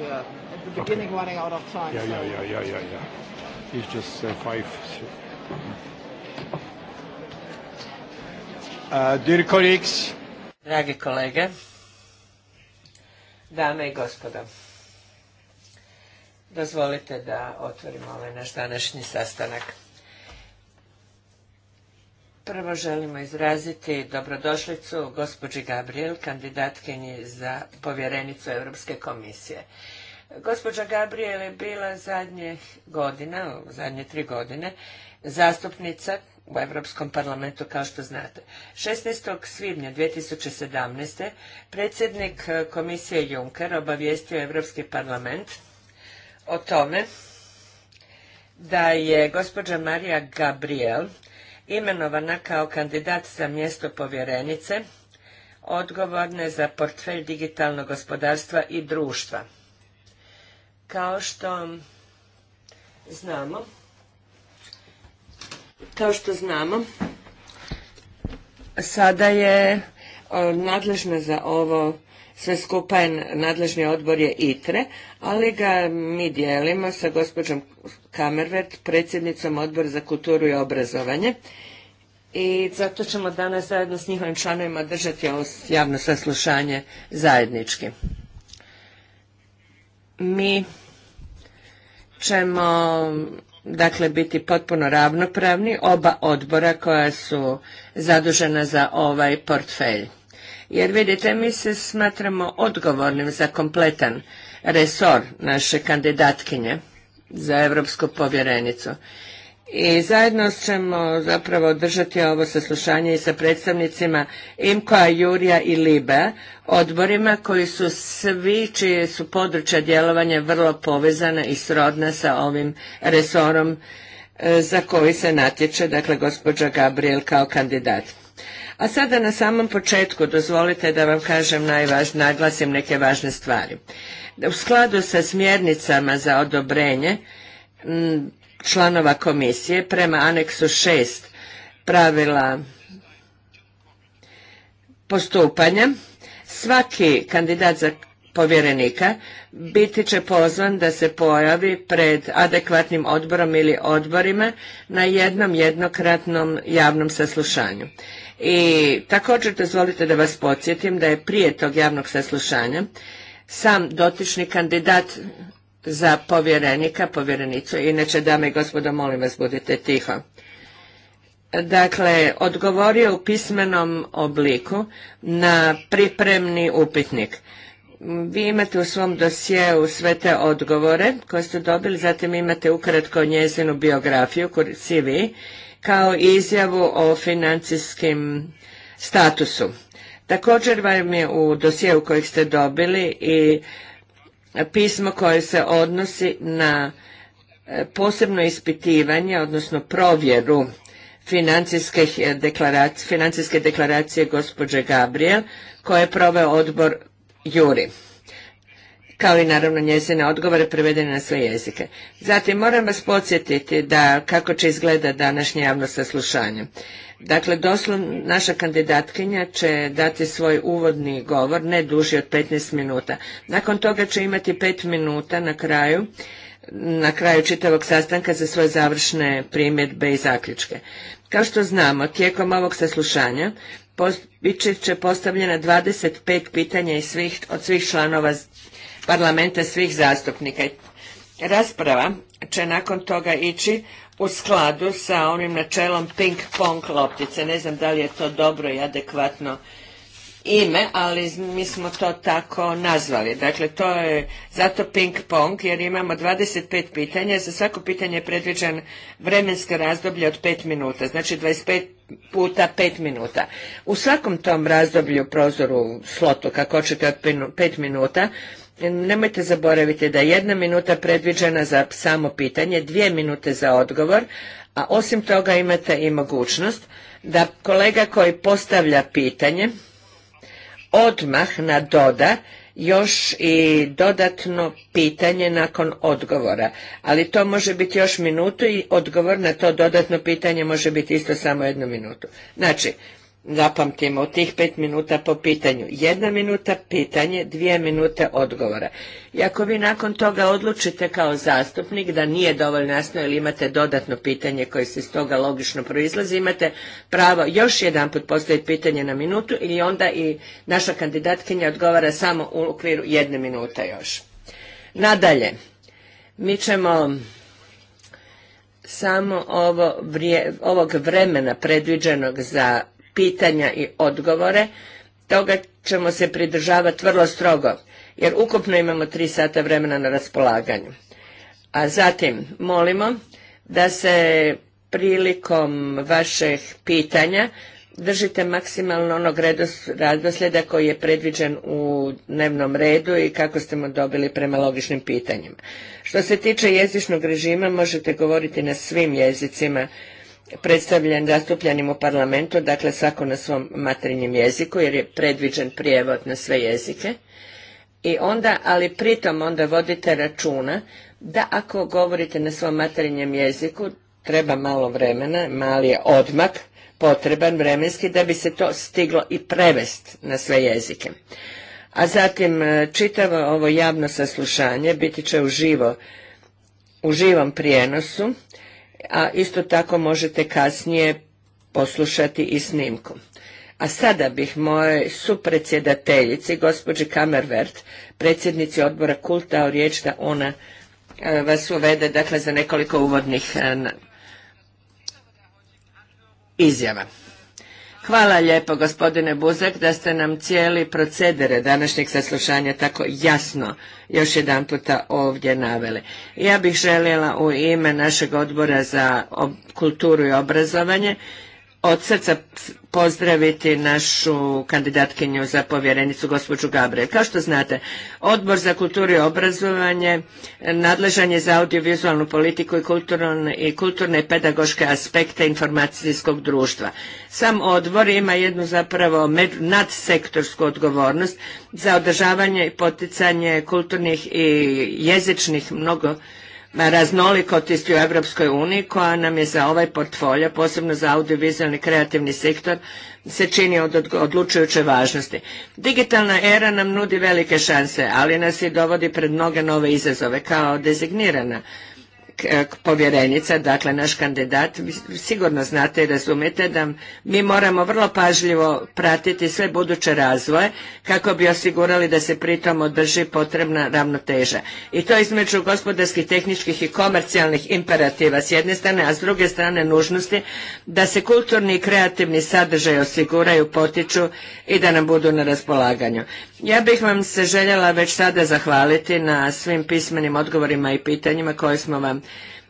we're at beginning just five. Uh, Dragi kolege, dame i gospoda, dozvolite da otvorimo ovaj naš današnji sastanak. Prvo želimo izraziti dobrodošlicu gospođi Gabriel, kandidatkinji za povjerenicu Europske komisije. Gospođa Gabriel je bila zadnje godine, zadnje tri godine, zastupnica u Europskom parlamentu, kao što znate. 16. svibnja 2017. predsjednik e, komisije Juncker obavijestio Europski parlament o tome da je gospođa Marija Gabriel imenovana kao kandidat za mjesto povjerenice odgovorne za portfelj digitalnog gospodarstva i društva kao što znamo, kao što znamo, sada je nadležna za ovo sve skupa je nadležni odbor je ITRE, ali ga mi dijelimo sa gospođom Kamervert, predsjednicom odbora za kulturu i obrazovanje. I zato ćemo danas zajedno s njihovim članovima držati ovo javno saslušanje zajednički mi ćemo dakle biti potpuno ravnopravni oba odbora koja su zadužena za ovaj portfelj. Jer vidite, mi se smatramo odgovornim za kompletan resor naše kandidatkinje za europsku povjerenicu i zajedno ćemo zapravo održati ovo saslušanje i sa predstavnicima imko Jurija i Libe, odborima koji su svi, čije su područja djelovanja vrlo povezana i srodna sa ovim resorom e, za koji se natječe, dakle, gospođa Gabriel kao kandidat. A sada na samom početku dozvolite da vam kažem najvaž, naglasim neke važne stvari. U skladu sa smjernicama za odobrenje, članova komisije prema aneksu 6 pravila postupanja, svaki kandidat za povjerenika biti će pozvan da se pojavi pred adekvatnim odborom ili odborima na jednom jednokratnom javnom saslušanju. I također dozvolite da vas podsjetim da je prije tog javnog saslušanja sam dotični kandidat za povjerenika, povjerenicu. Inače, dame i gospodo, molim vas, budite tiho. Dakle, odgovorio u pismenom obliku na pripremni upitnik. Vi imate u svom dosjeu sve te odgovore koje ste dobili, zatim imate ukratko njezinu biografiju, CV, kao izjavu o financijskim statusu. Također vam je u dosijeu kojeg ste dobili i pismo koje se odnosi na e, posebno ispitivanje, odnosno provjeru financijske deklaracije, gospođe Gabriel koje je proveo odbor Juri kao i naravno njezine odgovore prevedene na sve jezike. Zatim moram vas podsjetiti da kako će izgledati današnje javno saslušanje. Dakle, doslovno naša kandidatkinja će dati svoj uvodni govor, ne duži od 15 minuta. Nakon toga će imati 5 minuta na kraju, na kraju čitavog sastanka za svoje završne primjedbe i zaključke. Kao što znamo, tijekom ovog saslušanja bit će postavljena 25 pitanja od svih članova parlamenta, svih zastupnika. Rasprava će nakon toga ići u skladu sa onim načelom ping-pong loptice. Ne znam da li je to dobro i adekvatno ime, ali mi smo to tako nazvali. Dakle, to je zato ping-pong jer imamo 25 pitanja. Za svako pitanje je predviđen vremenske razdoblje od 5 minuta, znači 25 puta 5 minuta. U svakom tom razdoblju, prozoru, slotu, kako ćete od 5 minuta, Nemojte zaboraviti da je jedna minuta predviđena za samo pitanje, dvije minute za odgovor, a osim toga imate i mogućnost da kolega koji postavlja pitanje odmah na doda još i dodatno pitanje nakon odgovora, ali to može biti još minutu i odgovor na to dodatno pitanje može biti isto samo jednu minutu. Znači, zapamtimo u tih pet minuta po pitanju. Jedna minuta pitanje, dvije minute odgovora. I ako vi nakon toga odlučite kao zastupnik da nije dovoljno jasno ili imate dodatno pitanje koje se iz toga logično proizlazi, imate pravo još jedanput postaviti pitanje na minutu i onda i naša kandidatkinja odgovara samo u okviru jedne minuta još. Nadalje, mi ćemo samo ovog vremena predviđenog za pitanja i odgovore, toga ćemo se pridržavati vrlo strogo, jer ukupno imamo tri sata vremena na raspolaganju. A zatim molimo da se prilikom vaših pitanja držite maksimalno onog radosljeda koji je predviđen u dnevnom redu i kako ste mu dobili prema logičnim pitanjima. Što se tiče jezičnog režima, možete govoriti na svim jezicima predstavljen zastupljenim u parlamentu, dakle svako na svom materinjem jeziku jer je predviđen prijevod na sve jezike. I onda, ali pritom onda vodite računa da ako govorite na svom materinjem jeziku treba malo vremena, mali je odmak potreban vremenski da bi se to stiglo i prevest na sve jezike. A zatim e, čitavo ovo javno saslušanje biti će uživo, u živom prijenosu a isto tako možete kasnije poslušati i snimku. A sada bih moje supredsjedateljici, gospođi Kamervert, predsjednici odbora Kulta, o riječ da ona e, vas uvede dakle, za nekoliko uvodnih e, izjava. Hvala lijepo gospodine Buzek da ste nam cijeli procedere današnjeg saslušanja tako jasno još jedan puta ovdje naveli. Ja bih željela u ime našeg odbora za kulturu i obrazovanje od srca pozdraviti našu kandidatkinju za povjerenicu, gospođu Gabriel. Kao što znate, Odbor za kulturu i obrazovanje nadležan je za audiovizualnu politiku i kulturne, i kulturne i pedagoške aspekte informacijskog društva. Sam odbor ima jednu zapravo nadsektorsku odgovornost za održavanje i poticanje kulturnih i jezičnih mnogo raznolikosti u Europskoj uniji koja nam je za ovaj portfolio, posebno za audiovizualni kreativni sektor, se čini od odlučujuće važnosti. Digitalna era nam nudi velike šanse, ali nas i dovodi pred mnoge nove izazove kao dezignirana E, povjerenica, dakle naš kandidat, sigurno znate i razumijete da mi moramo vrlo pažljivo pratiti sve buduće razvoje kako bi osigurali da se pritom održi potrebna ravnoteža. I to između gospodarskih, tehničkih i komercijalnih imperativa s jedne strane, a s druge strane nužnosti da se kulturni i kreativni sadržaj osiguraju, potiču i da nam budu na raspolaganju. Ja bih vam se željela već sada zahvaliti na svim pismenim odgovorima i pitanjima koje smo vam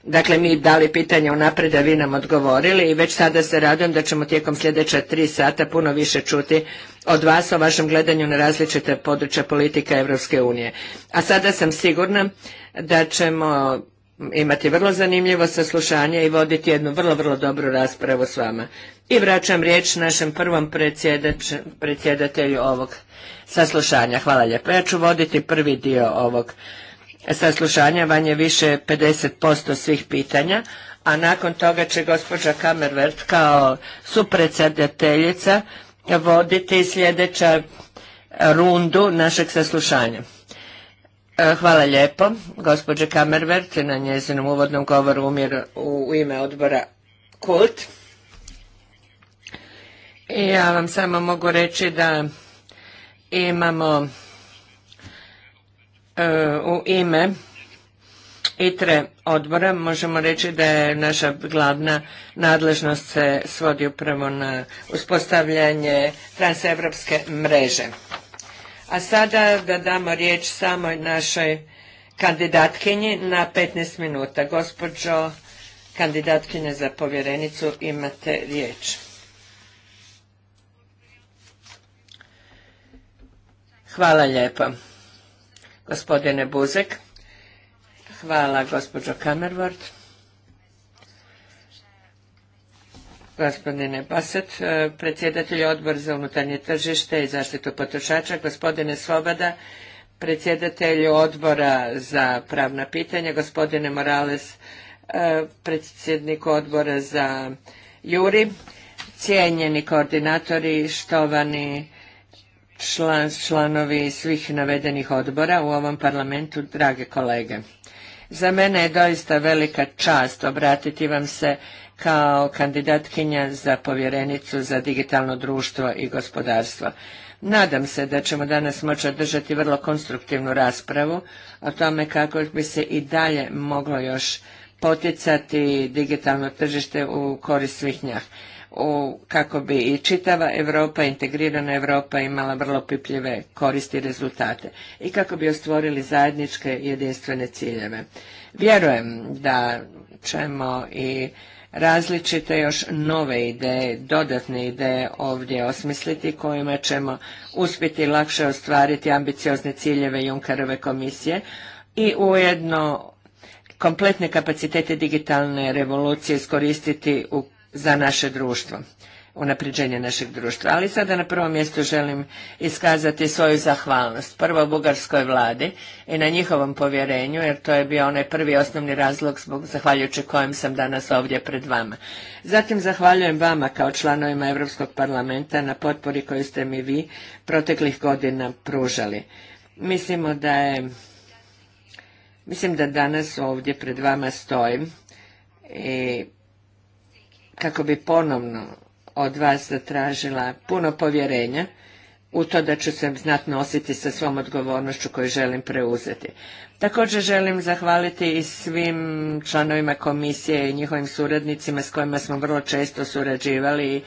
Dakle, mi dali pitanje unaprijed, a vi nam odgovorili i već sada se radujem da ćemo tijekom sljedeća tri sata puno više čuti od vas o vašem gledanju na različite područja politika Europske unije. A sada sam sigurna da ćemo imati vrlo zanimljivo saslušanje i voditi jednu vrlo, vrlo dobru raspravu s vama. I vraćam riječ našem prvom predsjedatelju ovog saslušanja. Hvala lijepo. Ja ću voditi prvi dio ovog saslušanja je više 50% svih pitanja, a nakon toga će gospođa Kamervert kao supredsjedateljica voditi sljedeća rundu našeg saslušanja. E, hvala lijepo gospođe Kamervert na njezinom uvodnom govoru u ime odbora KULT. I ja vam samo mogu reći da imamo E, u ime ITRE odbora možemo reći da je naša glavna nadležnost se svodi upravo na uspostavljanje transevropske mreže. A sada da damo riječ samoj našoj kandidatkinji na 15 minuta. Gospođo kandidatkinje za povjerenicu imate riječ. Hvala lijepo gospodine Buzek. Hvala, gospođo Kamervort. Gospodine Baset, e, predsjedatelj odbor za unutarnje tržište i zaštitu potrošača, gospodine Svoboda, predsjedatelju odbora za pravna pitanja, gospodine Morales, e, predsjedniku odbora za Juri, cijenjeni koordinatori, štovani članovi svih navedenih odbora u ovom parlamentu, drage kolege. Za mene je doista velika čast obratiti vam se kao kandidatkinja za povjerenicu za digitalno društvo i gospodarstvo. Nadam se da ćemo danas moći održati vrlo konstruktivnu raspravu o tome kako bi se i dalje moglo još poticati digitalno tržište u korist svih njah u, kako bi i čitava Europa, integrirana Europa imala vrlo pipljive koristi i rezultate i kako bi ostvorili zajedničke jedinstvene ciljeve. Vjerujem da ćemo i različite još nove ideje, dodatne ideje ovdje osmisliti kojima ćemo uspjeti lakše ostvariti ambiciozne ciljeve Junkarove komisije i ujedno kompletne kapacitete digitalne revolucije iskoristiti u za naše društvo unapređenje našeg društva. Ali sada na prvom mjestu želim iskazati svoju zahvalnost. Prvo bugarskoj vladi i na njihovom povjerenju, jer to je bio onaj prvi osnovni razlog zbog zahvaljujući kojem sam danas ovdje pred vama. Zatim zahvaljujem vama kao članovima Europskog parlamenta na potpori koju ste mi vi proteklih godina pružali. Mislimo da je, mislim da danas ovdje pred vama stojim i kako bi ponovno od vas zatražila puno povjerenja u to da ću se znatno nositi sa svom odgovornošću koju želim preuzeti. Također želim zahvaliti i svim članovima komisije i njihovim suradnicima s kojima smo vrlo često surađivali i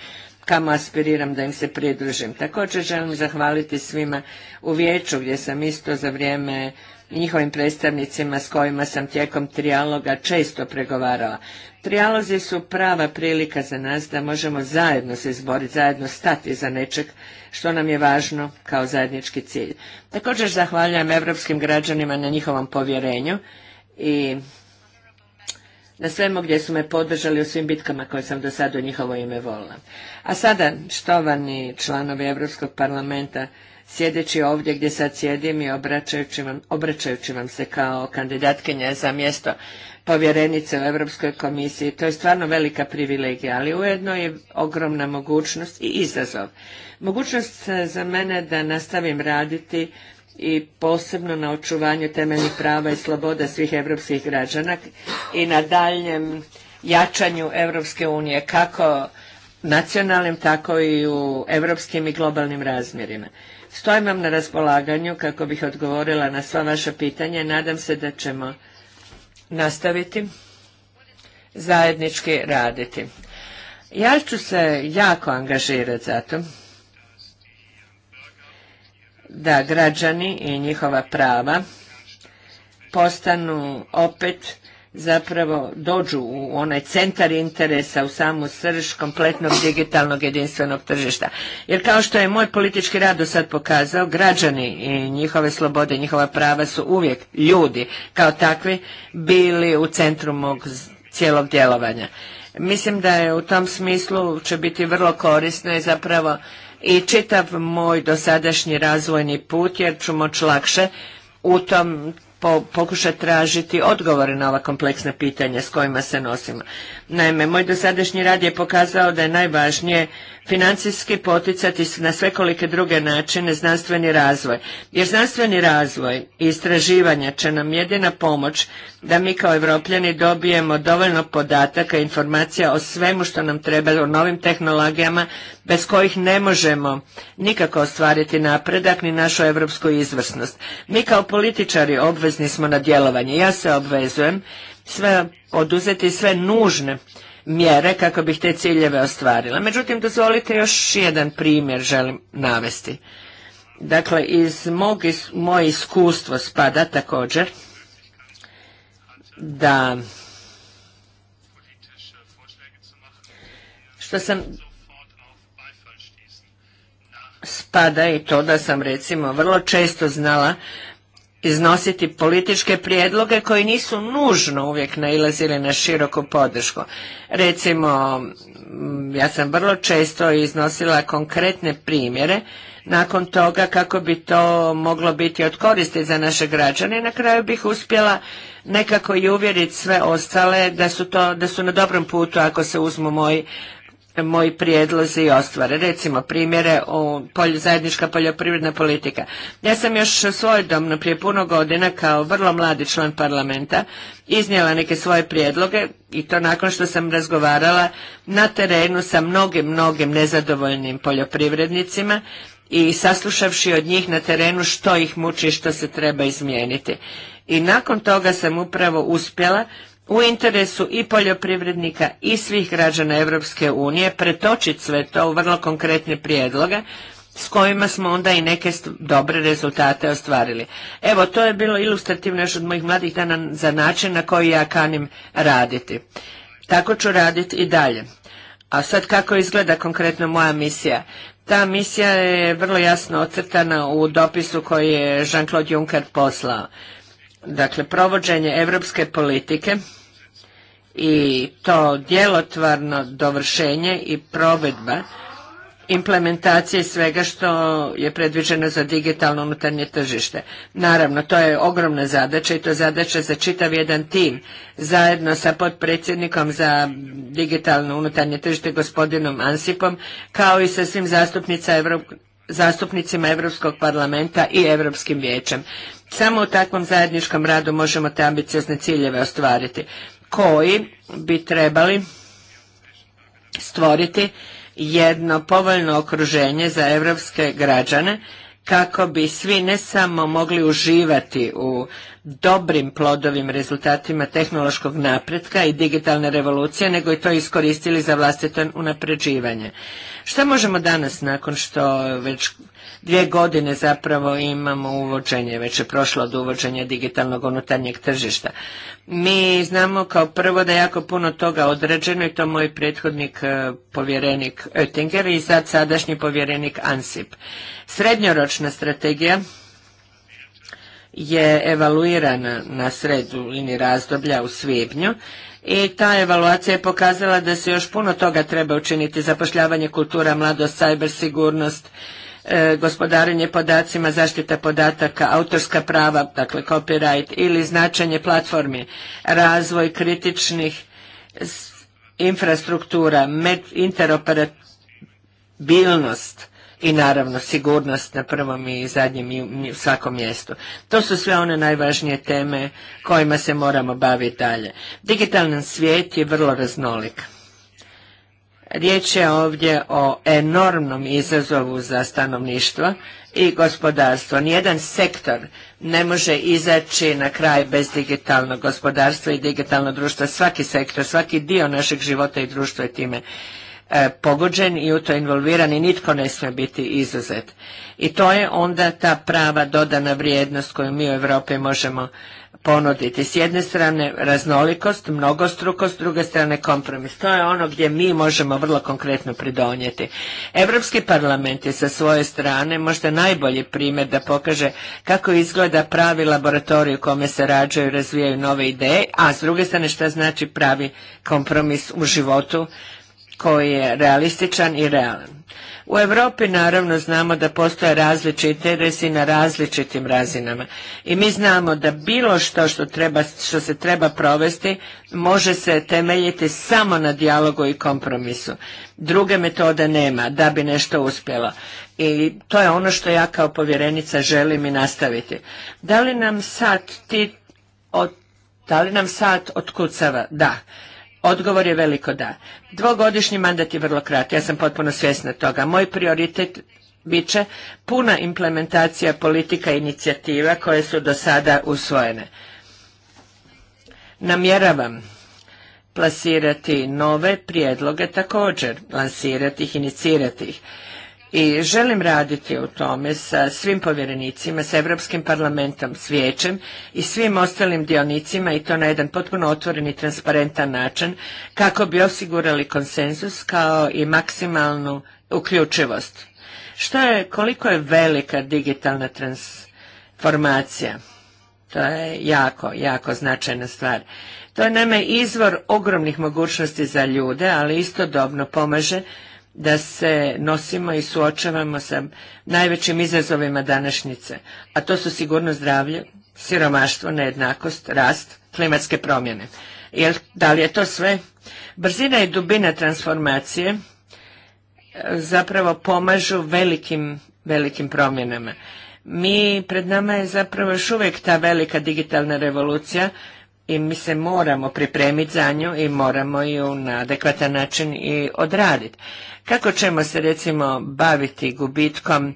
kamo aspiriram da im se pridružim. Također želim zahvaliti svima u vijeću gdje sam isto za vrijeme njihovim predstavnicima s kojima sam tijekom trijaloga često pregovarala. Trijalozi su prava prilika za nas da možemo zajedno se izboriti, zajedno stati za nečeg što nam je važno kao zajednički cilj. Također zahvaljujem evropskim građanima na njihovom povjerenju i na svemu gdje su me podržali u svim bitkama koje sam do sada u njihovo ime volila. A sada, štovani članovi Europskog parlamenta, sjedeći ovdje gdje sad sjedim i obraćajući vam, se kao kandidatkinja za mjesto povjerenice u Europskoj komisiji. To je stvarno velika privilegija, ali ujedno je ogromna mogućnost i izazov. Mogućnost za mene da nastavim raditi i posebno na očuvanju temeljnih prava i sloboda svih europskih građana i na daljem jačanju Europske unije kako nacionalnim, tako i u europskim i globalnim razmjerima. Stojim vam na raspolaganju kako bih odgovorila na sva vaša pitanja. Nadam se da ćemo nastaviti zajednički raditi. Ja ću se jako angažirati za to da građani i njihova prava postanu opet zapravo dođu u onaj centar interesa, u samu srž kompletnog digitalnog jedinstvenog tržišta. Jer kao što je moj politički rad do sad pokazao, građani i njihove slobode, njihova prava su uvijek ljudi kao takvi bili u centru mog cijelog djelovanja. Mislim da je u tom smislu će biti vrlo korisno i zapravo i čitav moj dosadašnji razvojni put jer ću moći lakše u tom pokušati tražiti odgovore na ova kompleksna pitanja s kojima se nosimo. Naime, moj dosadašnji rad je pokazao da je najvažnije financijski poticati na svekolike druge načine znanstveni razvoj. Jer znanstveni razvoj i istraživanja će nam jedina pomoć da mi kao evropljani dobijemo dovoljno podataka i informacija o svemu što nam treba o novim tehnologijama bez kojih ne možemo nikako ostvariti napredak ni našu evropsku izvrsnost. Mi kao političari obvezni smo na djelovanje. Ja se obvezujem sve oduzeti sve nužne mjere kako bih te ciljeve ostvarila. Međutim, dozvolite još jedan primjer želim navesti. Dakle, iz moje iskustvo spada također da što sam spada i to da sam recimo vrlo često znala iznositi političke prijedloge koji nisu nužno uvijek nailazili na široku podršku. Recimo, mm, ja sam vrlo često iznosila konkretne primjere nakon toga kako bi to moglo biti od koristi za naše građane. Na kraju bih uspjela nekako i uvjeriti sve ostale da su, da su na dobrom putu ako se uzmu moji moji prijedlozi i ostvare. Recimo primjere o polj, zajednička poljoprivredna politika. Ja sam još svojedobno prije puno godina kao vrlo mladi član parlamenta iznijela neke svoje prijedloge i to nakon što sam razgovarala na terenu sa mnogim, mnogim nezadovoljnim poljoprivrednicima i saslušavši od njih na terenu što ih muči i što se treba izmijeniti. I nakon toga sam upravo uspjela u interesu i poljoprivrednika i svih građana Europske unije pretočiti sve to u vrlo konkretne prijedloge s kojima smo onda i neke dobre rezultate ostvarili. Evo, to je bilo ilustrativno još od mojih mladih dana za način na koji ja kanim raditi. Tako ću raditi i dalje. A sad kako izgleda konkretno moja misija? Ta misija je vrlo jasno ocrtana u dopisu koji je Jean-Claude Juncker poslao dakle provođenje europske politike i to djelotvarno dovršenje i provedba implementacije svega što je predviđeno za digitalno unutarnje tržište. Naravno, to je ogromna zadaća i to je zadaća za čitav jedan tim, zajedno sa potpredsjednikom za digitalno unutarnje tržište gospodinom Ansipom, kao i sa svim zastupnicima Europskog parlamenta i Europskim vijećem. Samo u takvom zajedničkom radu možemo te ambiciozne ciljeve ostvariti, koji bi trebali stvoriti jedno povoljno okruženje za evropske građane kako bi svi ne samo mogli uživati u dobrim plodovim rezultatima tehnološkog napretka i digitalne revolucije, nego i to iskoristili za vlastito unapređivanje. Šta možemo danas nakon što već dvije godine zapravo imamo uvođenje, već je prošlo od uvođenja digitalnog unutarnjeg tržišta. Mi znamo kao prvo da je jako puno toga određeno i to moj prethodnik e, povjerenik Oettinger i sad sadašnji povjerenik Ansip. Srednjoročna strategija je evaluirana na sredini razdoblja u svibnju i ta evaluacija je pokazala da se još puno toga treba učiniti, zapošljavanje kultura, mladost, cybersigurnost, sigurnost, E, gospodarenje podacima, zaštita podataka, autorska prava, dakle copyright ili značenje platformi, razvoj kritičnih infrastruktura, interoperabilnost i naravno sigurnost na prvom i zadnjem i svakom mjestu. To su sve one najvažnije teme kojima se moramo baviti dalje. Digitalan svijet je vrlo raznolik. Riječ je ovdje o enormnom izazovu za stanovništvo i gospodarstvo. Nijedan sektor ne može izaći na kraj bez digitalnog gospodarstva i digitalnog društva. Svaki sektor, svaki dio našeg života i društva je time e, pogođen i u to involviran i nitko ne smije biti izuzet. I to je onda ta prava dodana vrijednost koju mi u Europi možemo ponuditi. S jedne strane raznolikost, mnogostrukost, s druge strane kompromis. To je ono gdje mi možemo vrlo konkretno pridonijeti. Europski parlament je sa svoje strane možda najbolji primjer da pokaže kako izgleda pravi laboratorij u kome se rađaju i razvijaju nove ideje, a s druge strane šta znači pravi kompromis u životu koji je realističan i realan. U Europi naravno znamo da postoje različite interesi na različitim razinama i mi znamo da bilo što što, treba, što se treba provesti može se temeljiti samo na dijalogu i kompromisu. Druge metode nema da bi nešto uspjelo i to je ono što ja kao povjerenica želim i nastaviti. Da li nam sad ti od, da li nam sad otkucava? Da Odgovor je veliko da. Dvogodišnji mandat je vrlo krat, ja sam potpuno svjesna toga. Moj prioritet bit će puna implementacija politika i inicijativa koje su do sada usvojene. Namjeravam plasirati nove prijedloge također, lansirati ih, inicirati ih i želim raditi u tome sa svim povjerenicima, sa Europskim parlamentom, s vijećem i svim ostalim dionicima i to na jedan potpuno otvoren i transparentan način kako bi osigurali konsenzus kao i maksimalnu uključivost. Što je, koliko je velika digitalna transformacija? To je jako, jako značajna stvar. To je naime izvor ogromnih mogućnosti za ljude, ali istodobno pomaže da se nosimo i suočavamo sa najvećim izazovima današnjice, a to su sigurno zdravlje, siromaštvo, nejednakost, rast, klimatske promjene. Jel, da li je to sve? Brzina i dubina transformacije e, zapravo pomažu velikim, velikim promjenama. Mi, pred nama je zapravo još uvijek ta velika digitalna revolucija i mi se moramo pripremiti za nju i moramo ju na adekvatan način i odraditi. Kako ćemo se recimo baviti gubitkom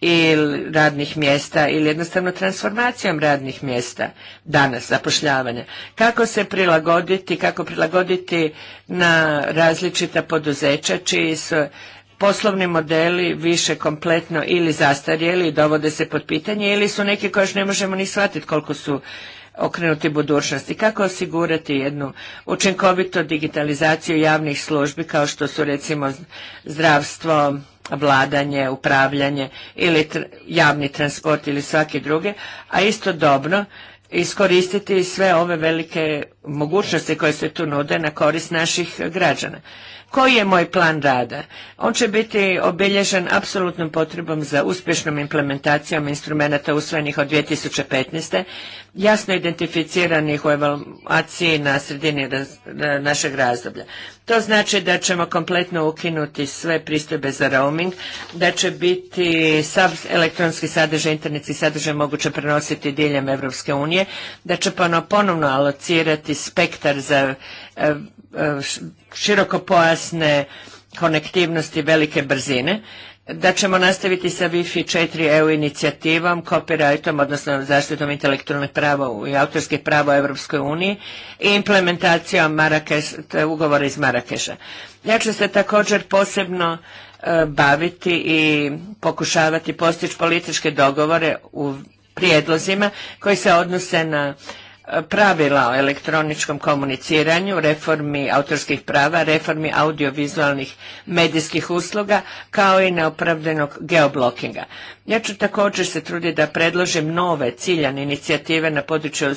ili radnih mjesta ili jednostavno transformacijom radnih mjesta danas, zapošljavanja. Kako se prilagoditi, kako prilagoditi na različita poduzeća čiji su poslovni modeli više kompletno ili zastarjeli i dovode se pod pitanje ili su neki koje još ne možemo ni shvatiti koliko su okrenuti budućnosti. Kako osigurati jednu učinkovitu digitalizaciju javnih službi kao što su recimo zdravstvo, vladanje, upravljanje ili javni transport ili svaki druge, a istodobno iskoristiti sve ove velike mogućnosti koje se tu nude na korist naših građana. Koji je moj plan rada? On će biti obilježen apsolutnom potrebom za uspješnom implementacijom instrumenta usvojenih od 2015. jasno identificiranih u evaluaciji na sredini našeg razdoblja. To znači da ćemo kompletno ukinuti sve pristojbe za roaming, da će biti sav elektronski sadržaj, internetski sadržaj moguće prenositi diljem Evropske unije, da će ponovno alocirati spektar za eh, E, pojasne konektivnosti velike brzine, da ćemo nastaviti sa Wi-Fi 4 EU inicijativom, copyrightom, odnosno zaštitom intelektualnih prava i autorskih prava u Europskoj uniji i implementacijom Marakeš, ugovora iz Marakeša. Ja ću se također posebno e, baviti i pokušavati postići političke dogovore u prijedlozima koji se odnose na pravila o elektroničkom komuniciranju, reformi autorskih prava, reformi audiovizualnih medijskih usluga, kao i neopravdenog geoblokinga. Ja ću također se truditi da predložim nove ciljane inicijative na području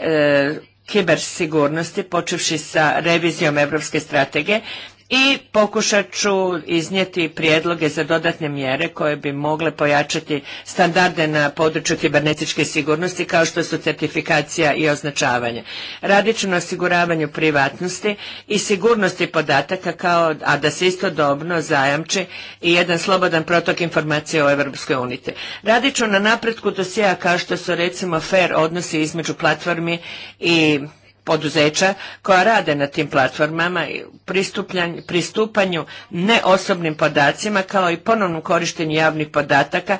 e, kibersigurnosti, počevši sa revizijom Europske strategije, i pokušat ću iznijeti prijedloge za dodatne mjere koje bi mogle pojačati standarde na području kibernetičke sigurnosti kao što su certifikacija i označavanje. Radit ću na osiguravanju privatnosti i sigurnosti podataka, kao, a da se istodobno zajamči i jedan slobodan protok informacija o Europskoj Unite. Radit ću na napretku dosija kao što su recimo fair odnosi između platformi i poduzeća koja rade na tim platformama i pristupanju neosobnim podacima kao i ponovnom korištenju javnih podataka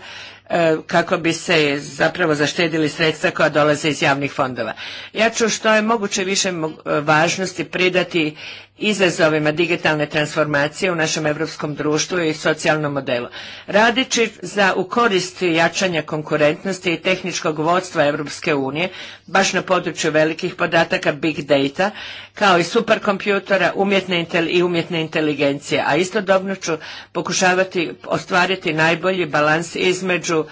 e, kako bi se zapravo zaštedili sredstva koja dolaze iz javnih fondova. Ja ću što je moguće više važnosti pridati izazovima digitalne transformacije u našem europskom društvu i socijalnom modelu. Radeći za u korist jačanja konkurentnosti i tehničkog vodstva Europske unije, baš na području velikih podataka big data, kao i superkompjutora umjetne i umjetne inteligencije, a istodobno ću pokušavati ostvariti najbolji balans između e,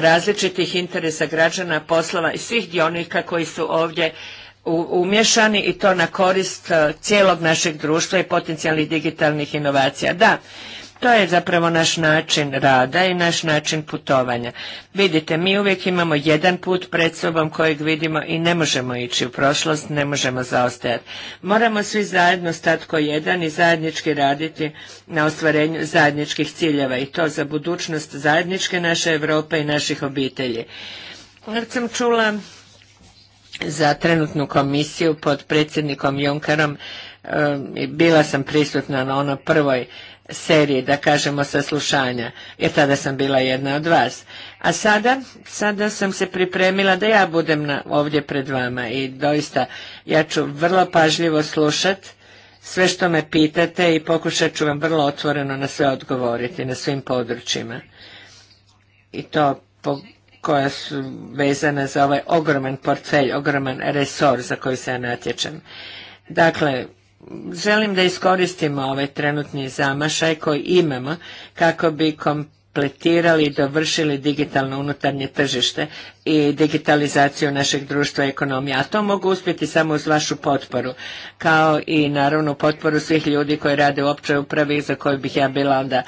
različitih interesa građana, poslova i svih dionika koji su ovdje umješani i to na korist e, cijelog našeg društva i potencijalnih digitalnih inovacija. Da, to je zapravo naš način rada i naš način putovanja. Vidite, mi uvijek imamo jedan put pred sobom kojeg vidimo i ne možemo ići u prošlost, ne možemo zaostajati. Moramo svi zajedno stati ko jedan i zajednički raditi na ostvarenju zajedničkih ciljeva i to za budućnost zajedničke naše Europe i naših obitelji. Kad sam čula za trenutnu komisiju pod predsjednikom Junkerom eh, bila sam prisutna na onoj prvoj seriji, da kažemo, saslušanja, jer tada sam bila jedna od vas. A sada, sada sam se pripremila da ja budem ovdje pred vama i doista ja ću vrlo pažljivo slušat sve što me pitate i pokušat ću vam vrlo otvoreno na sve odgovoriti, na svim područjima. I to po, koja su vezana za ovaj ogroman portfelj, ogroman resor za koji se ja natječem. Dakle, želim da iskoristimo ovaj trenutni zamašaj koji imamo kako bi kom kompletirali i dovršili digitalno unutarnje tržište i digitalizaciju našeg društva i ekonomije. A to mogu uspjeti samo uz vašu potporu, kao i naravno potporu svih ljudi koji rade u općoj upravi za koju bih ja bila onda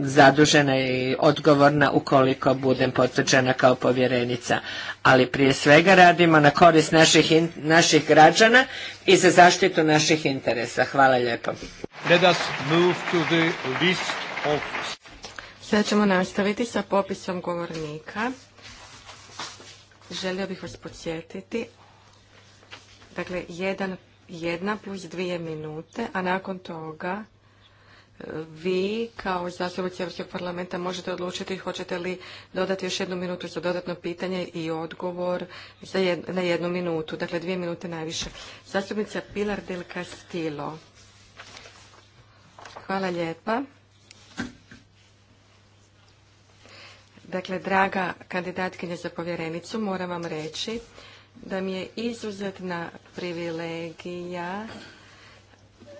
zadužena i odgovorna ukoliko budem potvrđena kao povjerenica. Ali prije svega radimo na korist naših, naših građana i za zaštitu naših interesa. Hvala lijepo. Sada ćemo nastaviti sa popisom govornika. Želio bih vas podsjetiti. Dakle, jedan, jedna plus dvije minute, a nakon toga e, vi kao zastupnici Europskog parlamenta možete odlučiti hoćete li dodati još jednu minutu za dodatno pitanje i odgovor za na jednu minutu, dakle dvije minute najviše. Zastupnica Pilar del Castillo. Hvala lijepa. Dakle, draga kandidatkinja za povjerenicu, moram vam reći da mi je izuzetna privilegija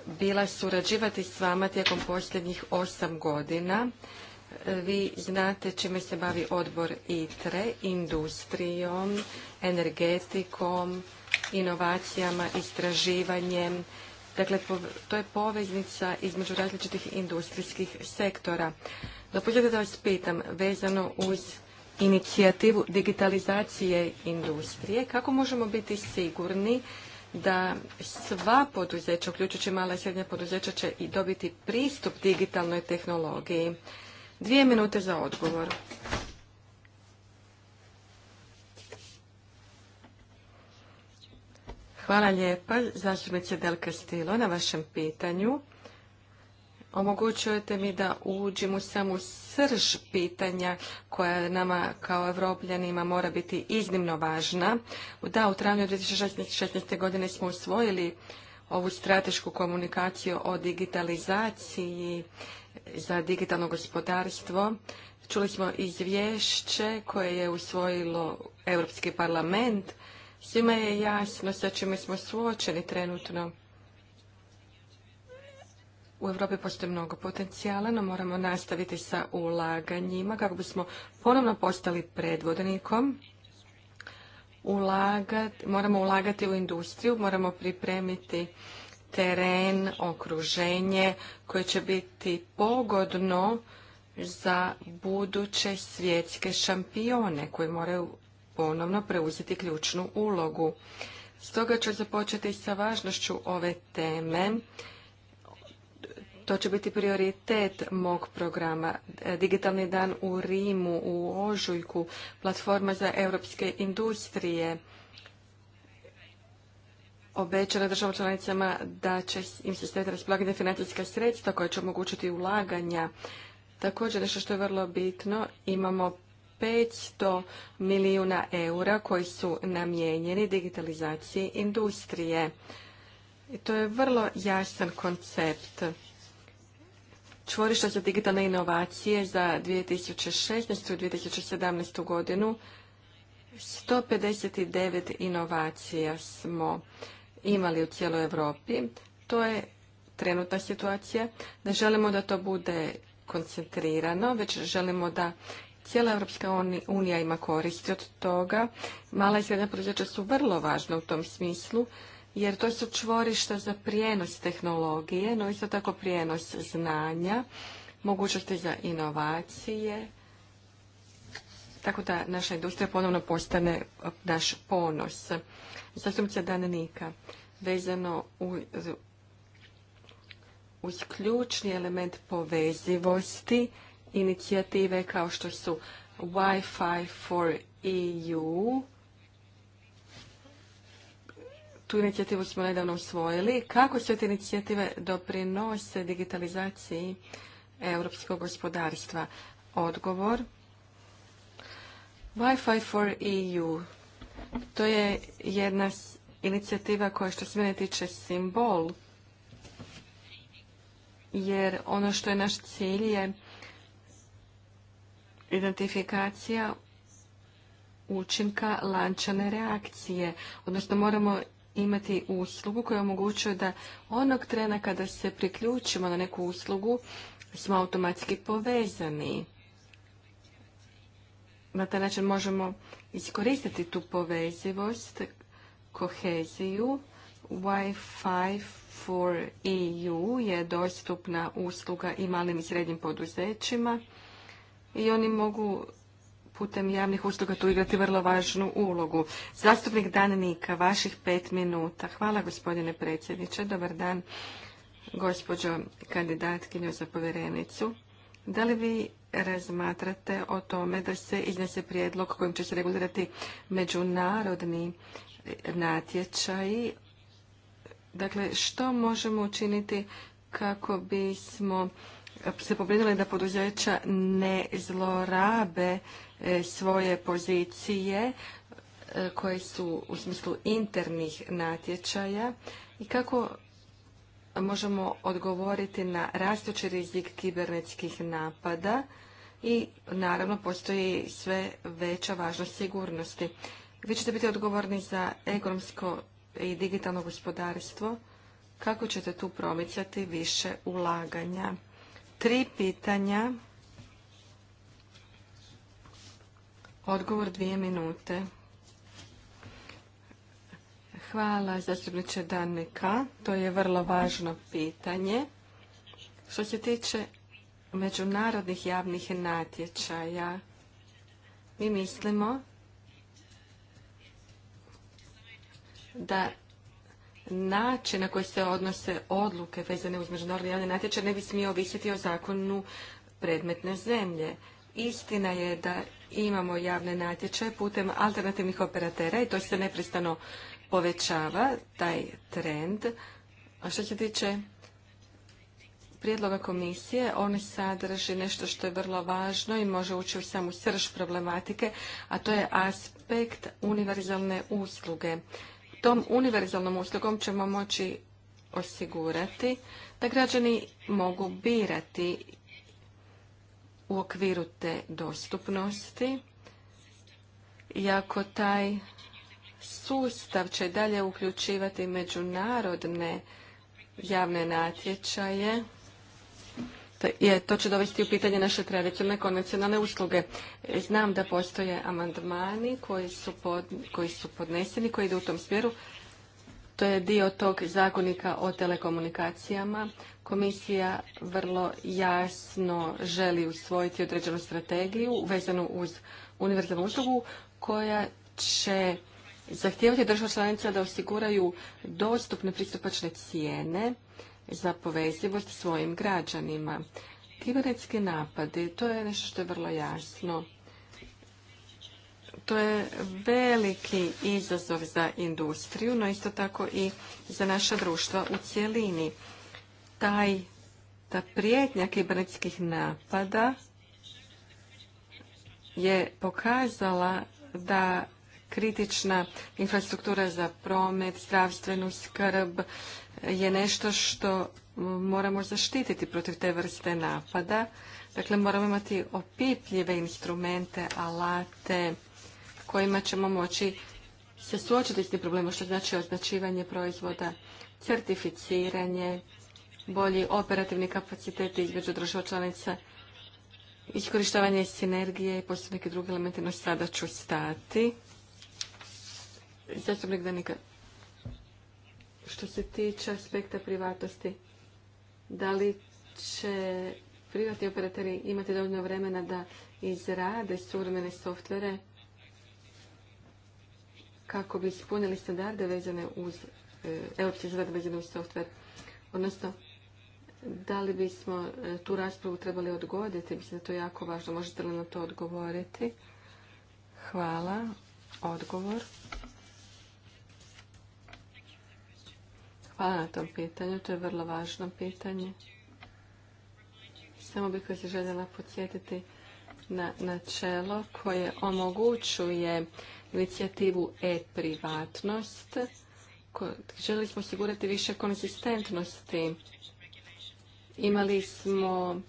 bila surađivati s vama tijekom posljednjih osam godina. Vi znate čime se bavi odbor ITRE, industrijom, energetikom, inovacijama, istraživanjem. Dakle, to je poveznica između različitih industrijskih sektora. Dopustite da vas pitam, vezano uz inicijativu digitalizacije industrije, kako možemo biti sigurni da sva poduzeća, uključujući mala i srednja poduzeća, će i dobiti pristup digitalnoj tehnologiji? Dvije minute za odgovor. Hvala lijepa, zastupnice Del Castillo, na vašem pitanju omogućujete mi da uđem u samu srž pitanja koja nama kao evropljanima mora biti iznimno važna. Da, u travnju 2016. godine smo usvojili ovu stratešku komunikaciju o digitalizaciji za digitalno gospodarstvo. Čuli smo izvješće koje je usvojilo Europski parlament. Svima je jasno sa čime smo suočeni trenutno. U Europi postoji mnogo potencijala, no moramo nastaviti sa ulaganjima kako bismo ponovno postali predvodnikom. moramo ulagati u industriju, moramo pripremiti teren, okruženje koje će biti pogodno za buduće svjetske šampione koji moraju ponovno preuzeti ključnu ulogu. Stoga ću započeti sa važnošću ove teme to će biti prioritet mog programa. Digitalni dan u Rimu, u Ožujku, platforma za europske industrije obećala državom članicama da će im se staviti raspolaganje financijska sredstva koja će omogućiti ulaganja. Također nešto što je vrlo bitno, imamo 500 milijuna eura koji su namijenjeni digitalizaciji industrije. I to je vrlo jasan koncept čvorišta za digitalne inovacije za 2016. i 2017. godinu 159 inovacija smo imali u cijeloj Europi. To je trenutna situacija. Ne želimo da to bude koncentrirano, već želimo da cijela Europska unija ima koristi od toga. Mala i srednja poduzeća su vrlo važna u tom smislu jer to su čvorišta za prijenos tehnologije, no isto tako prijenos znanja, mogućnosti za inovacije, tako da naša industrija ponovno postane naš ponos. Zastupnica nika vezano uz ključni element povezivosti inicijative kao što su Wi-Fi for EU, tu inicijativu smo nedavno usvojili. Kako sve te inicijative doprinose digitalizaciji europskog gospodarstva? Odgovor. Wi-Fi for EU. To je jedna inicijativa koja što se mene tiče simbol, jer ono što je naš cilj je identifikacija učinka lančane reakcije. Odnosno moramo imati uslugu koja omogućuje da onog trena kada se priključimo na neku uslugu smo automatski povezani. Na taj način možemo iskoristiti tu povezivost, koheziju. Wi-Fi for EU je dostupna usluga i malim i srednjim poduzećima i oni mogu putem javnih usluga tu igrati vrlo važnu ulogu. Zastupnik Dan vaših pet minuta. Hvala gospodine predsjedniče. Dobar dan gospođo kandidatkinju za povjerenicu. Da li vi razmatrate o tome da se iznese prijedlog kojim će se regulirati međunarodni natječaj? Dakle, što možemo učiniti kako bismo se pobrinuli da poduzeća ne zlorabe E, svoje pozicije e, koje su u smislu internih natječaja i kako možemo odgovoriti na rastući rizik kibernetskih napada i naravno postoji sve veća važnost sigurnosti. Vi ćete biti odgovorni za ekonomsko i digitalno gospodarstvo. Kako ćete tu promicati više ulaganja? Tri pitanja Odgovor dvije minute. Hvala zastupniče Danika. To je vrlo važno pitanje. Što se tiče međunarodnih javnih natječaja, mi mislimo da način na koji se odnose odluke vezane uz međunarodne javne natječaj ne bi smio ovisiti o zakonu predmetne zemlje. Istina je da imamo javne natječaje putem alternativnih operatera i to se nepristano povećava, taj trend. A što se tiče prijedloga komisije, on sadrži nešto što je vrlo važno i može ući u samu srž problematike, a to je aspekt univerzalne usluge. Tom univerzalnom uslugom ćemo moći osigurati da građani mogu birati u okviru te dostupnosti Iako taj sustav će dalje uključivati međunarodne javne natječaje, je, to će dovesti u pitanje naše tradicionalne konvencionalne usluge. Znam da postoje amandmani koji su, koji su podneseni, koji idu u tom smjeru. To je dio tog zakonika o telekomunikacijama Komisija vrlo jasno želi usvojiti određenu strategiju vezanu uz univerzalnu uslugu koja će zahtijevati država članica da osiguraju dostupne pristupačne cijene za povezivost svojim građanima. Kibernetski napadi, to je nešto što je vrlo jasno. To je veliki izazov za industriju, no isto tako i za naša društva u cjelini taj, ta prijetnja kibernetskih napada je pokazala da kritična infrastruktura za promet, zdravstvenu skrb je nešto što moramo zaštititi protiv te vrste napada. Dakle, moramo imati opipljive instrumente, alate kojima ćemo moći se suočiti s tim problemom, što znači označivanje proizvoda, certificiranje, bolji operativni kapaciteti između država članica, iskorištavanje sinergije i postoje neke druge elemente, no sada ću stati. Zastupnik Danika, što se tiče aspekta privatnosti, da li će privatni operateri imati dovoljno vremena da izrade suvremene softvere kako bi ispunili standarde vezane uz će standarde vezane uz softver, odnosno da li bismo e, tu raspravu trebali odgoditi? Mislim da to jako važno. Možete li na to odgovoriti? Hvala. Odgovor. Hvala na tom pitanju. To je vrlo važno pitanje. Samo bih vas željela podsjetiti na načelo koje omogućuje inicijativu e-privatnost. Želi smo osigurati više konzistentnosti Imali smo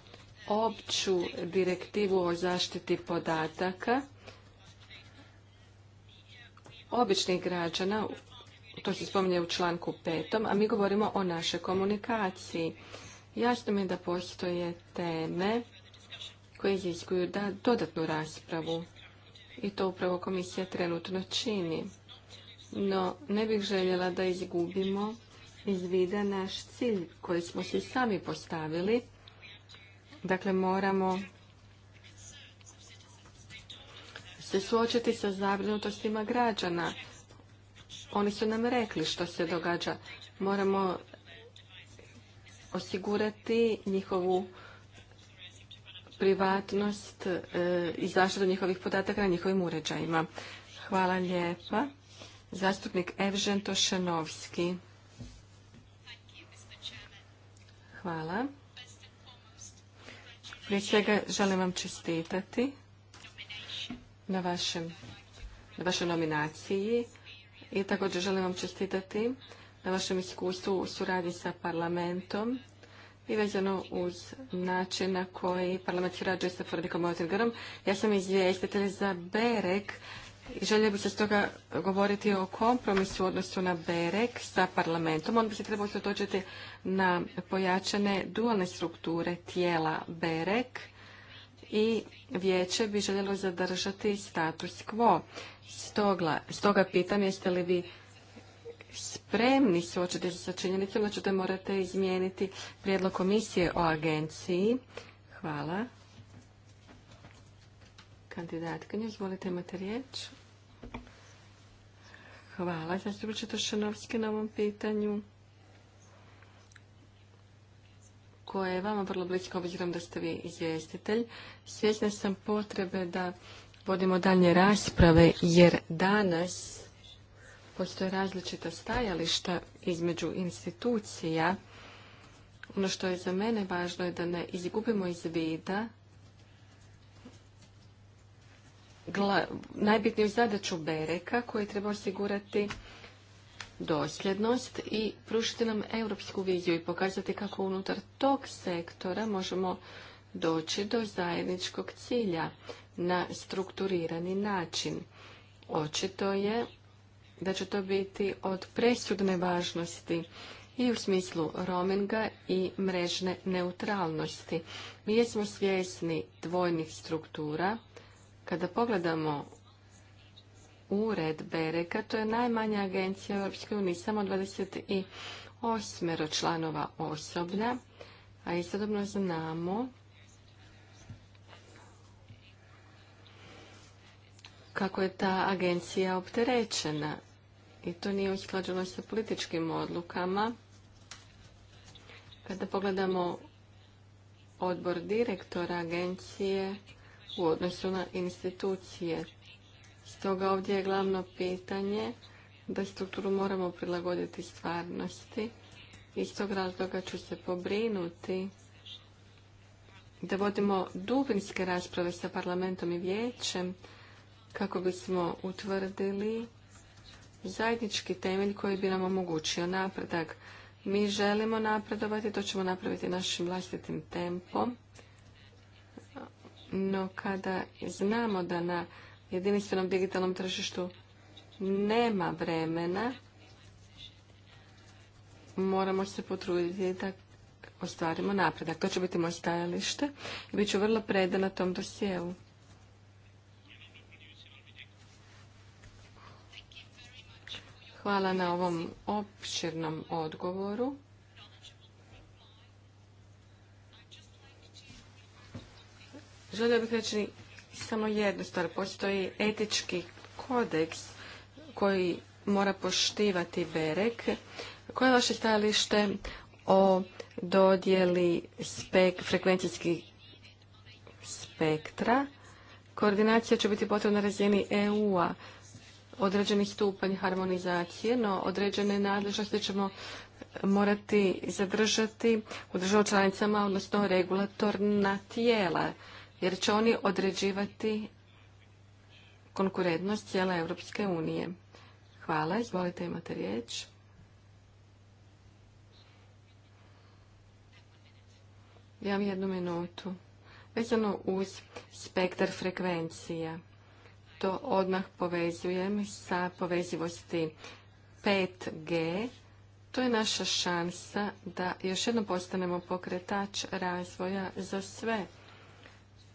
opću direktivu o zaštiti podataka običnih građana, to se spominje u članku petom, a mi govorimo o našoj komunikaciji. Jasno mi je da postoje teme koje iziskuju dodatnu raspravu i to upravo komisija trenutno čini. No, ne bih željela da izgubimo iz vida naš cilj koji smo si sami postavili. Dakle, moramo se suočiti sa zabrinutostima građana. Oni su nam rekli što se događa. Moramo osigurati njihovu privatnost e, i zaštitu njihovih podataka na njihovim uređajima. Hvala lijepa. Zastupnik Evžen Tošenovski. Hvala. Prije svega želim vam čestitati na, vašem, na vašoj nominaciji i također želim vam čestitati na vašem iskustvu u suradnji sa parlamentom i vezano uz način na koji parlament surađuje sa Fredrikom Ozingerom. Ja sam izvjestitelj za Berek Želio bi se stoga govoriti o kompromisu u odnosu na BEREK sa parlamentom. On bi se trebao usredotočiti na pojačane dualne strukture tijela BEREK i vijeće bi željelo zadržati status quo. Stoga, stoga pitam jeste li vi spremni suočiti se sa činjenicom da ćete morate izmijeniti prijedlog komisije o agenciji. Hvala. Kandidatkinju, izvolite imate riječ. Hvala, zastupniče Šanovski na ovom pitanju koje je vama vrlo blisko, obzirom da ste vi izvjestitelj. Svjesna sam potrebe da vodimo dalje rasprave, jer danas postoje različita stajališta između institucija. Ono što je za mene važno je da ne izgubimo iz vida najbitniju zadaću Bereka koji treba osigurati dosljednost i pružiti nam europsku viziju i pokazati kako unutar tog sektora možemo doći do zajedničkog cilja na strukturirani način. Očito je da će to biti od presudne važnosti i u smislu roaminga i mrežne neutralnosti. Mi smo svjesni dvojnih struktura kada pogledamo ured Bereka, to je najmanja agencija u Europskoj uniji, samo 28 članova osoblja, a istodobno znamo kako je ta agencija opterećena i to nije usklađeno sa političkim odlukama. Kada pogledamo odbor direktora agencije, u odnosu na institucije. Stoga ovdje je glavno pitanje da strukturu moramo prilagoditi stvarnosti. Iz tog razloga ću se pobrinuti da vodimo dubinske rasprave sa parlamentom i vijećem kako bismo utvrdili zajednički temelj koji bi nam omogućio napredak. Mi želimo napredovati, to ćemo napraviti našim vlastitim tempom. No kada znamo da na jedinstvenom digitalnom tržištu nema vremena, moramo se potruditi da ostvarimo napredak. To će biti moj stajalište i bit ću vrlo predana tom dosjeu. Hvala na ovom opširnom odgovoru. Želio bih reći samo jednu stvar. Postoji etički kodeks koji mora poštivati Berek. Koje je vaše stajalište o dodjeli spek, frekvencijskih spektra? Koordinacija će biti potrebna na razini EU-a određeni stupanj harmonizacije, no određene nadležnosti ćemo morati zadržati u državu članicama, odnosno regulatorna tijela jer će oni određivati konkurentnost cijele Europske unije. Hvala, izvolite imate riječ. Ja jednu minutu. Vezano uz spektar frekvencija. To odmah povezujem sa povezivosti 5G. To je naša šansa da još jednom postanemo pokretač razvoja za sve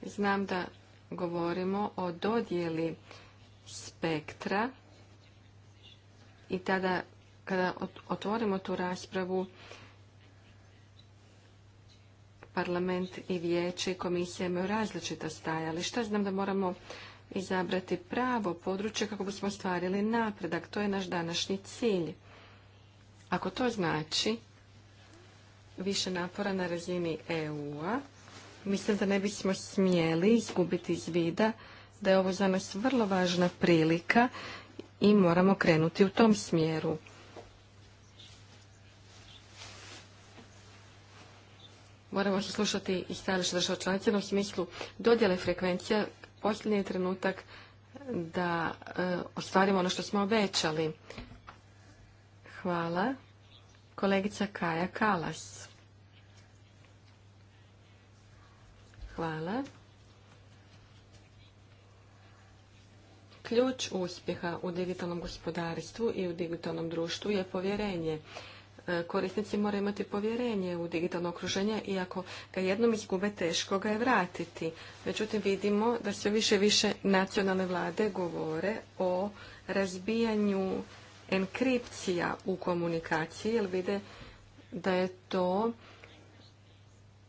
Znam da govorimo o dodjeli spektra i tada kada otvorimo tu raspravu parlament i vijeće i komisija imaju različita stajališta. Znam da moramo izabrati pravo područje kako bismo stvarili napredak. To je naš današnji cilj. Ako to znači više napora na razini EU-a, Mislim da ne bismo smjeli izgubiti iz vida da je ovo za nas vrlo važna prilika i moramo krenuti u tom smjeru. Moramo se slušati i stajališta država članica u smislu dodjele frekvencija posljednji je trenutak da e, ostvarimo ono što smo obećali. Hvala. Kolegica Kaja Kalas. Hvala. Ključ uspjeha u digitalnom gospodarstvu i u digitalnom društvu je povjerenje. E, korisnici moraju imati povjerenje u digitalno okruženje i ako ga jednom izgube teško ga je vratiti. Međutim, vidimo da sve više i više nacionalne vlade govore o razbijanju enkripcija u komunikaciji jer vide da je to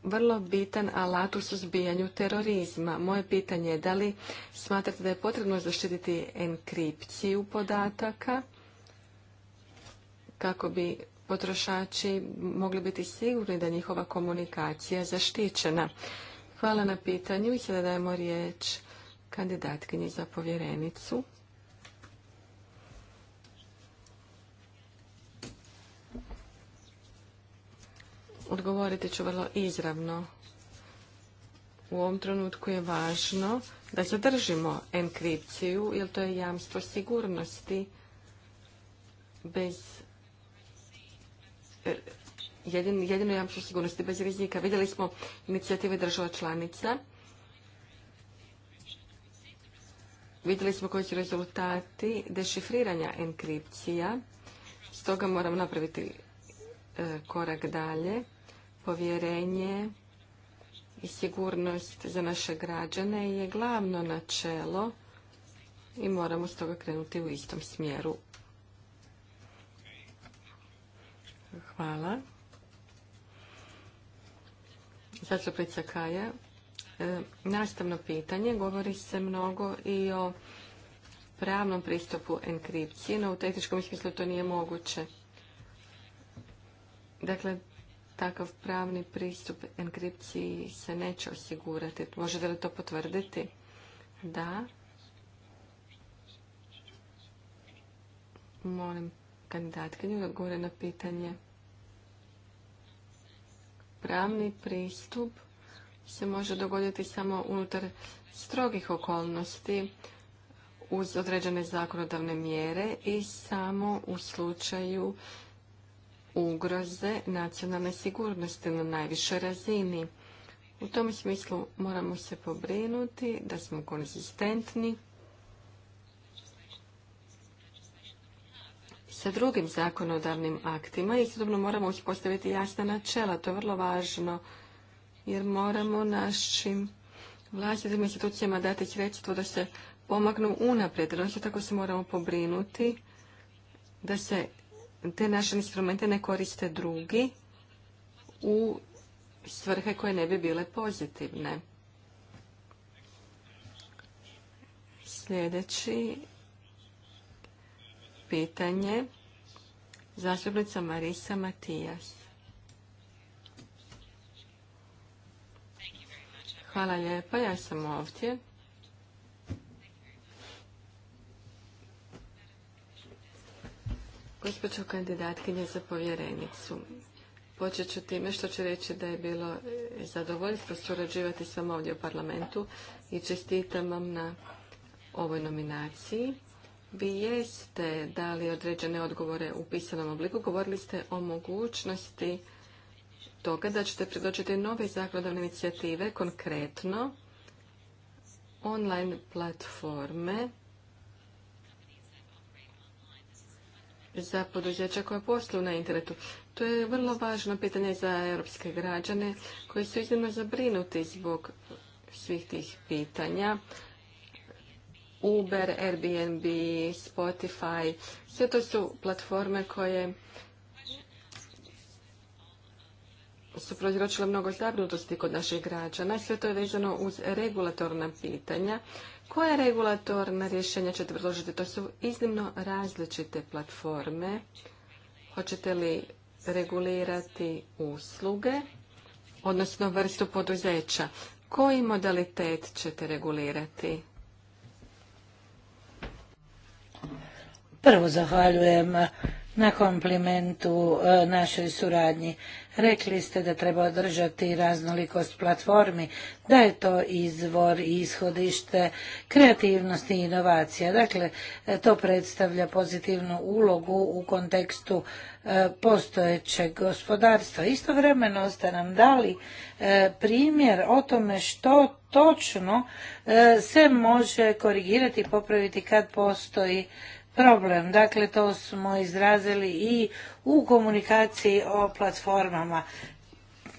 vrlo bitan alat u suzbijanju terorizma. Moje pitanje je da li smatrate da je potrebno zaštititi enkripciju podataka kako bi potrošači mogli biti sigurni da njihova komunikacija zaštićena. Hvala na pitanju i sada dajemo riječ kandidatkinji za povjerenicu. Odgovoriti ću vrlo izravno. U ovom trenutku je važno da zadržimo enkripciju, jer to je jamstvo sigurnosti bez e, jedino jamstvo sigurnosti bez rizika. Vidjeli smo inicijative država članica. Vidjeli smo koji su rezultati dešifriranja enkripcija. Stoga moram napraviti e, korak dalje povjerenje i sigurnost za naše građane je glavno načelo i moramo s toga krenuti u istom smjeru. Hvala. Zastupnica Kaja, e, nastavno pitanje, govori se mnogo i o pravnom pristupu enkripciji, no u tehničkom smislu to nije moguće. Dakle, takav pravni pristup enkripciji se neće osigurati. Možete li to potvrditi? Da. Molim kandidatkinju da govore na pitanje. Pravni pristup se može dogoditi samo unutar strogih okolnosti uz određene zakonodavne mjere i samo u slučaju ugroze nacionalne sigurnosti na najvišoj razini. U tom smislu moramo se pobrinuti da smo konzistentni sa drugim zakonodavnim aktima i istodobno moramo uspostaviti jasna načela. To je vrlo važno jer moramo našim vlastitim institucijama dati sredstvo da se pomaknu unaprijed. Došto tako se moramo pobrinuti da se te naše instrumente ne koriste drugi u svrhe koje ne bi bile pozitivne. Sljedeći pitanje zastupnica Marisa Matijas. Hvala lijepa, ja sam ovdje. Gospođo kandidatkinje za povjerenicu, počet ću time što ću reći da je bilo e, zadovoljstvo surađivati s vama ovdje u parlamentu i čestitam vam na ovoj nominaciji. Vi jeste dali određene odgovore u pisanom obliku. Govorili ste o mogućnosti toga da ćete predočiti nove zakladovne inicijative, konkretno online platforme za poduzeća koja posluju na internetu. To je vrlo važno pitanje za europske građane koji su iznimno zabrinuti zbog svih tih pitanja. Uber, Airbnb, Spotify, sve to su platforme koje su prouzročile mnogo zabrinutosti kod naših građana. Sve to je vezano uz regulatorna pitanja koje regulatorne rješenja ćete predložiti? To su iznimno različite platforme. Hoćete li regulirati usluge, odnosno vrstu poduzeća? Koji modalitet ćete regulirati? Prvo zahvaljujem na komplimentu e, našoj suradnji. Rekli ste da treba održati raznolikost platformi, da je to izvor i ishodište kreativnosti i inovacija. Dakle, to predstavlja pozitivnu ulogu u kontekstu e, postojećeg gospodarstva. Istovremeno ste nam dali e, primjer o tome što točno e, se može korigirati i popraviti kad postoji problem. Dakle, to smo izrazili i u komunikaciji o platformama.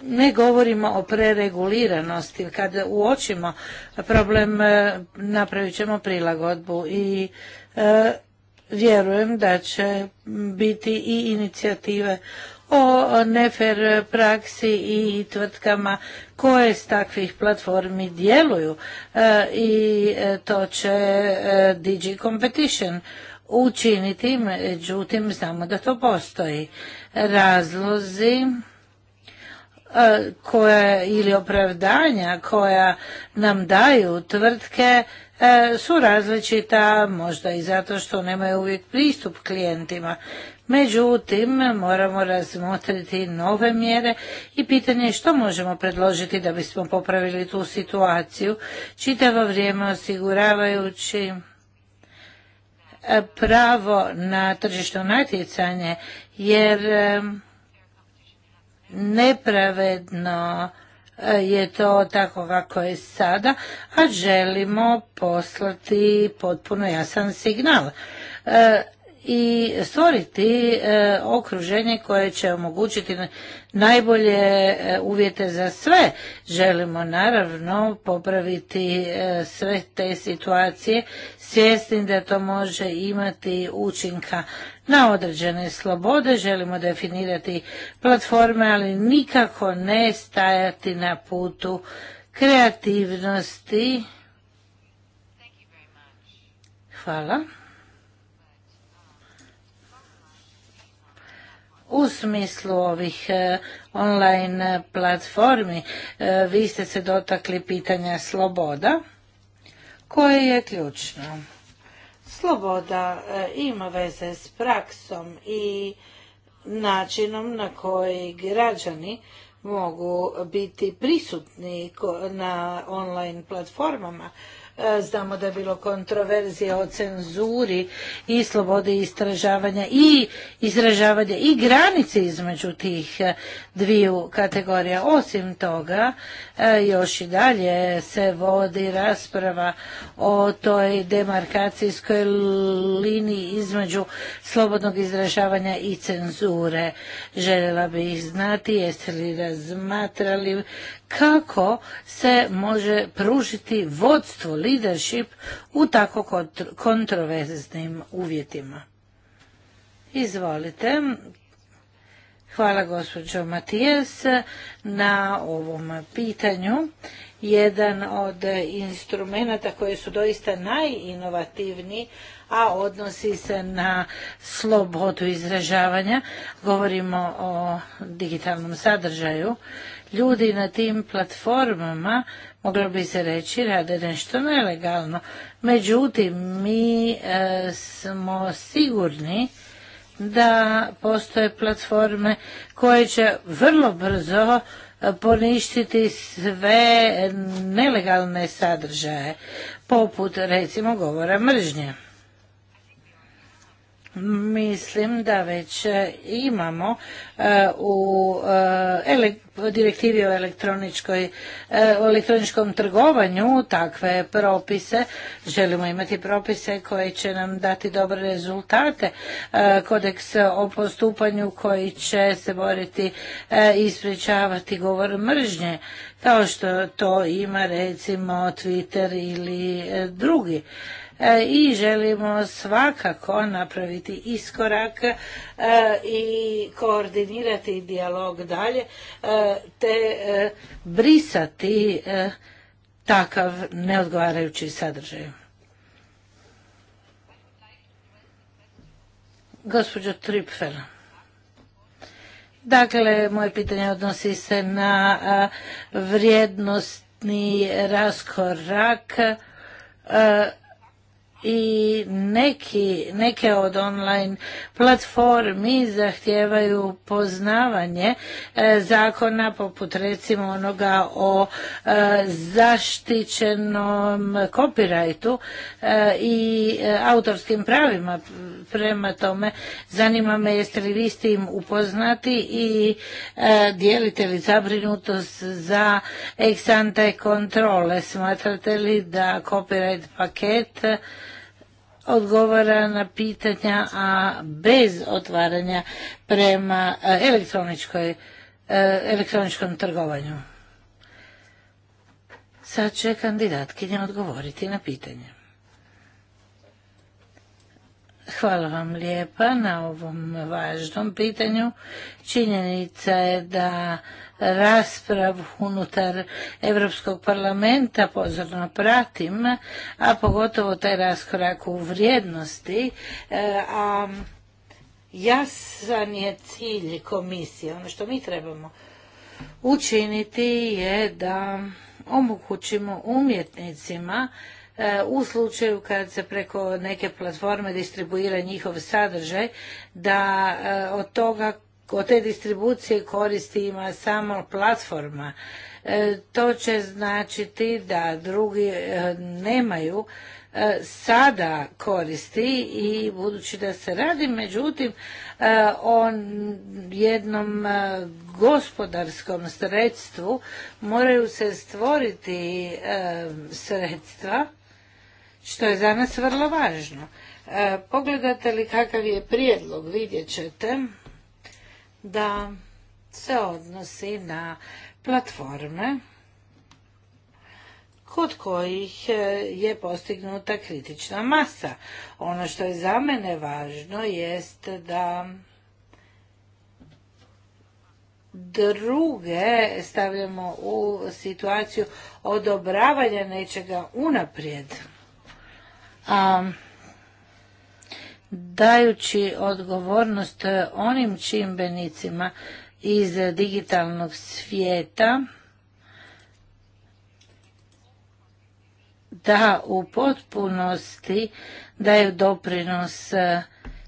Ne govorimo o prereguliranosti. Kada uočimo problem, e, napravit ćemo prilagodbu i e, vjerujem da će biti i inicijative o nefer praksi i tvrtkama koje s takvih platformi djeluju e, i to će Digi Competition učiniti, međutim znamo da to postoji. Razlozi e, koja ili opravdanja koja nam daju tvrtke e, su različita, možda i zato što nemaju uvijek pristup klijentima. Međutim, moramo razmotriti nove mjere i pitanje što možemo predložiti da bismo popravili tu situaciju, čitavo vrijeme osiguravajući pravo na tržišno natjecanje jer nepravedno e, je to tako kako je sada, a želimo poslati potpuno jasan signal. E, i stvoriti e, okruženje koje će omogućiti najbolje e, uvjete za sve. Želimo naravno popraviti e, sve te situacije, svjesni da to može imati učinka na određene slobode, želimo definirati platforme, ali nikako ne stajati na putu kreativnosti. Hvala. u smislu ovih e, online platformi. E, vi ste se dotakli pitanja sloboda koje je ključno. Sloboda e, ima veze s praksom i načinom na koji građani mogu biti prisutni na online platformama E, znamo da je bilo kontroverzije o cenzuri i slobodi istražavanja i izražavanja i granice između tih e, dviju kategorija. Osim toga, e, još i dalje se vodi rasprava o toj demarkacijskoj liniji između slobodnog izražavanja i cenzure. Željela bih znati jeste li razmatrali kako se može pružiti vodstvo, leadership u tako kontroverznim uvjetima. Izvolite. Hvala gospođo Matijes na ovom pitanju. Jedan od instrumenta koji su doista najinovativniji, a odnosi se na slobodu izražavanja, govorimo o digitalnom sadržaju, ljudi na tim platformama, moglo bi se reći, rade nešto nelegalno. Međutim, mi e, smo sigurni da postoje platforme koje će vrlo brzo e, poništiti sve nelegalne sadržaje, poput recimo govora mržnje. Mislim da već e, imamo e, u e, direktivi o elektroničkom trgovanju takve propise. Želimo imati propise koje će nam dati dobre rezultate. Kodeks o postupanju koji će se boriti i govor mržnje kao što to ima recimo Twitter ili drugi E, i želimo svakako napraviti iskorak e, i koordinirati dijalog dalje e, te brisati takav neodgovarajući sadržaj. Gospođo Tripfel, Dakle, moje pitanje odnosi se na vrijednostni raskorak i neki, neke od online platformi zahtijevaju poznavanje e, zakona poput recimo onoga o e, zaštićenom kopirajtu e, i autorskim pravima prema tome zanima me jeste li vi s tim upoznati i dijelite li zabrinutost za ex ante kontrole smatrate li da copyright paket odgovara na pitanja, a bez otvaranja prema e, e, elektroničkom trgovanju. Sad će kandidatkinja odgovoriti na pitanje. Hvala vam lijepa na ovom važnom pitanju. Činjenica je da rasprav unutar Europskog parlamenta pozorno pratim, a pogotovo taj raskorak u vrijednosti, e, a jasan je cilj komisije. Ono što mi trebamo učiniti je da omogućimo umjetnicima E, u slučaju kad se preko neke platforme distribuira njihov sadržaj, da e, od toga od te distribucije koristi ima samo platforma. E, to će značiti da drugi nemaju sada koristi i budući da se radi međutim o jednom gospodarskom sredstvu moraju se stvoriti sredstva što je za nas vrlo važno. E, pogledate li kakav je prijedlog, vidjet ćete da se odnosi na platforme kod kojih e, je postignuta kritična masa. Ono što je za mene važno jest da druge stavljamo u situaciju odobravanja nečega unaprijed dajući odgovornost e, onim čimbenicima iz digitalnog svijeta da u potpunosti daju doprinos e,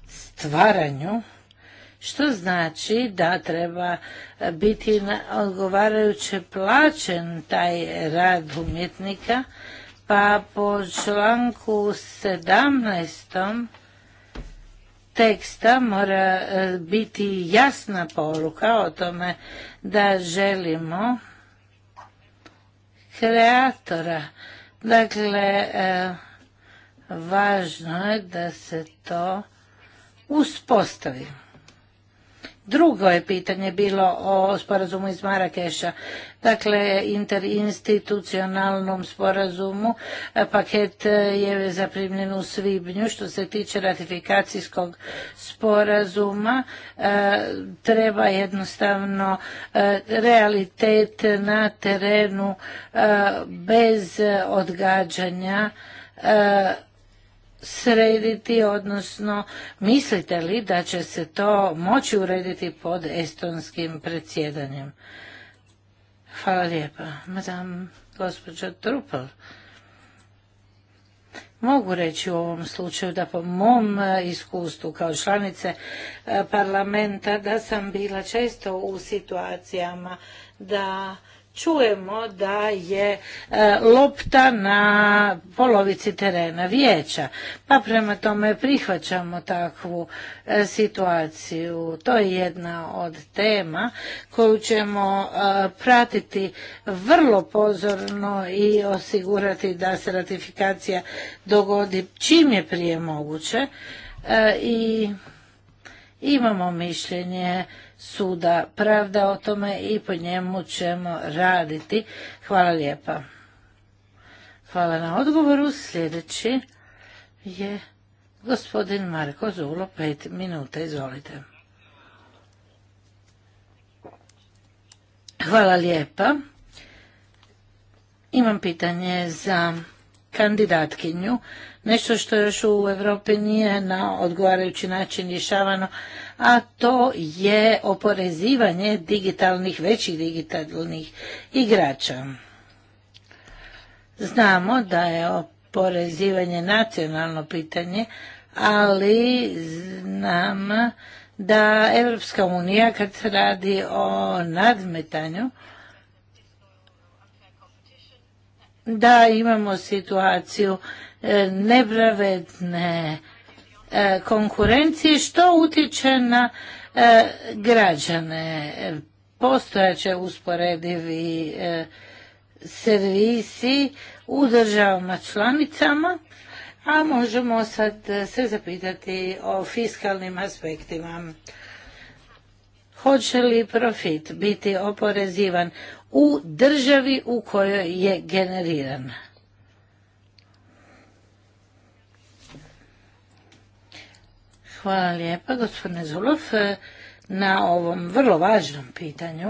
stvaranju što znači da treba biti odgovarajuće plaćen taj rad umjetnika pa po članku 17. teksta mora e, biti jasna poruka o tome da želimo kreatora. Dakle, e, važno je da se to uspostavi. Drugo je pitanje bilo o sporazumu iz Marakeša, dakle interinstitucionalnom sporazumu. E, Paket e, je zaprimljen u svibnju što se tiče ratifikacijskog sporazuma. E, treba jednostavno realitet na terenu bez odgađanja srediti, odnosno mislite li da će se to moći urediti pod estonskim predsjedanjem? Hvala lijepa. Madame, gospođa Trupel. Mogu reći u ovom slučaju da po mom e, iskustvu kao članice e, parlamenta da sam bila često u situacijama da čujemo da je e, lopta na polovici terena vijeća. Pa prema tome prihvaćamo takvu e, situaciju. To je jedna od tema koju ćemo e, pratiti vrlo pozorno i osigurati da se ratifikacija dogodi čim je prije moguće. I imamo mišljenje suda pravda o tome i po njemu ćemo raditi. Hvala lijepa. Hvala na odgovoru. Sljedeći je gospodin Marko Zulo, pet minuta, izvolite. Hvala lijepa. Imam pitanje za kandidatkinju. Nešto što još u Europi nije na odgovarajući način rješavano, a to je oporezivanje digitalnih, većih digitalnih igrača. Znamo da je oporezivanje nacionalno pitanje, ali znam da Evropska unija kad se radi o nadmetanju, da imamo situaciju e, nepravedne E, konkurenciji što utječe na e, građane. Postojaće usporedivi e, servisi u državama članicama, a možemo sad se zapitati o fiskalnim aspektima. Hoće li profit biti oporezivan u državi u kojoj je generiran? Hvala lijepa gospodine Zulov e, na ovom vrlo važnom pitanju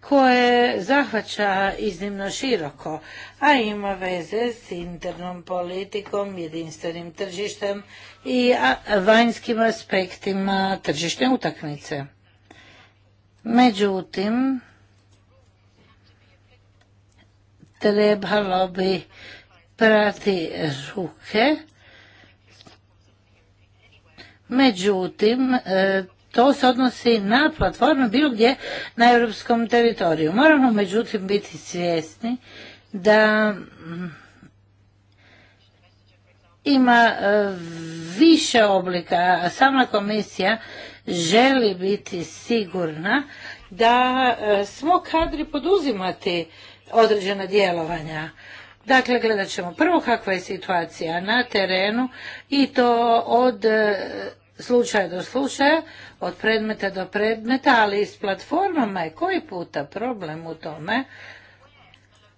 koje zahvaća iznimno široko, a ima veze s internom politikom, jedinstvenim tržištem i vanjskim aspektima tržišne utakmice. Međutim, trebalo bi prati ruke međutim e, to se odnosi na platforme bilo gdje na europskom teritoriju. Moramo međutim biti svjesni da mm, ima e, više oblika, a sama komisija želi biti sigurna da e, smo kadri poduzimati određena djelovanja. Dakle, gledat ćemo prvo kakva je situacija na terenu i to od e, slučaja do slučaja, od predmeta do predmeta, ali s platformama je koji puta problem u tome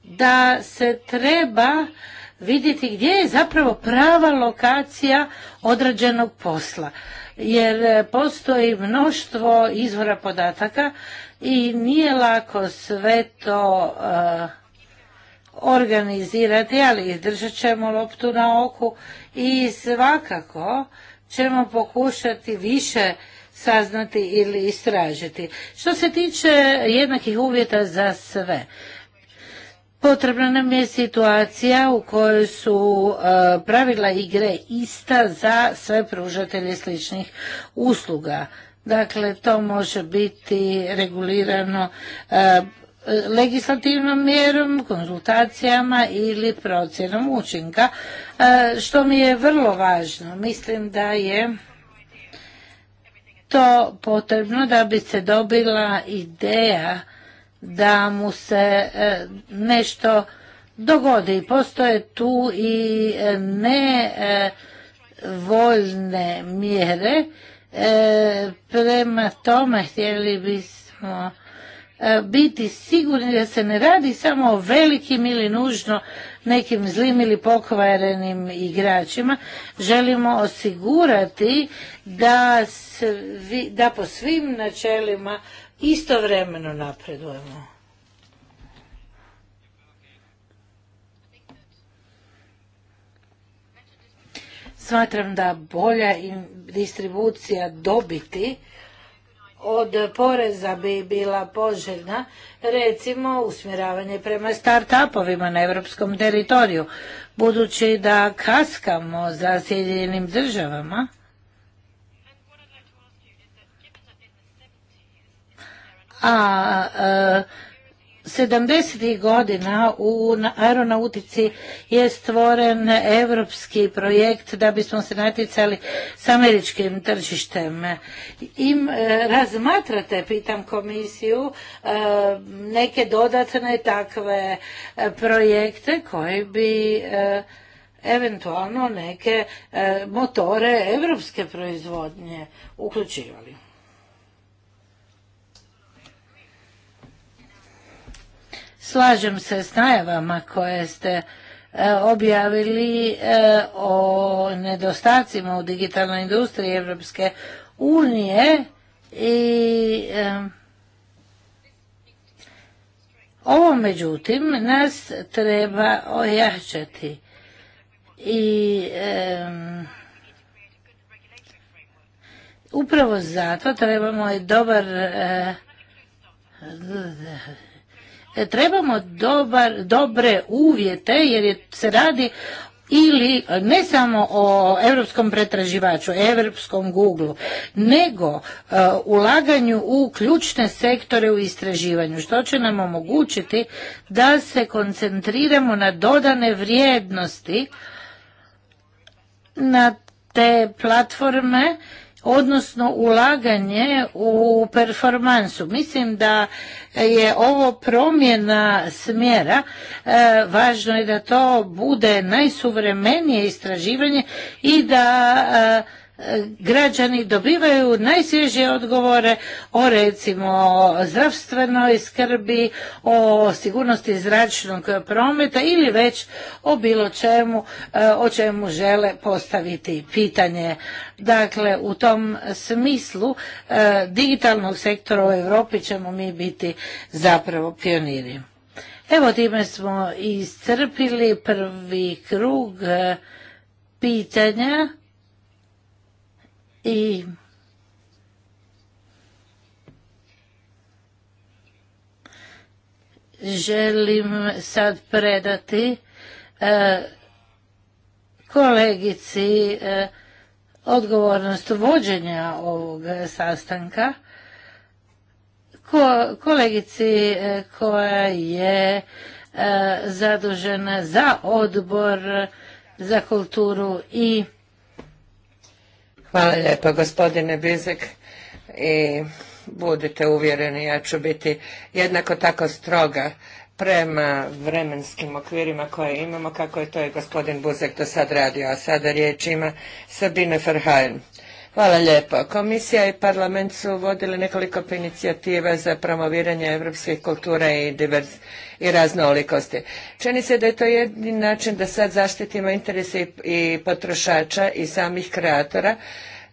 da se treba vidjeti gdje je zapravo prava lokacija određenog posla. Jer e, postoji mnoštvo izvora podataka i nije lako sve to e, organizirati, ali izdržat ćemo loptu na oku i svakako ćemo pokušati više saznati ili istražiti. Što se tiče jednakih uvjeta za sve, Potrebna nam je situacija u kojoj su e, pravila igre ista za sve pružatelje sličnih usluga. Dakle, to može biti regulirano e, legislativnom mjerom, konzultacijama ili procjenom učinka, e, što mi je vrlo važno. Mislim da je to potrebno da bi se dobila ideja da mu se e, nešto dogodi. Postoje tu i e, ne nevoljne mjere, prema tome htjeli bismo E, biti sigurni da se ne radi samo o velikim ili nužno nekim zlim ili pokvarenim igračima. Želimo osigurati da, da po svim načelima istovremeno napredujemo. Smatram da bolja distribucija dobiti od poreza bi bila poželjna, recimo usmjeravanje prema start-upovima na europskom teritoriju, budući da kaskamo za Sjedinjenim državama. A e, 70. godina u aeronautici je stvoren evropski projekt da bismo se natjecali s američkim tržištem. Im e, razmatrate, pitam komisiju, e, neke dodatne takve e, projekte koji bi eventualno neke motore evropske proizvodnje uključivali. Slažem se s najavama koje ste e, objavili e, o nedostacima u digitalnoj industriji Europske unije i e, ovo međutim nas treba ojačati i upravo zato trebamo i dobar E, trebamo dobre uvjete jer je, se radi ili e, ne samo o europskom pretraživaču, europskom Google, nego e, ulaganju u ključne sektore u istraživanju, što će nam omogućiti da se koncentriramo na dodane vrijednosti na te platforme odnosno ulaganje u performansu. Mislim da je ovo promjena smjera, e, važno je da to bude najsuvremenije istraživanje i da e, građani dobivaju najsvježije odgovore o recimo zdravstvenoj skrbi, o sigurnosti zračnog prometa ili već o bilo čemu e, o čemu žele postaviti pitanje. Dakle, u tom smislu e, digitalnog sektora u Europi ćemo mi biti zapravo pioniri. Evo time smo iscrpili prvi krug e, pitanja i želim sad predati e, kolegici e, odgovornost vođenja ovog sastanka kolegici e, koja je zadužena za odbor za kulturu i Hvala lijepa gospodine Bizek i budite uvjereni ja ću biti jednako tako stroga prema vremenskim okvirima koje imamo kako je to i gospodin Buzek do sad radio, a sada riječ ima Sabine Ferhajn. Hvala lijepo. Komisija i parlament su vodili nekoliko inicijativa za promoviranje evropskih kultura i divers, i raznolikosti. Čini se da je to jedini način da sad zaštitimo interese i potrošača i samih kreatora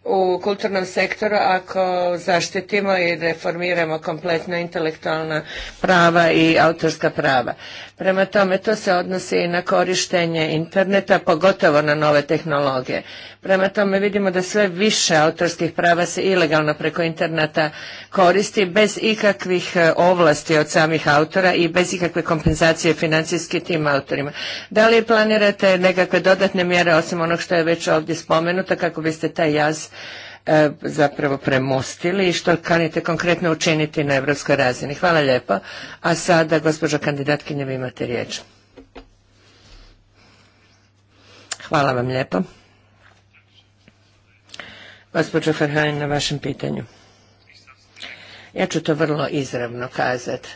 u kulturnom sektoru ako zaštitimo i reformiramo kompletno intelektualna prava i autorska prava. Prema tome, to se odnosi i na korištenje interneta, pogotovo na nove tehnologije. Prema tome, vidimo da sve više autorskih prava se ilegalno preko interneta koristi bez ikakvih e, ovlasti od samih autora i bez ikakve kompenzacije financijski tim autorima. Da li planirate nekakve dodatne mjere osim onog što je već ovdje spomenuto kako biste taj jaz E, zapravo premostili i što kanite konkretno učiniti na evropskoj razini. Hvala lijepo. A sada, gospođo kandidatkinje, vi imate riječ. Hvala vam lijepo. Gospođo Ferhajn, na vašem pitanju. Ja ću to vrlo izravno kazati.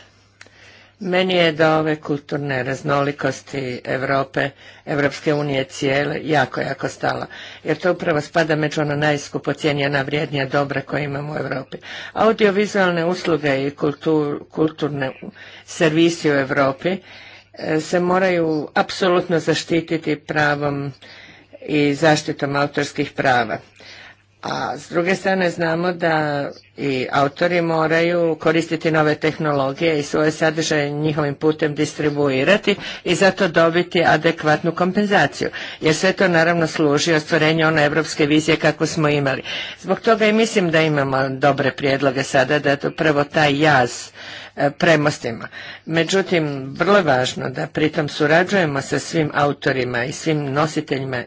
Meni je da ove kulturne raznolikosti Europe, Evropske unije cijele, jako, jako stalo. Jer to upravo spada među ono najskupo cijenjena vrijednija dobra koje imamo u Europi. Audiovizualne usluge i kulturne servisi u Europi e, se moraju apsolutno zaštititi pravom i zaštitom autorskih prava. A s druge strane znamo da i autori moraju koristiti nove tehnologije i svoje sadržaje njihovim putem distribuirati i zato dobiti adekvatnu kompenzaciju. Jer sve to naravno služi ostvarenju one evropske vizije kako smo imali. Zbog toga i mislim da imamo dobre prijedloge sada da to prvo taj jaz e, premostima. Međutim, vrlo je važno da pritom surađujemo sa svim autorima i svim nositeljima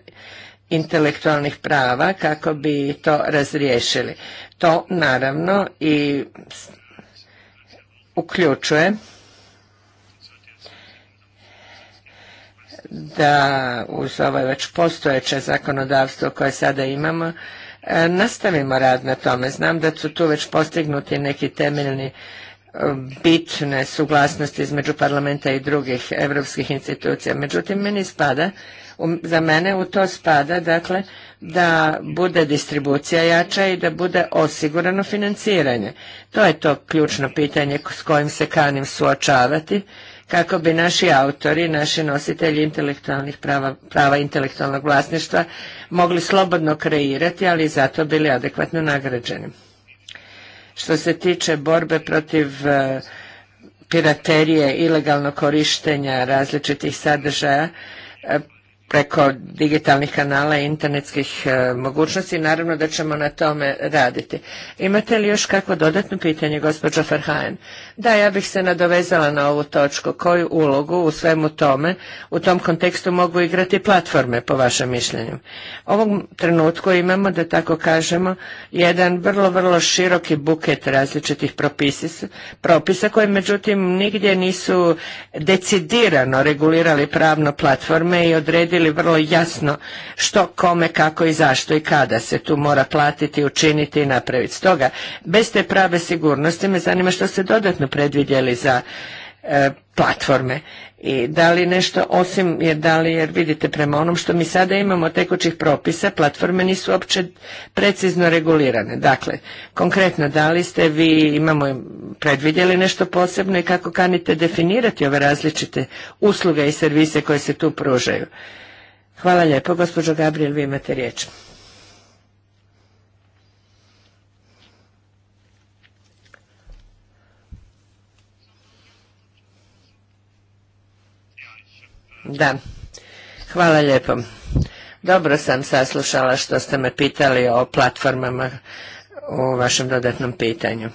intelektualnih prava kako bi to razriješili. To naravno i uključuje da uz ovo već postojeće zakonodavstvo koje sada imamo e, nastavimo rad na tome. Znam da su tu već postignuti neki temeljni e, bitne suglasnosti između parlamenta i drugih europskih institucija. Međutim, meni spada za mene u to spada dakle da bude distribucija jača i da bude osigurano financiranje. To je to ključno pitanje s kojim se kanim suočavati kako bi naši autori, naši nositelji intelektualnih prava, prava intelektualnog vlasništva mogli slobodno kreirati, ali i zato bili adekvatno nagrađeni. Što se tiče borbe protiv e, piraterije, ilegalnog korištenja različitih sadržaja, e, preko digitalnih kanala i internetskih e, mogućnosti. Naravno da ćemo na tome raditi. Imate li još kakvo dodatno pitanje, gospođo Farhajen? Da, ja bih se nadovezala na ovu točku. Koju ulogu u svemu tome, u tom kontekstu mogu igrati platforme, po vašem mišljenju? Ovom trenutku imamo, da tako kažemo, jedan vrlo, vrlo široki buket različitih propisa, propisa koje međutim nigdje nisu decidirano regulirali pravno platforme i odredili odredili vrlo jasno što, kome, kako i zašto i kada se tu mora platiti, učiniti i napraviti. Stoga, bez te prave sigurnosti me zanima što ste dodatno predvidjeli za e, platforme i da li nešto osim jer da li jer vidite prema onom što mi sada imamo tekućih propisa platforme nisu uopće precizno regulirane dakle konkretno da li ste vi imamo predvidjeli nešto posebno i kako kanite definirati ove različite usluge i servise koje se tu pružaju Hvala lijepo. Gospođo Gabriel, vi imate riječ. Da, hvala lijepo. Dobro sam saslušala što ste me pitali o platformama u vašem dodatnom pitanju.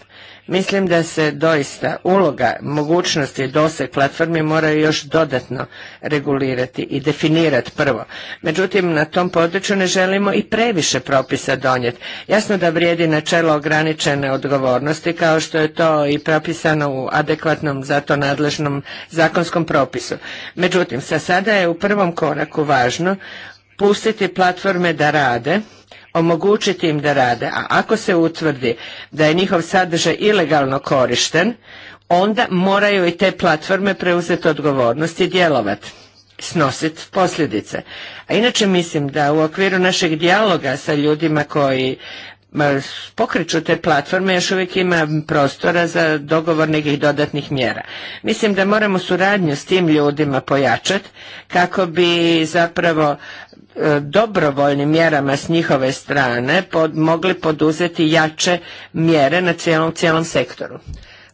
Mislim da se doista uloga, mogućnosti i doseg platformi moraju još dodatno regulirati i definirati prvo. Međutim, na tom području ne želimo i previše propisa donijeti. Jasno da vrijedi načelo ograničene odgovornosti kao što je to i propisano u adekvatnom zato nadležnom zakonskom propisu. Međutim, sa sada je u prvom koraku važno pustiti platforme da rade omogućiti im da rade, a ako se utvrdi da je njihov sadržaj ilegalno korišten, onda moraju i te platforme preuzeti odgovornost i djelovati snositi posljedice. A inače mislim da u okviru našeg dijaloga sa ljudima koji pokriču te platforme još uvijek ima prostora za dogovor nekih dodatnih mjera. Mislim da moramo suradnju s tim ljudima pojačati kako bi zapravo E, dobrovoljnim mjerama s njihove strane mogli poduzeti jače mjere na cijelom, sektoru.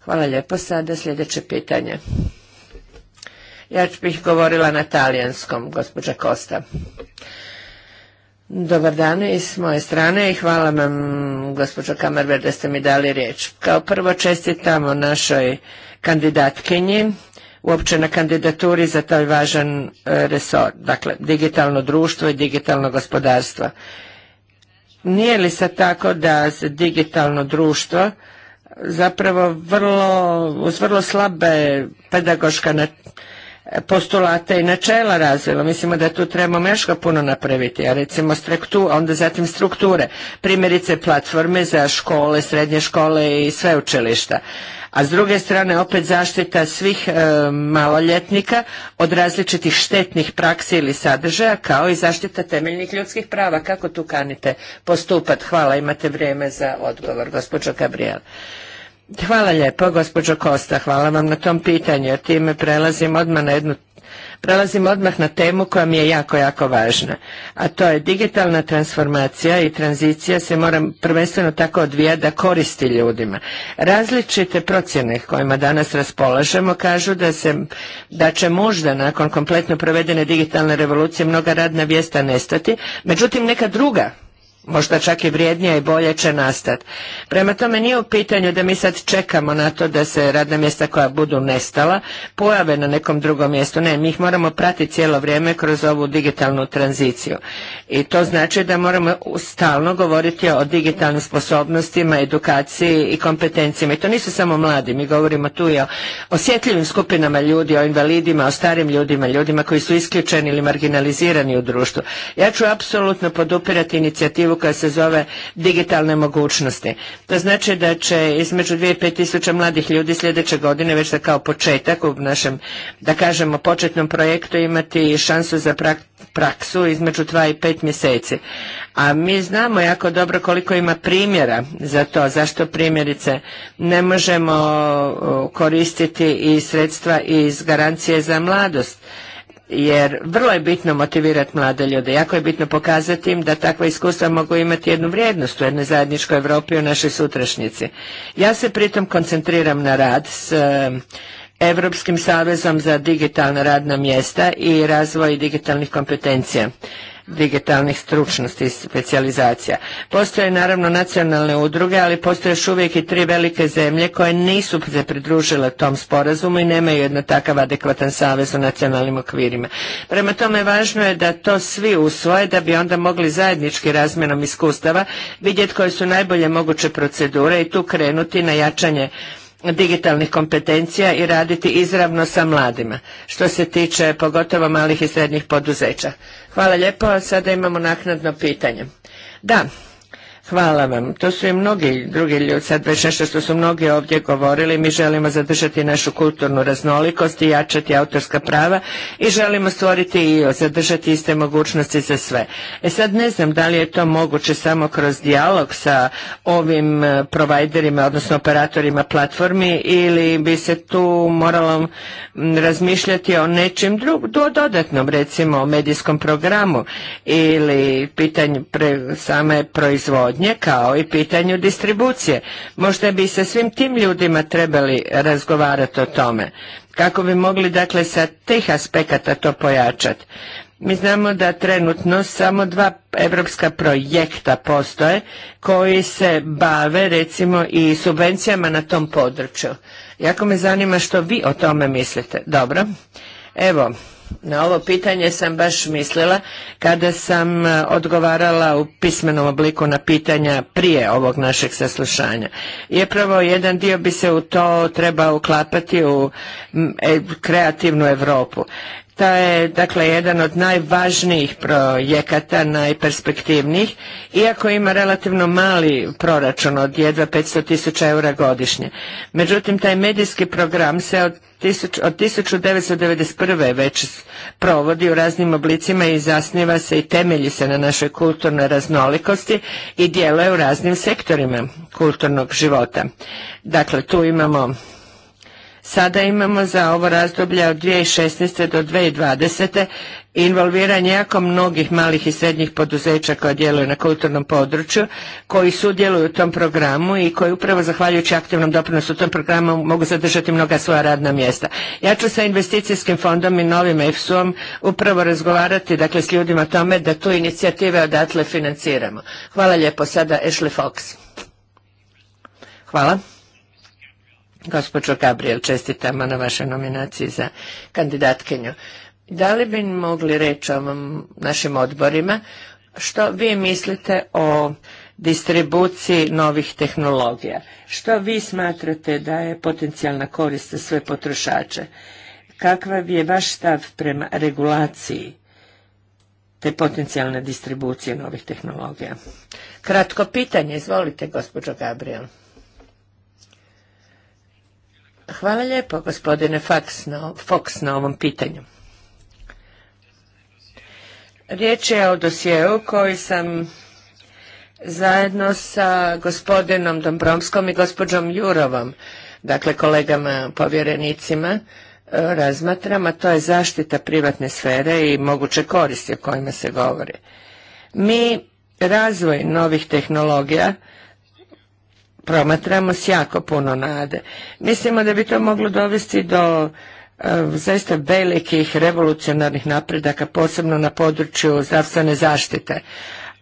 Hvala lijepo. Sada sljedeće pitanje. Ja bih govorila na talijanskom, gospođa Kosta. Dobar dan i s moje strane i hvala vam, gospođo Kamerber da ste mi dali riječ. Kao prvo čestitamo našoj kandidatkinji uopće na kandidaturi za taj važan e, resor, dakle digitalno društvo i digitalno gospodarstvo. Nije li se tako da se digitalno društvo zapravo vrlo, uz vrlo slabe pedagoška postulata postulate i načela razvilo. Mislimo da tu trebamo još puno napraviti, a recimo onda zatim strukture, primjerice platforme za škole, srednje škole i sveučilišta a s druge strane opet zaštita svih e, maloljetnika od različitih štetnih praksi ili sadržaja, kao i zaštita temeljnih ljudskih prava. Kako tu kanite postupati? Hvala, imate vrijeme za odgovor, gospođo Gabriel. Hvala lijepo, gospođo Kosta, hvala vam na tom pitanju. Time prelazim odmah na jednu prelazim odmah na temu koja mi je jako, jako važna. A to je digitalna transformacija i tranzicija se mora prvenstveno tako odvijati da koristi ljudima. Različite procjene kojima danas raspolažemo kažu da, se, da će možda nakon kompletno provedene digitalne revolucije mnoga radna vijesta nestati, međutim neka druga možda čak i vrijednija i bolje će nastati. Prema tome nije u pitanju da mi sad čekamo na to da se radna mjesta koja budu nestala pojave na nekom drugom mjestu. Ne, mi ih moramo pratiti cijelo vrijeme kroz ovu digitalnu tranziciju. I to znači da moramo stalno govoriti o digitalnim sposobnostima, edukaciji i kompetencijama. I to nisu samo mladi, mi govorimo tu i o osjetljivim skupinama ljudi, o invalidima, o starim ljudima, ljudima koji su isključeni ili marginalizirani u društvu. Ja ću apsolutno podupirati inicijativu koja se zove digitalne mogućnosti. To znači da će između 2 i 5 mladih ljudi sljedeće godine već da kao početak u našem, da kažemo, početnom projektu imati šansu za praksu između 2 i 5 mjeseci. A mi znamo jako dobro koliko ima primjera za to, zašto primjerice ne možemo koristiti i sredstva iz garancije za mladost jer vrlo je bitno motivirati mlade ljude, jako je bitno pokazati im da takva iskustva mogu imati jednu vrijednost u jednoj zajedničkoj Europi u našoj sutrašnjici. Ja se pritom koncentriram na rad s Europskim savezom za digitalna radna mjesta i razvoj digitalnih kompetencija digitalnih stručnosti i specijalizacija. Postoje naravno nacionalne udruge, ali postoje još uvijek i tri velike zemlje koje nisu se pridružile tom sporazumu i nemaju jedna takav adekvatan savez u nacionalnim okvirima. Prema tome važno je da to svi usvoje da bi onda mogli zajednički razmjenom iskustava vidjeti koje su najbolje moguće procedure i tu krenuti na jačanje digitalnih kompetencija i raditi izravno sa mladima, što se tiče pogotovo malih i srednjih poduzeća. Hvala lijepo. Sada imamo naknadno pitanje. Da, Hvala vam. To su i mnogi drugi ljudi, sad već nešto što su mnogi ovdje govorili. Mi želimo zadržati našu kulturnu raznolikost i jačati autorska prava i želimo stvoriti i zadržati iste mogućnosti za sve. E sad ne znam da li je to moguće samo kroz dijalog sa ovim e, providerima, odnosno operatorima platformi ili bi se tu moralo razmišljati o nečem drugom, dodatnom recimo o medijskom programu ili pitanju same proizvodnje proizvodnje kao i pitanju distribucije. Možda bi sa svim tim ljudima trebali razgovarati o tome kako bi mogli dakle sa tih aspekata to pojačati. Mi znamo da trenutno samo dva evropska projekta postoje koji se bave recimo i subvencijama na tom području. Jako me zanima što vi o tome mislite. Dobro. Evo, na ovo pitanje sam baš mislila kada sam e, odgovarala u pismenom obliku na pitanja prije ovog našeg saslušanja. I pravo jedan dio bi se u to treba uklapati u e, kreativnu Europu. To je dakle jedan od najvažnijih projekata, najperspektivnijih, iako ima relativno mali proračun od jedva 500 tisuća eura godišnje. Međutim, taj medijski program se od, tisuć, od 1991. već provodi u raznim oblicima i zasniva se i temelji se na našoj kulturnoj raznolikosti i djeluje u raznim sektorima kulturnog života. Dakle, tu imamo Sada imamo za ovo razdoblje od 2016. do 2020. involviranje jako mnogih malih i srednjih poduzeća koja djeluju na kulturnom području, koji sudjeluju u tom programu i koji upravo zahvaljujući aktivnom doprinosu u tom programu mogu zadržati mnoga svoja radna mjesta. Ja ću sa investicijskim fondom i novim EFSU-om upravo razgovarati dakle, s ljudima o tome da tu inicijative odatle financiramo. Hvala lijepo. Sada Ashley Fox. Hvala. Gospođo Gabriel, čestitamo na vašoj nominaciji za kandidatkinju. Da li bi mogli reći o našim odborima što vi mislite o distribuciji novih tehnologija? Što vi smatrate da je potencijalna korist za sve potrošače? Kakav je vaš stav prema regulaciji te potencijalne distribucije novih tehnologija? Kratko pitanje, izvolite gospođo Gabriel. Hvala lijepo gospodine Fox na, ovom pitanju. Riječ je o dosjeu koji sam zajedno sa gospodinom Dombromskom i gospođom Jurovom, dakle kolegama povjerenicima, e, razmatram, a to je zaštita privatne sfere i moguće koristi o kojima se govori. Mi razvoj novih tehnologija promatramo s jako puno nade. Mislimo da bi to moglo dovesti do e, zaista velikih revolucionarnih napredaka, posebno na području zdravstvene zaštite.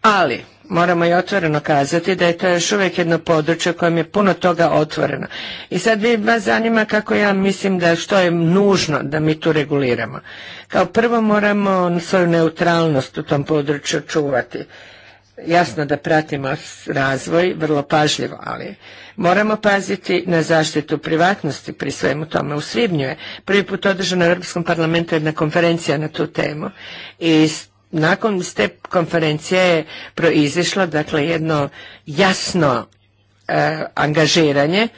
Ali, moramo i otvoreno kazati da je to još uvijek jedno područje kojem je puno toga otvoreno. I sad vi vas zanima kako ja mislim da što je nužno da mi tu reguliramo. Kao prvo moramo svoju neutralnost u tom području čuvati jasno da pratimo razvoj vrlo pažljivo, ali moramo paziti na zaštitu privatnosti pri svemu tome. U svibnju je prvi put održana u Europskom parlamentu jedna konferencija na tu temu i nakon te konferencije je proizišlo dakle jedno jasno e, angažiranje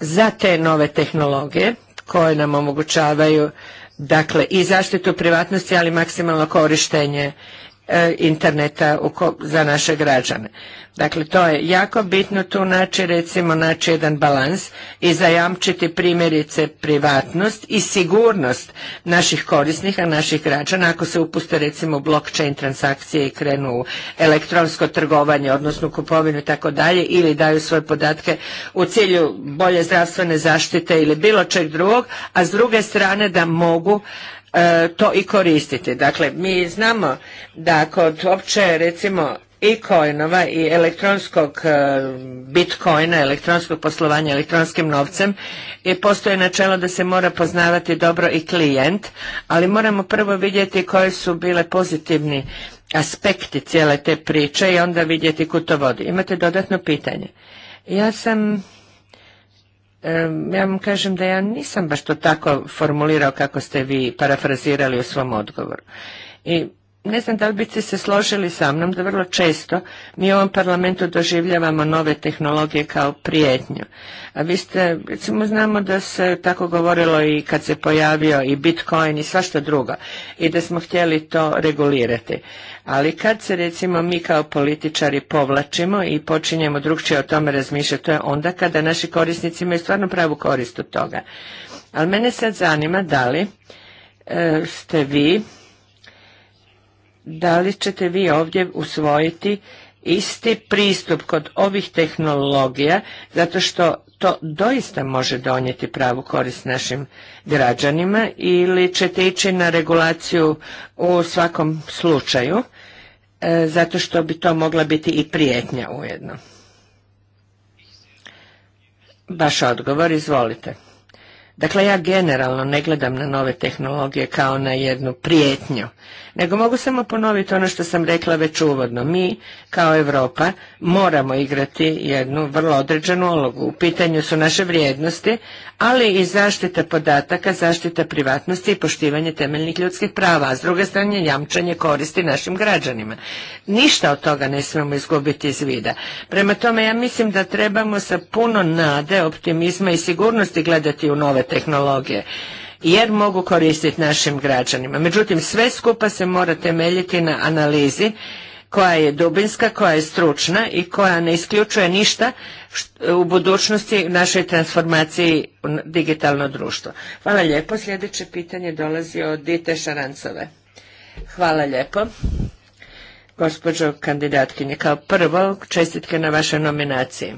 za te nove tehnologije koje nam omogućavaju dakle i zaštitu privatnosti ali maksimalno korištenje E, interneta za naše građane. Dakle, to je jako bitno tu naći, recimo, naći jedan balans i zajamčiti primjerice privatnost i sigurnost naših korisnika, naših građana, ako se upuste recimo blockchain transakcije i krenu u elektronsko trgovanje, odnosno kupovinu i tako dalje, ili daju svoje podatke u cilju bolje zdravstvene zaštite ili bilo čeg drugog, a s druge strane da mogu E, to i koristiti. Dakle, mi znamo da kod opće recimo i coinova i elektronskog e, bitcoina, elektronskog poslovanja elektronskim novcem je postoje načelo da se mora poznavati dobro i klijent, ali moramo prvo vidjeti koje su bile pozitivni aspekti cijele te priče i onda vidjeti kud to vodi. Imate dodatno pitanje. Ja sam ja vam kažem da ja nisam baš to tako formulirao kako ste vi parafrazirali u svom odgovoru. I ne znam da li biste se složili sa mnom da vrlo često mi u ovom parlamentu doživljavamo nove tehnologije kao prijetnju. A vi ste, recimo znamo da se tako govorilo i kad se pojavio i Bitcoin i svašta drugo i da smo htjeli to regulirati. Ali kad se recimo mi kao političari povlačimo i počinjemo drugčije o tome razmišljati, to je onda kada naši korisnici imaju stvarno pravu korist od toga. Ali mene sad zanima da li e, ste vi da li ćete vi ovdje usvojiti isti pristup kod ovih tehnologija, zato što to doista može donijeti pravu korist našim građanima ili ćete ići na regulaciju u svakom slučaju, e, zato što bi to mogla biti i prijetnja ujedno. Baš odgovor, izvolite. Dakle, ja generalno ne gledam na nove tehnologije kao na jednu prijetnju, nego mogu samo ponoviti ono što sam rekla već uvodno. Mi, kao Evropa, moramo igrati jednu vrlo određenu ulogu. U pitanju su naše vrijednosti, ali i zaštita podataka, zaštita privatnosti i poštivanje temeljnih ljudskih prava, a s druge strane jamčanje koristi našim građanima. Ništa od toga ne smijemo izgubiti iz vida. Prema tome, ja mislim da trebamo sa puno nade, optimizma i sigurnosti gledati u nove tehnologije jer mogu koristiti našim građanima. Međutim, sve skupa se mora temeljiti na analizi koja je dubinska, koja je stručna i koja ne isključuje ništa u budućnosti našoj transformaciji u digitalno društvo. Hvala lijepo. Sljedeće pitanje dolazi od Dite Šarancove. Hvala lijepo. Gospođo kandidatkinje, kao prvo čestitke na vašoj nominaciji.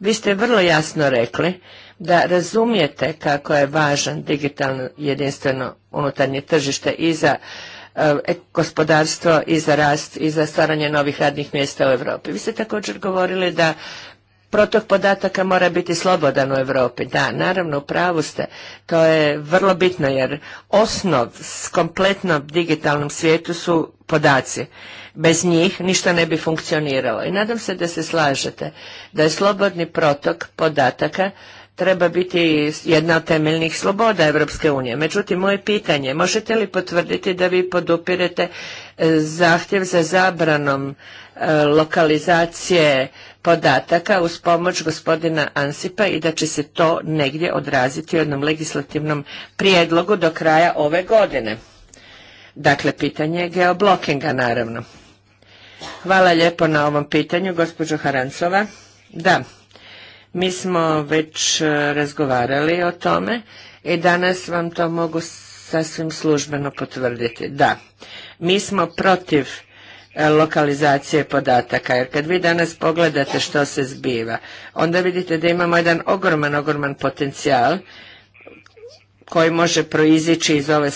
Vi ste vrlo jasno rekli da razumijete kako je važan digitalno jedinstveno unutarnje tržište i za eh, e, gospodarstvo i za rast i za stvaranje novih radnih mjesta u Europi. Vi ste također govorili da protok podataka mora biti slobodan u Europi. Da, naravno, u pravu ste. To je vrlo bitno jer osnov s kompletnom digitalnom svijetu su podaci. Bez njih ništa ne bi funkcioniralo. I nadam se da se slažete da je slobodni protok podataka treba biti jedna od temeljnih sloboda Europske unije. Međutim, moje pitanje, možete li potvrditi da vi podupirete e, zahtjev za zabranom e, lokalizacije podataka uz pomoć gospodina Ansipa i da će se to negdje odraziti u jednom legislativnom prijedlogu do kraja ove godine? Dakle, pitanje je geoblokinga, naravno. Hvala lijepo na ovom pitanju, gospođo Harancova. Da, mi smo već e, razgovarali o tome i danas vam to mogu sasvim službeno potvrditi. Da, mi smo protiv e, lokalizacije podataka, jer kad vi danas pogledate što se zbiva, onda vidite da imamo jedan ogroman, ogroman potencijal koji može proizići iz ove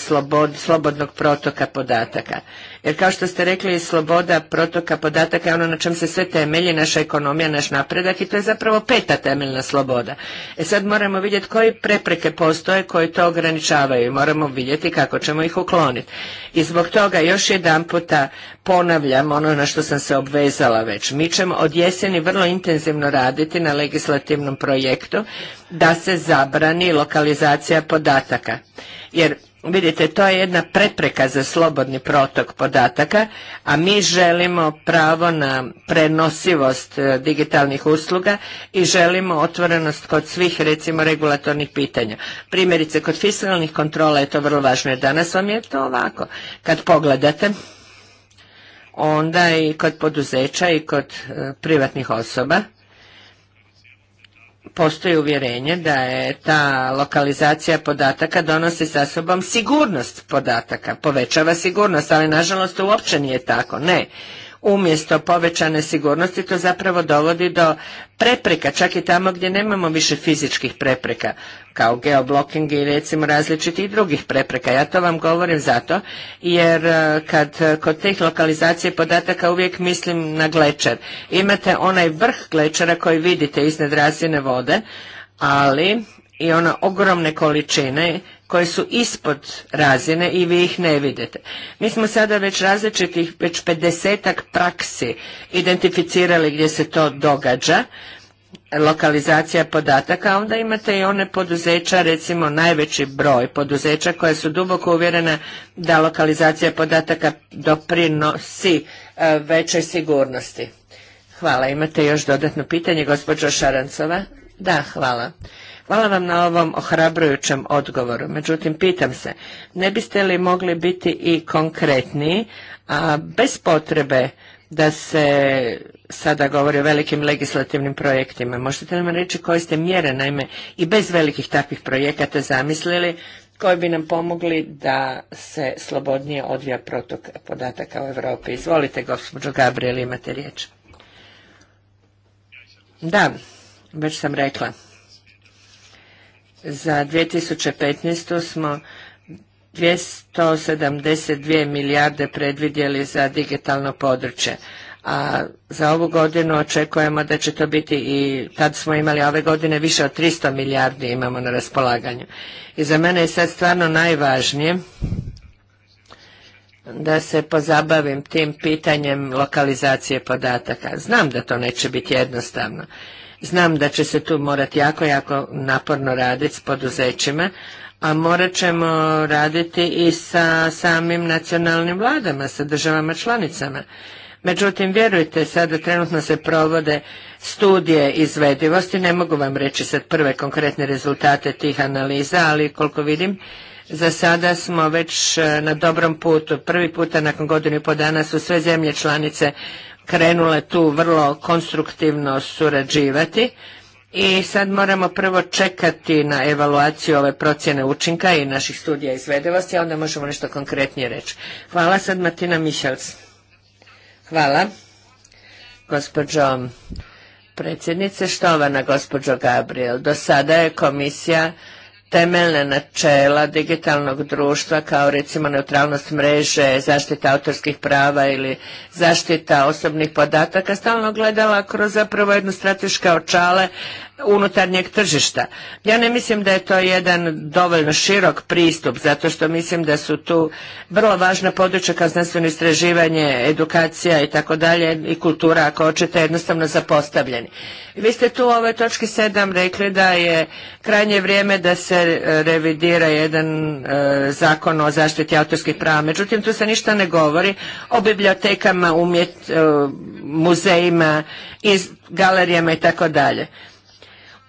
slobodnog protoka podataka. Jer kao što ste rekli, sloboda protoka podataka je ono na čem se sve temelji, naša ekonomija, naš napredak i to je zapravo peta temeljna sloboda. E sad moramo vidjeti koje prepreke postoje koje to ograničavaju i moramo vidjeti kako ćemo ih ukloniti. I zbog toga još jedan puta ponavljam ono na što sam se obvezala već. Mi ćemo od jeseni vrlo intenzivno raditi na legislativnom projektu da se zabrani lokalizacija podataka. Jer Vidite, to je jedna prepreka za slobodni protok podataka, a mi želimo pravo na prenosivost e, digitalnih usluga i želimo otvorenost kod svih, recimo, regulatornih pitanja. Primjerice, kod fiskalnih kontrola je to vrlo važno, jer danas vam je to ovako. Kad pogledate, onda i kod poduzeća i kod e, privatnih osoba, postoji uvjerenje da je ta lokalizacija podataka donosi sa sobom sigurnost podataka, povećava sigurnost, ali nažalost to uopće nije tako, ne. Umjesto povećane sigurnosti to zapravo dovodi do prepreka, čak i tamo gdje nemamo više fizičkih prepreka kao geoblocking i recimo različitih drugih prepreka. Ja to vam govorim zato jer e, kad e, kod tih lokalizacije podataka uvijek mislim na glečer. Imate onaj vrh glečera koji vidite iznad razine vode, ali i ona ogromne količine koje su ispod razine i vi ih ne vidite. Mi smo sada već različitih, već pedesetak praksi identificirali gdje se to događa lokalizacija podataka, onda imate i one poduzeća, recimo najveći broj poduzeća koja su duboko uvjerena da lokalizacija podataka doprinosi e, većoj sigurnosti. Hvala. Imate još dodatno pitanje, gospođo Šarancova? Da, hvala. Hvala vam na ovom ohrabrujućem odgovoru. Međutim, pitam se, ne biste li mogli biti i konkretniji, a bez potrebe da se sada govori o velikim legislativnim projektima. Možete nam reći koje ste mjere, naime, i bez velikih takvih projekata zamislili, koji bi nam pomogli da se slobodnije odvija protok podataka u Europi. Izvolite, gospođo Gabriel, imate riječ. Da, već sam rekla. Za 2015. smo 272 milijarde predvidjeli za digitalno područje, a za ovu godinu očekujemo da će to biti i kad smo imali ove godine više od 300 milijardi imamo na raspolaganju. I za mene je sad stvarno najvažnije da se pozabavim tim pitanjem lokalizacije podataka. Znam da to neće biti jednostavno. Znam da će se tu morati jako, jako naporno raditi s poduzećima, a morat ćemo raditi i sa samim nacionalnim vladama, sa državama članicama Međutim, vjerujte, sada trenutno se provode studije izvedivosti, ne mogu vam reći sad prve konkretne rezultate tih analiza, ali koliko vidim, za sada smo već e, na dobrom putu. Prvi puta nakon godinu i po dana su sve zemlje članice krenule tu vrlo konstruktivno surađivati i sad moramo prvo čekati na evaluaciju ove procjene učinka i naših studija izvedivosti, a onda možemo nešto konkretnije reći. Hvala sad Martina michels. Hvala. Gospođo predsjednice, štovana gospođo Gabriel, do sada je komisija temeljne načela digitalnog društva kao recimo neutralnost mreže, zaštita autorskih prava ili zaštita osobnih podataka stalno gledala kroz zapravo jednu strateške očale unutarnjeg tržišta. Ja ne mislim da je to jedan dovoljno širok pristup, zato što mislim da su tu vrlo važna područja kao znanstveno istraživanje, edukacija i tako dalje i kultura, ako hoćete, jednostavno zapostavljeni. Vi ste tu u ovoj točki sedam rekli da je krajnje vrijeme da se e, revidira jedan e, zakon o zaštiti autorskih prava. Međutim, tu se ništa ne govori o bibliotekama, umjet, e, muzejima, iz, galerijama i tako dalje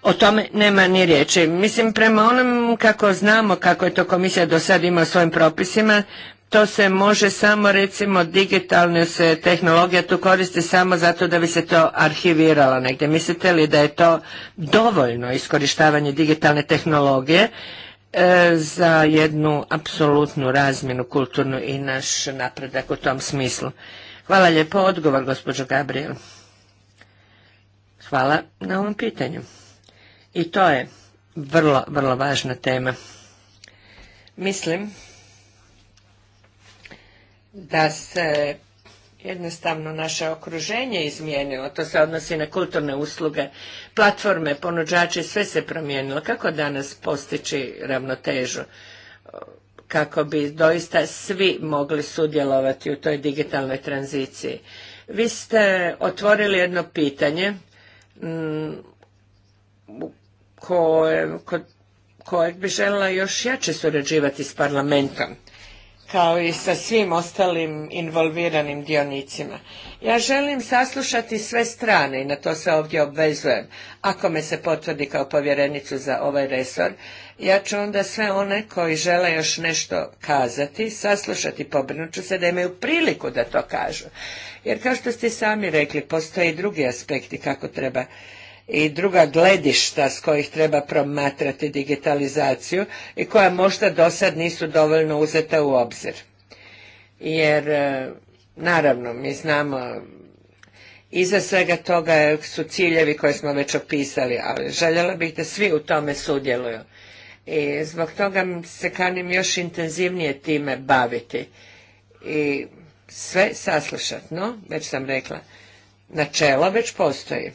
o tome nema ni riječi. Mislim, prema onom kako znamo kako je to komisija do sad ima svojim propisima, to se može samo recimo digitalne se tehnologija tu koristi samo zato da bi se to arhiviralo negdje. Mislite li da je to dovoljno iskorištavanje digitalne tehnologije e, za jednu apsolutnu razmjenu kulturnu i naš napredak u tom smislu? Hvala lijepo odgovor gospođo Gabriel. Hvala na ovom pitanju. I to je vrlo, vrlo važna tema. Mislim da se jednostavno naše okruženje izmijenilo, to se odnosi na kulturne usluge, platforme, ponuđači, sve se promijenilo. Kako danas postići ravnotežu? Kako bi doista svi mogli sudjelovati u toj digitalnoj tranziciji. Vi ste otvorili jedno pitanje kojeg bi željela još jače surađivati s parlamentom kao i sa svim ostalim involviranim dionicima. Ja želim saslušati sve strane i na to se ovdje obvezujem. Ako me se potvrdi kao povjerenicu za ovaj resor, ja ću onda sve one koji žele još nešto kazati, saslušati, pobrinuću se da imaju priliku da to kažu. Jer kao što ste sami rekli, postoje i drugi aspekti kako treba i druga gledišta s kojih treba promatrati digitalizaciju i koja možda do sad nisu dovoljno uzeta u obzir. Jer, e, naravno, mi znamo, iza svega toga su ciljevi koje smo već opisali, ali željela bih da svi u tome sudjeluju. I zbog toga se kanim još intenzivnije time baviti i sve saslušati. No, već sam rekla, načelo već postoji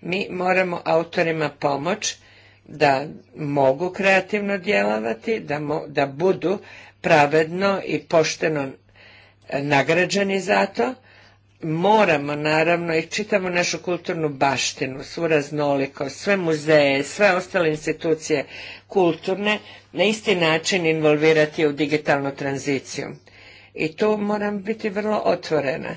mi moramo autorima pomoć da mogu kreativno djelovati, da, da budu pravedno i pošteno e, nagrađeni za to. Moramo naravno i čitamo našu kulturnu baštinu, svu raznolikost, sve muzeje, sve ostale institucije kulturne na isti način involvirati u digitalnu tranziciju. I tu moram biti vrlo otvorena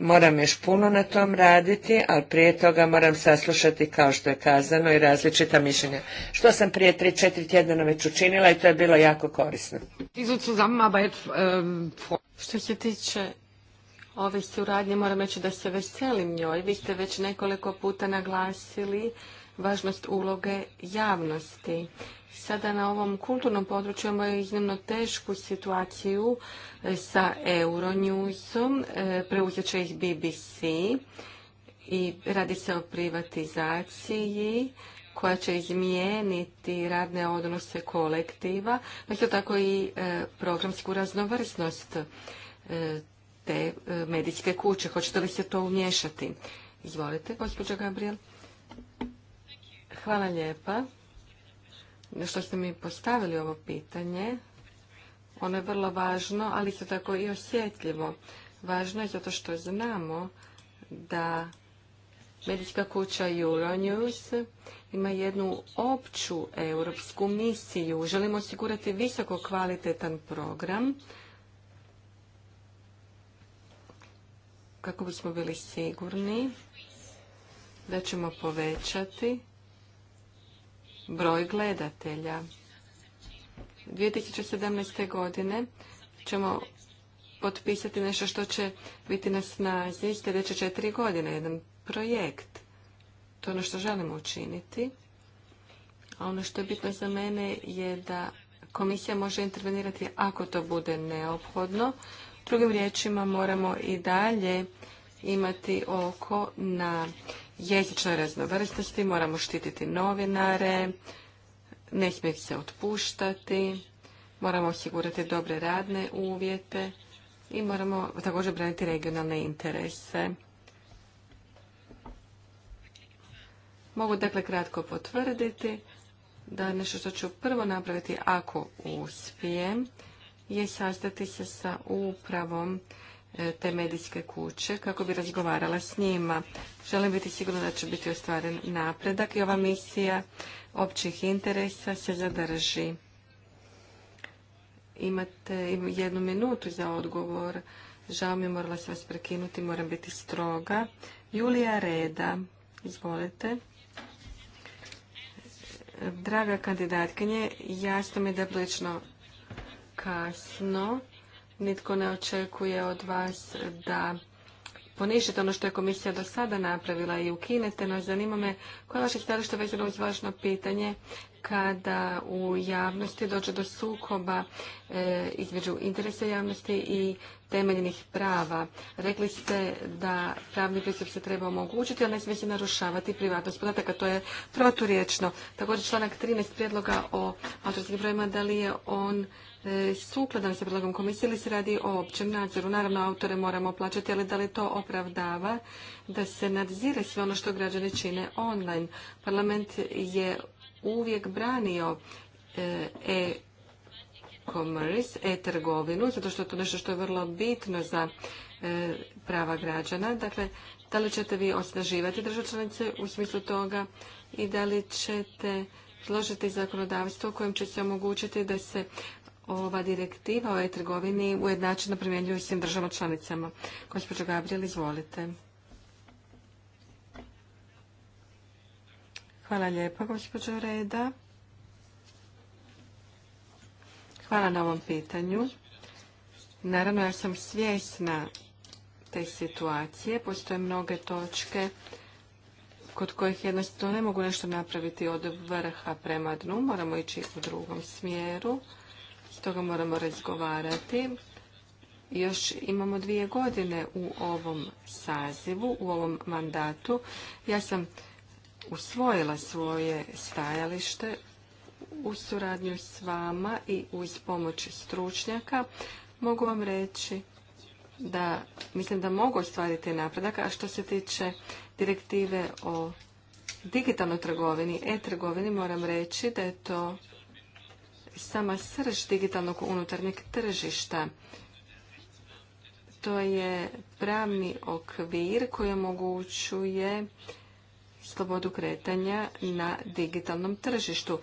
Moram još puno na tom raditi, ali prije toga moram saslušati, kao što je kazano, i različita mišljenja. Što sam prije tri, četiri tjedna već učinila i to je bilo jako korisno. Ähm, što se tiče ove suradnje, moram reći da se veselim njoj. Vi ste već nekoliko puta naglasili važnost uloge javnosti sada na ovom kulturnom području imamo iznimno tešku situaciju e, sa Euronewsom, e, preuzet će ih BBC i radi se o privatizaciji koja će izmijeniti radne odnose kolektiva, pa isto tako i e, programsku raznovrsnost te medijske kuće. Hoćete li se to umješati? Izvolite, gospođo Gabriel. Hvala lijepa što ste mi postavili ovo pitanje. Ono je vrlo važno, ali isto tako i osjetljivo. Važno je zato što znamo da medijska kuća Euronews ima jednu opću europsku misiju. Želimo osigurati visoko kvalitetan program kako bismo bili sigurni da ćemo povećati broj gledatelja. 2017. godine ćemo potpisati nešto što će biti na snazi sljedeće četiri godine, jedan projekt. To je ono što želimo učiniti. A ono što je bitno za mene je da komisija može intervenirati ako to bude neophodno. Drugim riječima moramo i dalje imati oko na jezičnoj raznovrsnosti, moramo štititi novinare, ne smije se otpuštati, moramo osigurati dobre radne uvjete i moramo također braniti regionalne interese. Mogu dakle kratko potvrditi da nešto što ću prvo napraviti ako uspijem je sastati se sa upravom E, te medijske kuće kako bi razgovarala s njima. Želim biti sigurna da će biti ostvaren napredak i ova misija općih interesa se zadrži. Imate jednu minutu za odgovor. Žao mi je, morala sam vas prekinuti, moram biti stroga. Julija Reda, izvolite. Draga kandidatkinje, jasno mi je da je kasno. Nitko ne očekuje od vas da ponišite ono što je komisija do sada napravila i ukinete, no zanima me koje je vaše stajalište vezano uz važno pitanje kada u javnosti dođe do sukoba e, između interesa javnosti i temeljnih prava. Rekli ste da pravni pristup se treba omogućiti, ali ne smije se narušavati privatnost podataka. To je proturiječno. Također članak 13 prijedloga o autorskim pravima, da li je on E, sukladan sa predlogom komisije ili se radi o općem nadzoru. Naravno, autore moramo plaćati, ali da li to opravdava da se nadzire sve ono što građani čine online? Parlament je uvijek branio e commerce, e-trgovinu, zato što je to nešto što je vrlo bitno za e, prava građana. Dakle, da li ćete vi osnaživati državčanice u smislu toga i da li ćete složiti zakonodavstvo kojim će se omogućiti da se ova direktiva o e-trgovini ujednačeno primjenjuju svim državama članicama. Gospođo Gabriel, izvolite. Hvala lijepa, gospođo Reda. Hvala na ovom pitanju. Naravno, ja sam svjesna te situacije. Postoje mnoge točke kod kojih jednostavno ne mogu nešto napraviti od vrha prema dnu. Moramo ići u drugom smjeru toga moramo razgovarati. Još imamo dvije godine u ovom sazivu, u ovom mandatu. Ja sam usvojila svoje stajalište u suradnju s vama i uz pomoć stručnjaka. Mogu vam reći da mislim da mogu ostvariti napredak, a što se tiče direktive o digitalnoj trgovini, e-trgovini, moram reći da je to sama srž digitalnog unutarnjeg tržišta. To je pravni okvir koji omogućuje slobodu kretanja na digitalnom tržištu.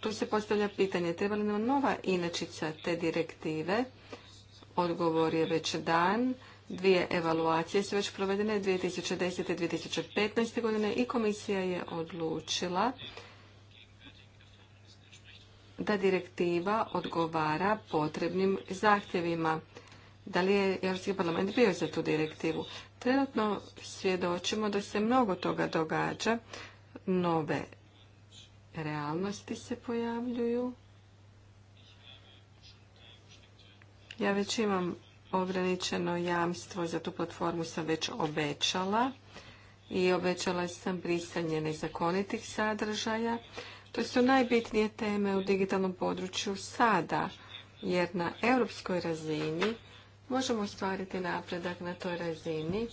Tu se postavlja pitanje, treba li nam nova inačica te direktive? Odgovor je već dan. Dvije evaluacije su već provedene 2010. i 2015. godine i komisija je odlučila da direktiva odgovara potrebnim zahtjevima. Da li je Europski parlament bio za tu direktivu? Trenutno svjedočimo da se mnogo toga događa. Nove realnosti se pojavljuju. Ja već imam ograničeno jamstvo za tu platformu sam već obećala i obećala sam brisanje nezakonitih sadržaja. To su najbitnije teme u digitalnom području sada, jer na europskoj razini možemo ostvariti napredak na toj razini.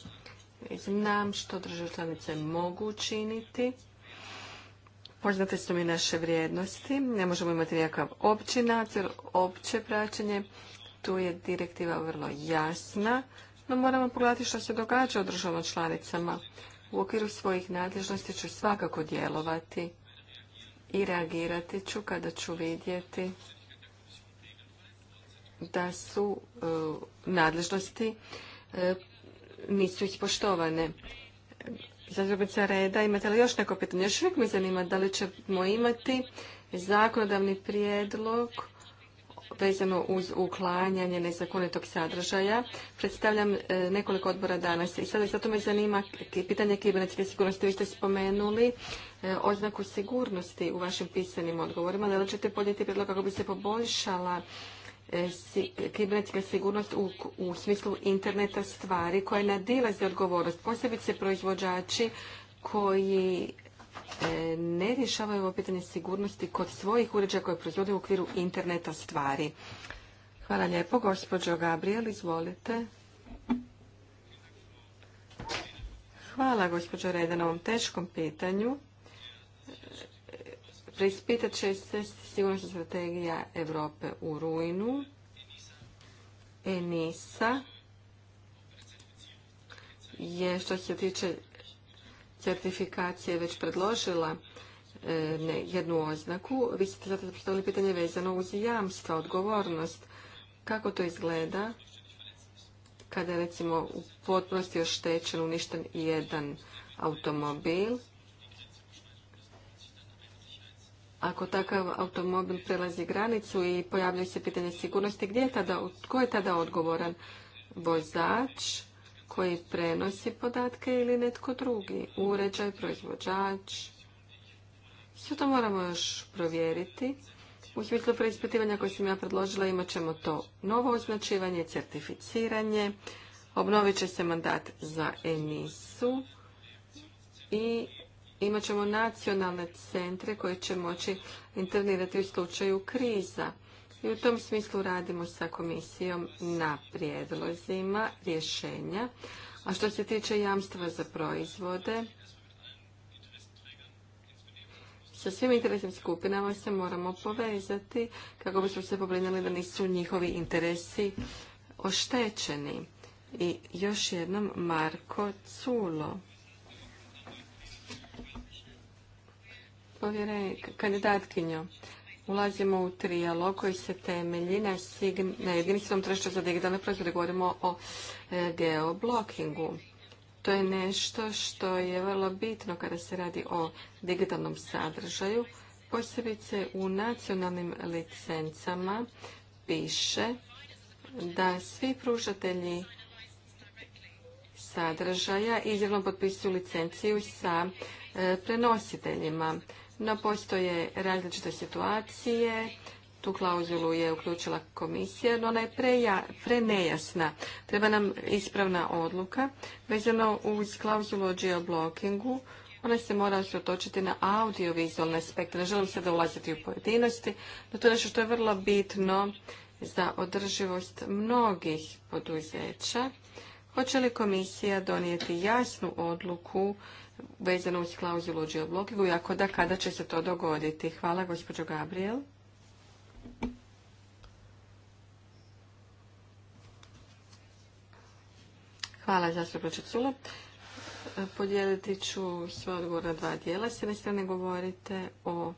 Znam što države članice mogu učiniti. Poznate su mi naše vrijednosti. Ne možemo imati nekakav opći nadzor, opće praćenje. Tu je direktiva vrlo jasna, no moramo pogledati što se događa u državnom članicama. U okviru svojih nadležnosti ću svakako djelovati i reagirati ću kada ću vidjeti da su e, nadležnosti e, nisu ispoštovane. Zadrubica reda, imate li još neko pitanje? Još uvijek me zanima da li ćemo imati zakonodavni prijedlog vezano uz uklanjanje nezakonitog sadržaja. Predstavljam e, nekoliko odbora danas i sada zato me zanima pitanje kibernetske sigurnosti. Vi ste spomenuli E, oznaku sigurnosti u vašim pisanim odgovorima. Da li ćete podnijeti predlog kako bi se poboljšala e, kibernetska sigurnost u, smislu interneta stvari koje nadilaze odgovornost, posebice proizvođači koji e, ne rješavaju ovo pitanje sigurnosti kod svojih uređaja koje proizvode u okviru interneta stvari. Hvala lijepo. Gospođo Gabriel, izvolite. Hvala gospođo Reda na ovom teškom pitanju preispitat će se sigurnosna strategija Europe u rujnu, ENISA, je što se tiče certifikacije već predložila e, jednu oznaku. Vi ste zato postavili pitanje vezano uz jamstva, odgovornost. Kako to izgleda kada je recimo u potpunosti oštećen, uništen jedan automobil? Ako takav automobil prelazi granicu i pojavljuje se pitanje sigurnosti, gdje je tada, tko je tada odgovoran? Vozač koji prenosi podatke ili netko drugi? Uređaj, proizvođač? Sve to moramo još provjeriti. U smislu preispitivanja koje sam ja predložila imat ćemo to novo označivanje, certificiranje, obnovit će se mandat za emisu i imat ćemo nacionalne centre koje će moći internirati u slučaju kriza. I u tom smislu radimo sa komisijom na prijedlozima rješenja. A što se tiče jamstva za proizvode, sa svim interesnim skupinama se moramo povezati kako bismo se pobrinuli da nisu njihovi interesi oštećeni. I još jednom Marko Culo. kandidatkinjo, ulazimo u trijalog koji se temelji na, na jedinstvenom tržištu za digitalne proizvode. Govorimo o e, geoblokingu. To je nešto što je vrlo bitno kada se radi o digitalnom sadržaju. Posebice u nacionalnim licencama piše da svi pružatelji sadržaja izravno potpisuju licenciju sa e, prenositeljima. No, postoje različite situacije. Tu klauzulu je uključila komisija, no ona je prenejasna. Treba nam ispravna odluka. Vezano uz klauzulu o geoblockingu, ona se mora osvjetočiti na audiovizualne aspekte. Ne želim sada ulaziti u pojedinosti, no to je nešto što je vrlo bitno za održivost mnogih poduzeća. Hoće li komisija donijeti jasnu odluku vezano uz klauzulu o geoblokingu i ako da, kada će se to dogoditi? Hvala, gospođo Gabriel. Hvala, zastupniče Culo. Podijeliti ću sve odgovor na dva dijela. S jedne strane govorite o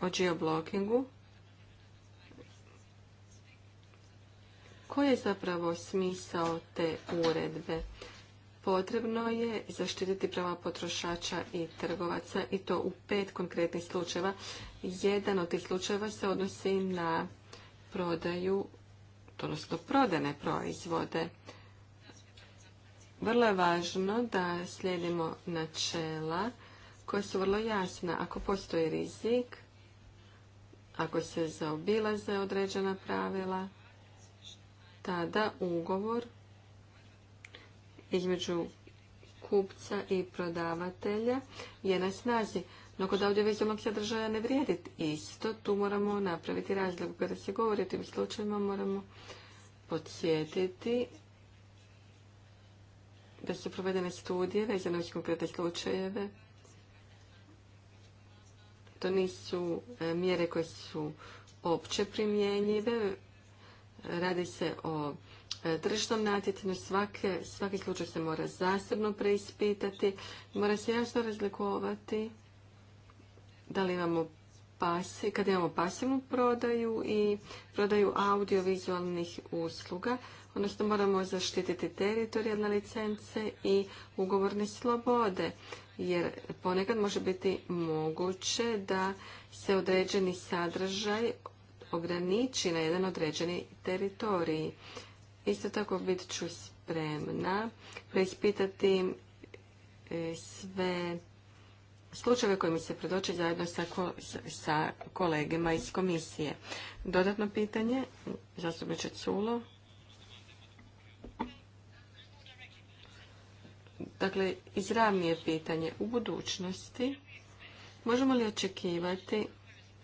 o geoblokingu Koji je zapravo smisao te uredbe? Potrebno je zaštititi prava potrošača i trgovaca i to u pet konkretnih slučajeva. Jedan od tih slučajeva se odnosi na prodaju, odnosno prodane proizvode. Vrlo je važno da slijedimo načela koja su vrlo jasna. Ako postoji rizik, ako se zaobilaze određena pravila, tada ugovor između kupca i prodavatelja je na snazi. No kod ovdje vizualnog sadržaja ne vrijedi isto, tu moramo napraviti razliku. Kada se govori o tim slučajima moramo podsjetiti da su provedene studije vezane uz konkretne slučajeve. To nisu e, mjere koje su opće primjenjive, Radi se o e, tržišnom natjecanju. Svaki slučaj se mora zasebno preispitati. Mora se jasno razlikovati da li imamo kada imamo pasivnu prodaju i prodaju audiovizualnih usluga, odnosno moramo zaštititi teritorijalne licence i ugovorne slobode, jer ponekad može biti moguće da se određeni sadržaj ograniči na jedan određeni teritorij. Isto tako bit ću spremna preispitati e, sve slučajeve koje mi se predoče zajedno sa, kolegama iz komisije. Dodatno pitanje, zastupniče Culo. Dakle, izravnije pitanje u budućnosti. Možemo li očekivati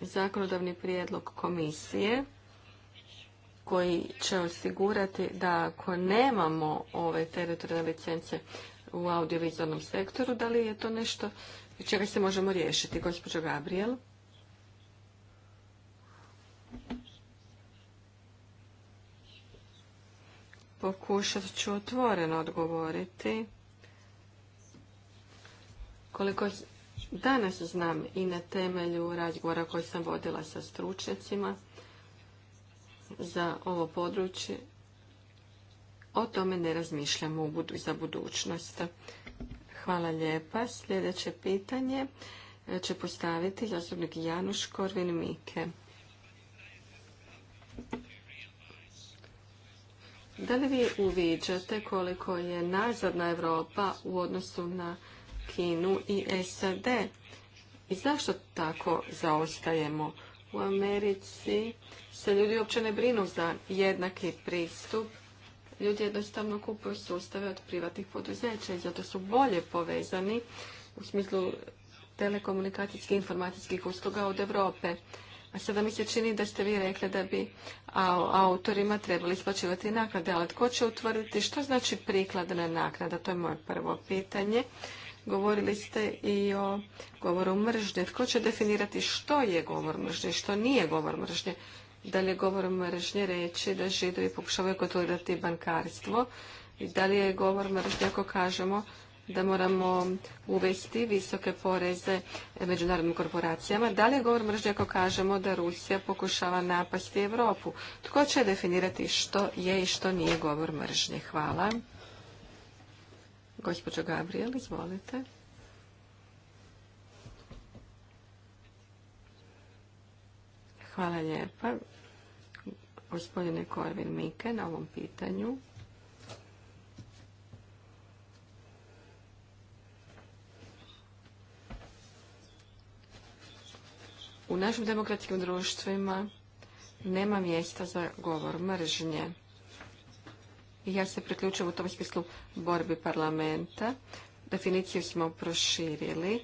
zakonodavni prijedlog komisije koji će osigurati da ako nemamo ove teritorijalne licence u audiovizualnom sektoru, da li je to nešto čega se možemo riješiti, gospođo Gabriel? Pokušat ću otvoreno odgovoriti. Koliko Danas znam i na temelju razgovora koji sam vodila sa stručnjacima za ovo područje, o tome ne razmišljamo za budućnost. Hvala lijepa. Sljedeće pitanje e, će postaviti zastupnik Januš Korvin Mike. Da li vi uviđate koliko je nazadna Europa u odnosu na Kinu i SAD. I zašto tako zaostajemo? U Americi se ljudi uopće ne brinu za jednaki pristup. Ljudi jednostavno kupuju sustave od privatnih poduzeća i zato su bolje povezani u smislu telekomunikacijskih informacijskih usluga od Europe. A sada mi se čini da ste vi rekli da bi autorima trebali isplaćivati naknade, ali tko će utvrditi što znači prikladna naknada? To je moje prvo pitanje. Govorili ste i o govoru mržnje. Tko će definirati što je govor mržnje, što nije govor mržnje? Da li je govor mržnje reći da židovi pokušavaju kontrolirati bankarstvo? I da li je govor mržnje ako kažemo da moramo uvesti visoke poreze međunarodnim korporacijama. Da li je govor mržnje ako kažemo da Rusija pokušava napasti Europu? Tko će definirati što je i što nije govor mržnje? Hvala. Gospođo Gabriel, izvolite. Hvala lijepa. Gospodine Korvin Mike na ovom pitanju. U našim demokratskim društvima nema mjesta za govor mržnje ja se priključujem u tom smislu borbi parlamenta. Definiciju smo proširili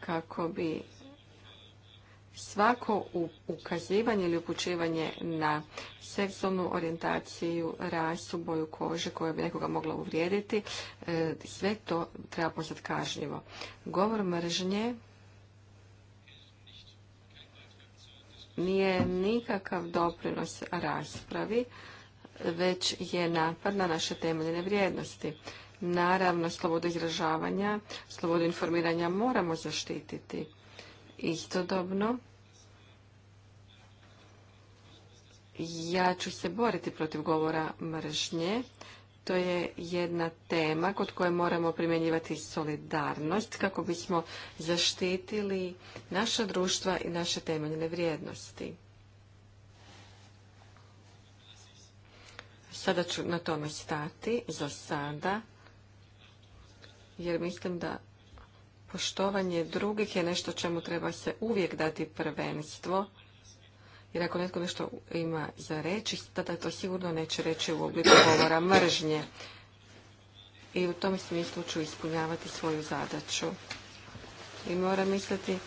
kako bi svako ukazivanje ili upućivanje na seksualnu orijentaciju, rasu, boju kože koja bi nekoga mogla uvrijediti, e, sve to treba postati kažnjivo. Govor mržnje nije nikakav doprinos raspravi već je napad na naše temeljne vrijednosti. Naravno, slobodu izražavanja, slobodu informiranja moramo zaštititi. Istodobno, ja ću se boriti protiv govora mržnje. To je jedna tema kod koje moramo primjenjivati solidarnost kako bismo zaštitili naša društva i naše temeljne vrijednosti. Sada ću na tome stati za sada, jer mislim da poštovanje drugih je nešto čemu treba se uvijek dati prvenstvo. Jer ako netko nešto ima za reći, tada to sigurno neće reći u obliku govora mržnje. I u tom smislu ću ispunjavati svoju zadaću. I moram misliti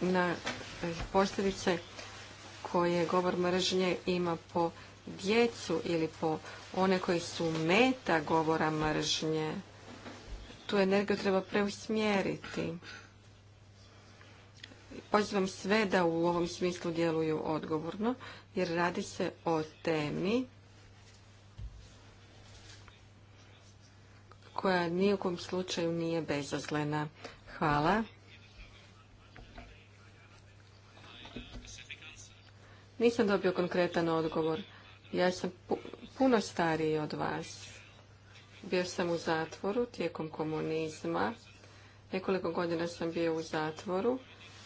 na eh, posljedice koje govor mržnje ima po djecu ili po one koji su meta govora mržnje. Tu energiju treba preusmjeriti. Pozivam sve da u ovom smislu djeluju odgovorno, jer radi se o temi koja nijekom slučaju nije bezazlena. Hvala. Nisam dobio konkretan odgovor. Ja sam puno stariji od vas. Bio sam u zatvoru tijekom komunizma. Nekoliko godina sam bio u zatvoru.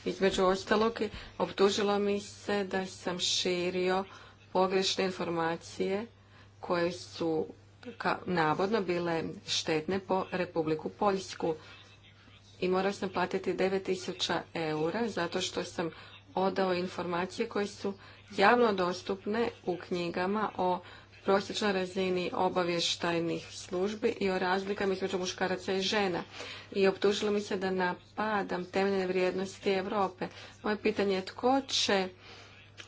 Između ostalog, optužilo mi se da sam širio pogrešne informacije koje su navodno bile štetne po Republiku Poljsku. I morao sam platiti 9000 eura zato što sam odao informacije koje su javno dostupne u knjigama o prosječnoj razini obavještajnih službi i o razlikama između muškaraca i žena. I optužilo mi se da napadam temeljne vrijednosti Europe. Moje pitanje je tko će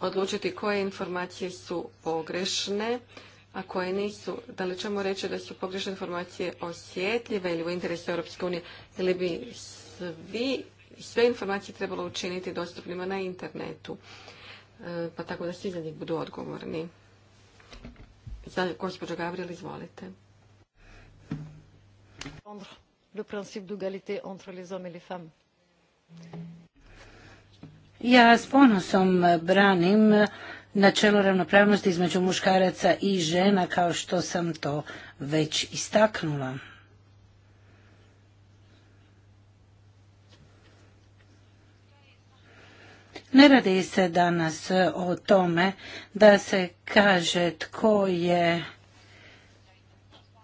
odlučiti koje informacije su pogrešne, a koje nisu. Da li ćemo reći da su pogrešne informacije osjetljive ili u interesu Europske unije ili bi sve informacije trebalo učiniti dostupnima na internetu? E, pa tako da svi za njih budu odgovorni. Sada, gospođo Gabriel, izvolite. Le principe Ja s ponosom branim načelo ravnopravnosti između muškaraca i žena kao što sam to već istaknula. Ne radi se danas o tome da se kaže tko je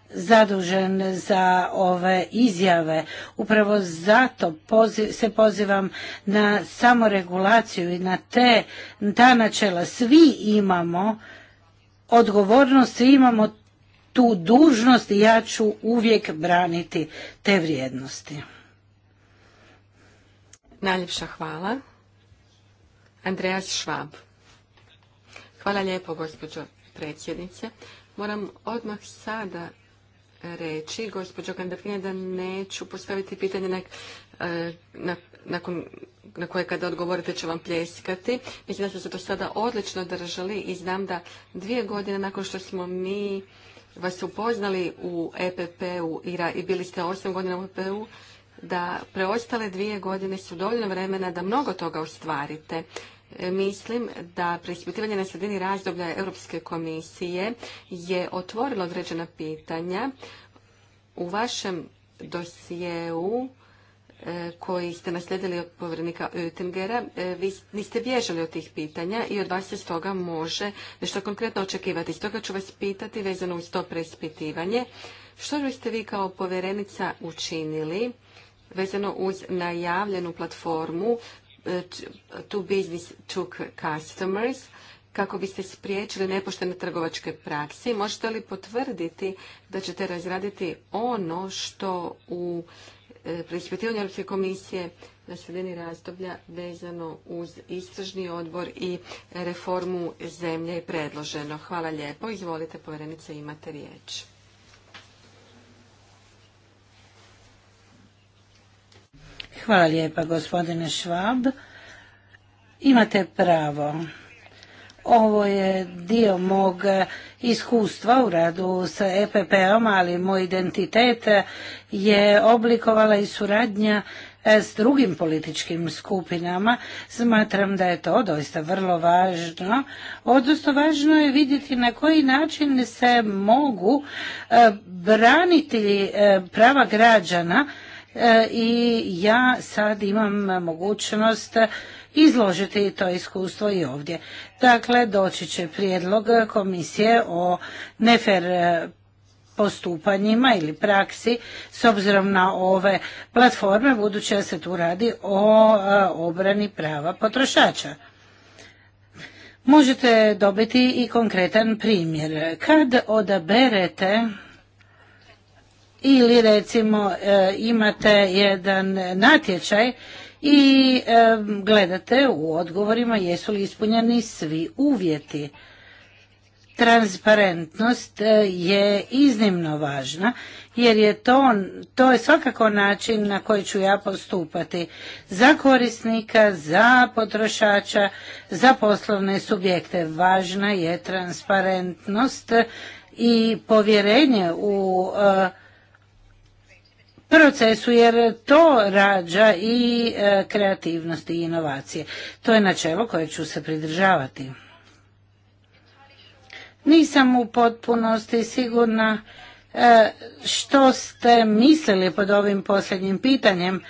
zadužen za ove izjave. Upravo zato se pozivam na samoregulaciju i na te, ta načela. Svi imamo odgovornost, svi imamo tu dužnost i ja ću uvijek braniti te vrijednosti. Najljepša hvala. Andreas Schwab. Hvala lijepo, gospođo predsjednice. Moram odmah sada reći, gospođo kandidatkinja, da neću postaviti pitanje na, e, na koje kada odgovorite ću vam pljeskati. Mislim da ste se to sada odlično držali i znam da dvije godine nakon što smo mi vas upoznali u EPP-u i bili ste osam godina u epp da preostale dvije godine su dovoljno vremena da mnogo toga ostvarite. Mislim da preispitivanje na sredini razdoblja Europske komisije je otvorilo određena pitanja. U vašem dosjeu e, koji ste naslijedili od povrednika Oettingera, e, vi niste bježali od tih pitanja i od vas se stoga može nešto konkretno očekivati. Stoga ću vas pitati vezano uz to preispitivanje. Što biste vi kao povjerenica učinili vezano uz najavljenu platformu to business took customers kako biste spriječili nepoštene trgovačke prakse. Možete li potvrditi da ćete razraditi ono što u e, preispitivanju Europske komisije na sredini razdoblja vezano uz istražni odbor i reformu zemlje je predloženo. Hvala lijepo. Izvolite, povjerenice, imate riječ. Hvala lijepa gospodine Švab. Imate pravo. Ovo je dio mog iskustva u radu sa EPP-om, ali moj identitet je oblikovala i suradnja s drugim političkim skupinama. Smatram da je to doista vrlo važno. Odnosno, važno je vidjeti na koji način se mogu e, braniti e, prava građana E, i ja sad imam mogućnost izložiti to iskustvo i ovdje. Dakle, doći će prijedlog komisije o nefer e, postupanjima ili praksi s obzirom na ove platforme, budući da se tu radi o e, obrani prava potrošača. Možete dobiti i konkretan primjer. Kad odaberete ili recimo e, imate jedan natječaj i e, gledate u odgovorima jesu li ispunjeni svi uvjeti. Transparentnost e, je iznimno važna jer je to, to je svakako način na koji ću ja postupati za korisnika, za potrošača, za poslovne subjekte. Važna je transparentnost i povjerenje u procesu jer to rađa i e, kreativnost i inovacije. To je načelo koje ću se pridržavati. Nisam u potpunosti sigurna e, što ste mislili pod ovim posljednjim pitanjem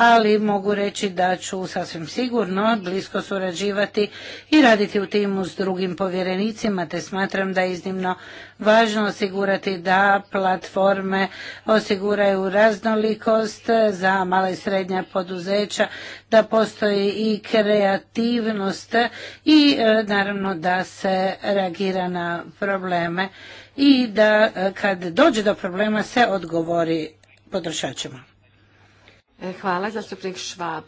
ali mogu reći da ću sasvim sigurno blisko surađivati i raditi u timu s drugim povjerenicima, te smatram da je iznimno važno osigurati da platforme osiguraju raznolikost za mala i srednja poduzeća, da postoji i kreativnost i e, naravno da se reagira na probleme i da e, kad dođe do problema se odgovori potrošačima. E, hvala, zastupnik Švab.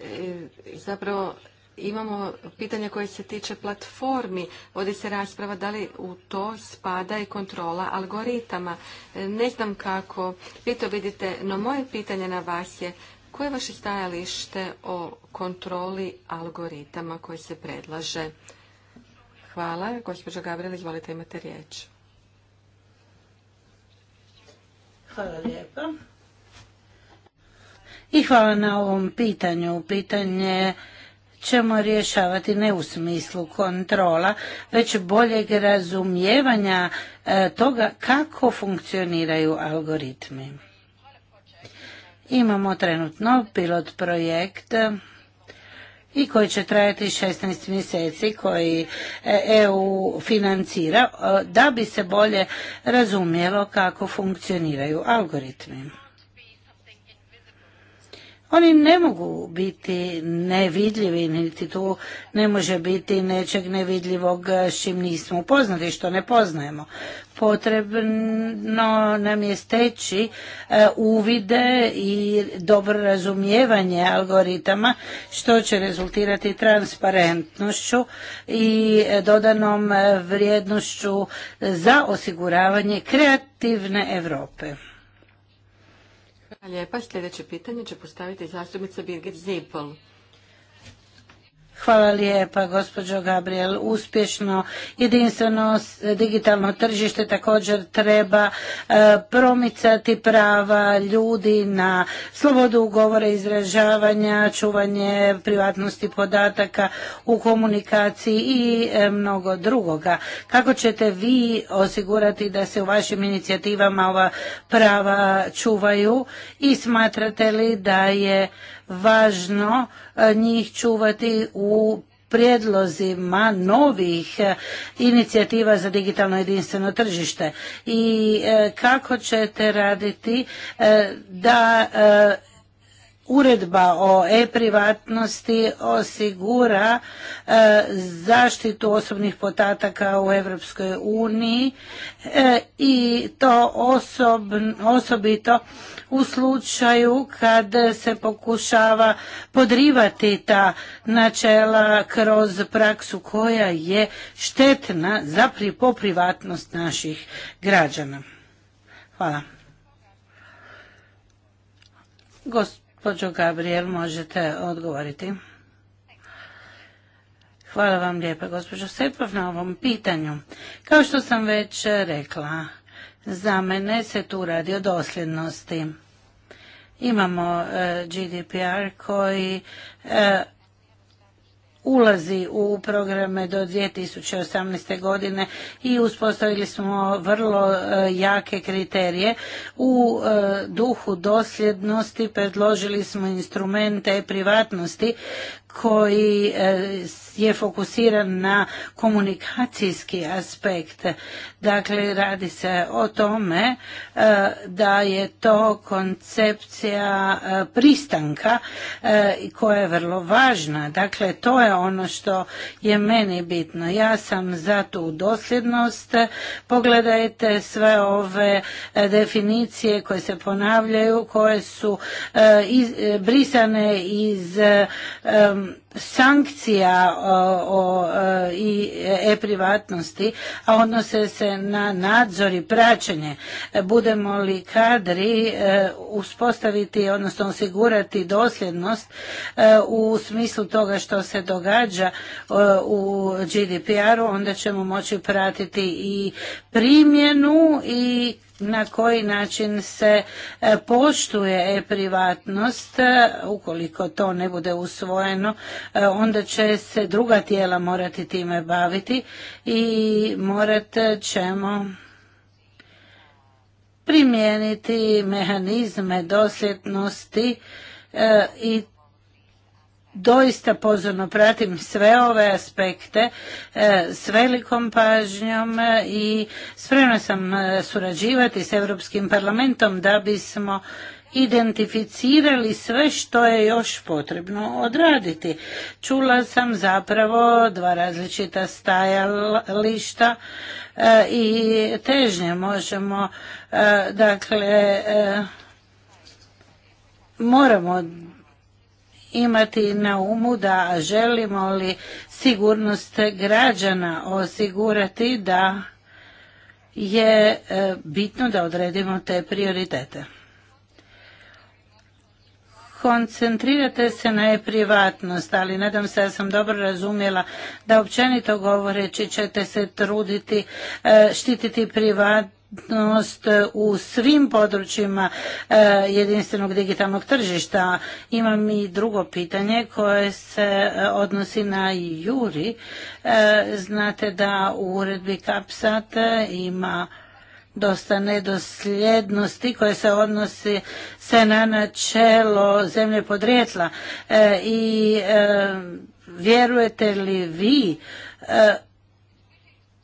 E, zapravo imamo pitanje koje se tiče platformi. Vodi se rasprava da li u to spada i kontrola algoritama. E, ne znam kako vi to vidite, no moje pitanje na vas je koje je vaše stajalište o kontroli algoritama koje se predlaže? Hvala. Gospođo Gabriel, izvolite, imate riječ. Hvala lijepa. I hvala na ovom pitanju. Pitanje ćemo rješavati ne u smislu kontrola, već boljeg razumijevanja e, toga kako funkcioniraju algoritmi. Imamo trenutno pilot projekt e, i koji će trajati 16 mjeseci koji EU e financira da bi se bolje razumjelo kako funkcioniraju algoritmi. Oni ne mogu biti nevidljivi, niti tu ne može biti nečeg nevidljivog s čim nismo upoznati, što ne poznajemo. Potrebno nam je steći e, uvide i dobro razumijevanje algoritama, što će rezultirati transparentnošću i dodanom vrijednošću za osiguravanje kreativne Europe. Lijepa, sljedeće pitanje će postaviti zastupnica Birgit Zipol. Hvala lijepa gospođo Gabriel. Uspješno jedinstveno digitalno tržište također treba e, promicati prava ljudi na slobodu ugovora izražavanja, čuvanje privatnosti podataka u komunikaciji i e, mnogo drugoga. Kako ćete vi osigurati da se u vašim inicijativama ova prava čuvaju i smatrate li da je važno e, njih čuvati u prijedlozima novih e, inicijativa za digitalno jedinstveno tržište i e, kako ćete raditi da uredba o e-privatnosti osigura e, zaštitu osobnih podataka u Europskoj uniji e, i to osobito u slučaju kad se pokušava podrivati ta načela kroz praksu koja je štetna za privatnost naših građana. Hvala. Gospođo Gabriel, možete odgovoriti. Hvala vam lijepa, gospođo Sepov, na ovom pitanju. Kao što sam već rekla, za mene se tu radi o dosljednosti. Imamo eh, GDPR koji eh, ulazi u programe do 2018. godine i uspostavili smo vrlo e, jake kriterije. U e, duhu dosljednosti predložili smo instrumente privatnosti koji e, je fokusiran na komunikacijski aspekt. Dakle, radi se o tome e, da je to koncepcija e, pristanka koja je vrlo važna. Dakle, to je ono što je meni bitno. Ja sam za tu dosljednost. Pogledajte sve ove definicije koje se ponavljaju, koje su brisane iz sankcija o, i e-privatnosti, a odnose se na nadzor i praćenje. Budemo li kadri e, uspostaviti, odnosno osigurati dosljednost e, u smislu toga što se događa e, u GDPR-u, onda ćemo moći pratiti i primjenu i na koji način se e, poštuje privatnost, e, ukoliko to ne bude usvojeno, e, onda će se druga tijela morati time baviti i morat ćemo primijeniti mehanizme dosljednosti i doista pozorno pratim sve ove aspekte e, s velikom pažnjom e, i spremna sam e, surađivati s Europskim parlamentom da bismo identificirali sve što je još potrebno odraditi. Čula sam zapravo dva različita stajališta i težnje možemo, dakle, moramo imati na umu da želimo li sigurnost građana osigurati da je e, bitno da odredimo te prioritete. Koncentrirate se na privatnost, ali nadam se da sam dobro razumjela da općenito govoreći ćete se truditi e, štititi privatnost nost u svim područjima e, jedinstvenog digitalnog tržišta. Imam i drugo pitanje koje se e, odnosi na Juri. E, znate da u uredbi Kapsat ima dosta nedosljednosti koje se odnosi se na načelo zemlje podrijetla i vjerujete li vi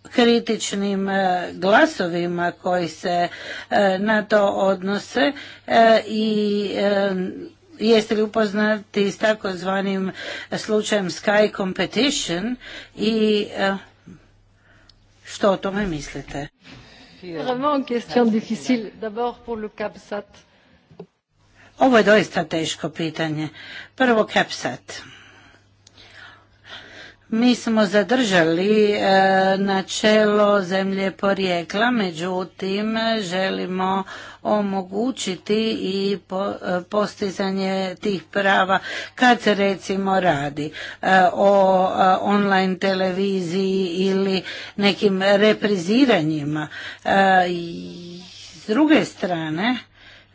kritičnim e, glasovima koji se e, na to odnose e, i jeste li upoznati s takozvanim slučajem Sky Competition i što o tome mislite? Ovo je doista teško pitanje. Prvo CAPSAT mi smo zadržali e, načelo zemlje porijekla, međutim želimo omogućiti i e, postizanje tih prava kad se recimo radi e, o online televiziji ili nekim repriziranjima. S druge strane,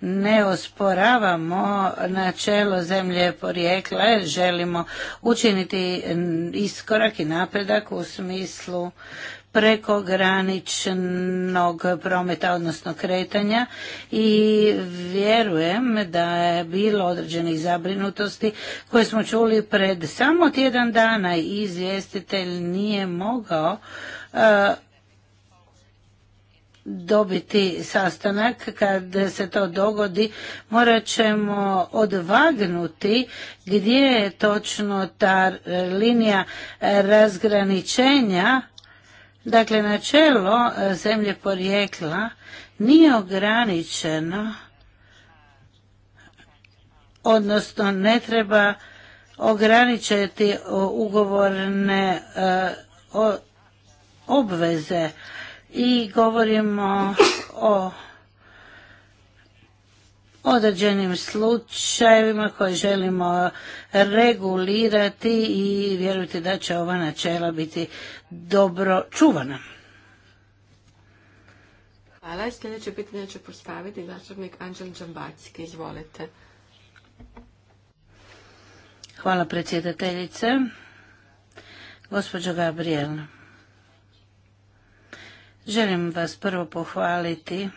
ne osporavamo načelo zemlje porijekla, želimo učiniti iskorak i napredak u smislu prekograničnog prometa, odnosno kretanja i vjerujem da je bilo određenih zabrinutosti koje smo čuli pred samo tjedan dana i izvjestitelj nije mogao dobiti sastanak kad se to dogodi morat ćemo odvagnuti gdje je točno ta e, linija razgraničenja dakle načelo e, zemlje porijekla nije ograničeno odnosno ne treba ograničiti ugovorne e, obveze i govorimo o određenim slučajevima koje želimo regulirati i vjerujte da će ova načela biti dobro čuvana. Hvala. Sljedeće pitanje će postaviti zastupnik Anđel Đambacki. Izvolite. Hvala predsjedateljice. Gospođo Gabrielna. Želim vas prvo pohvaliti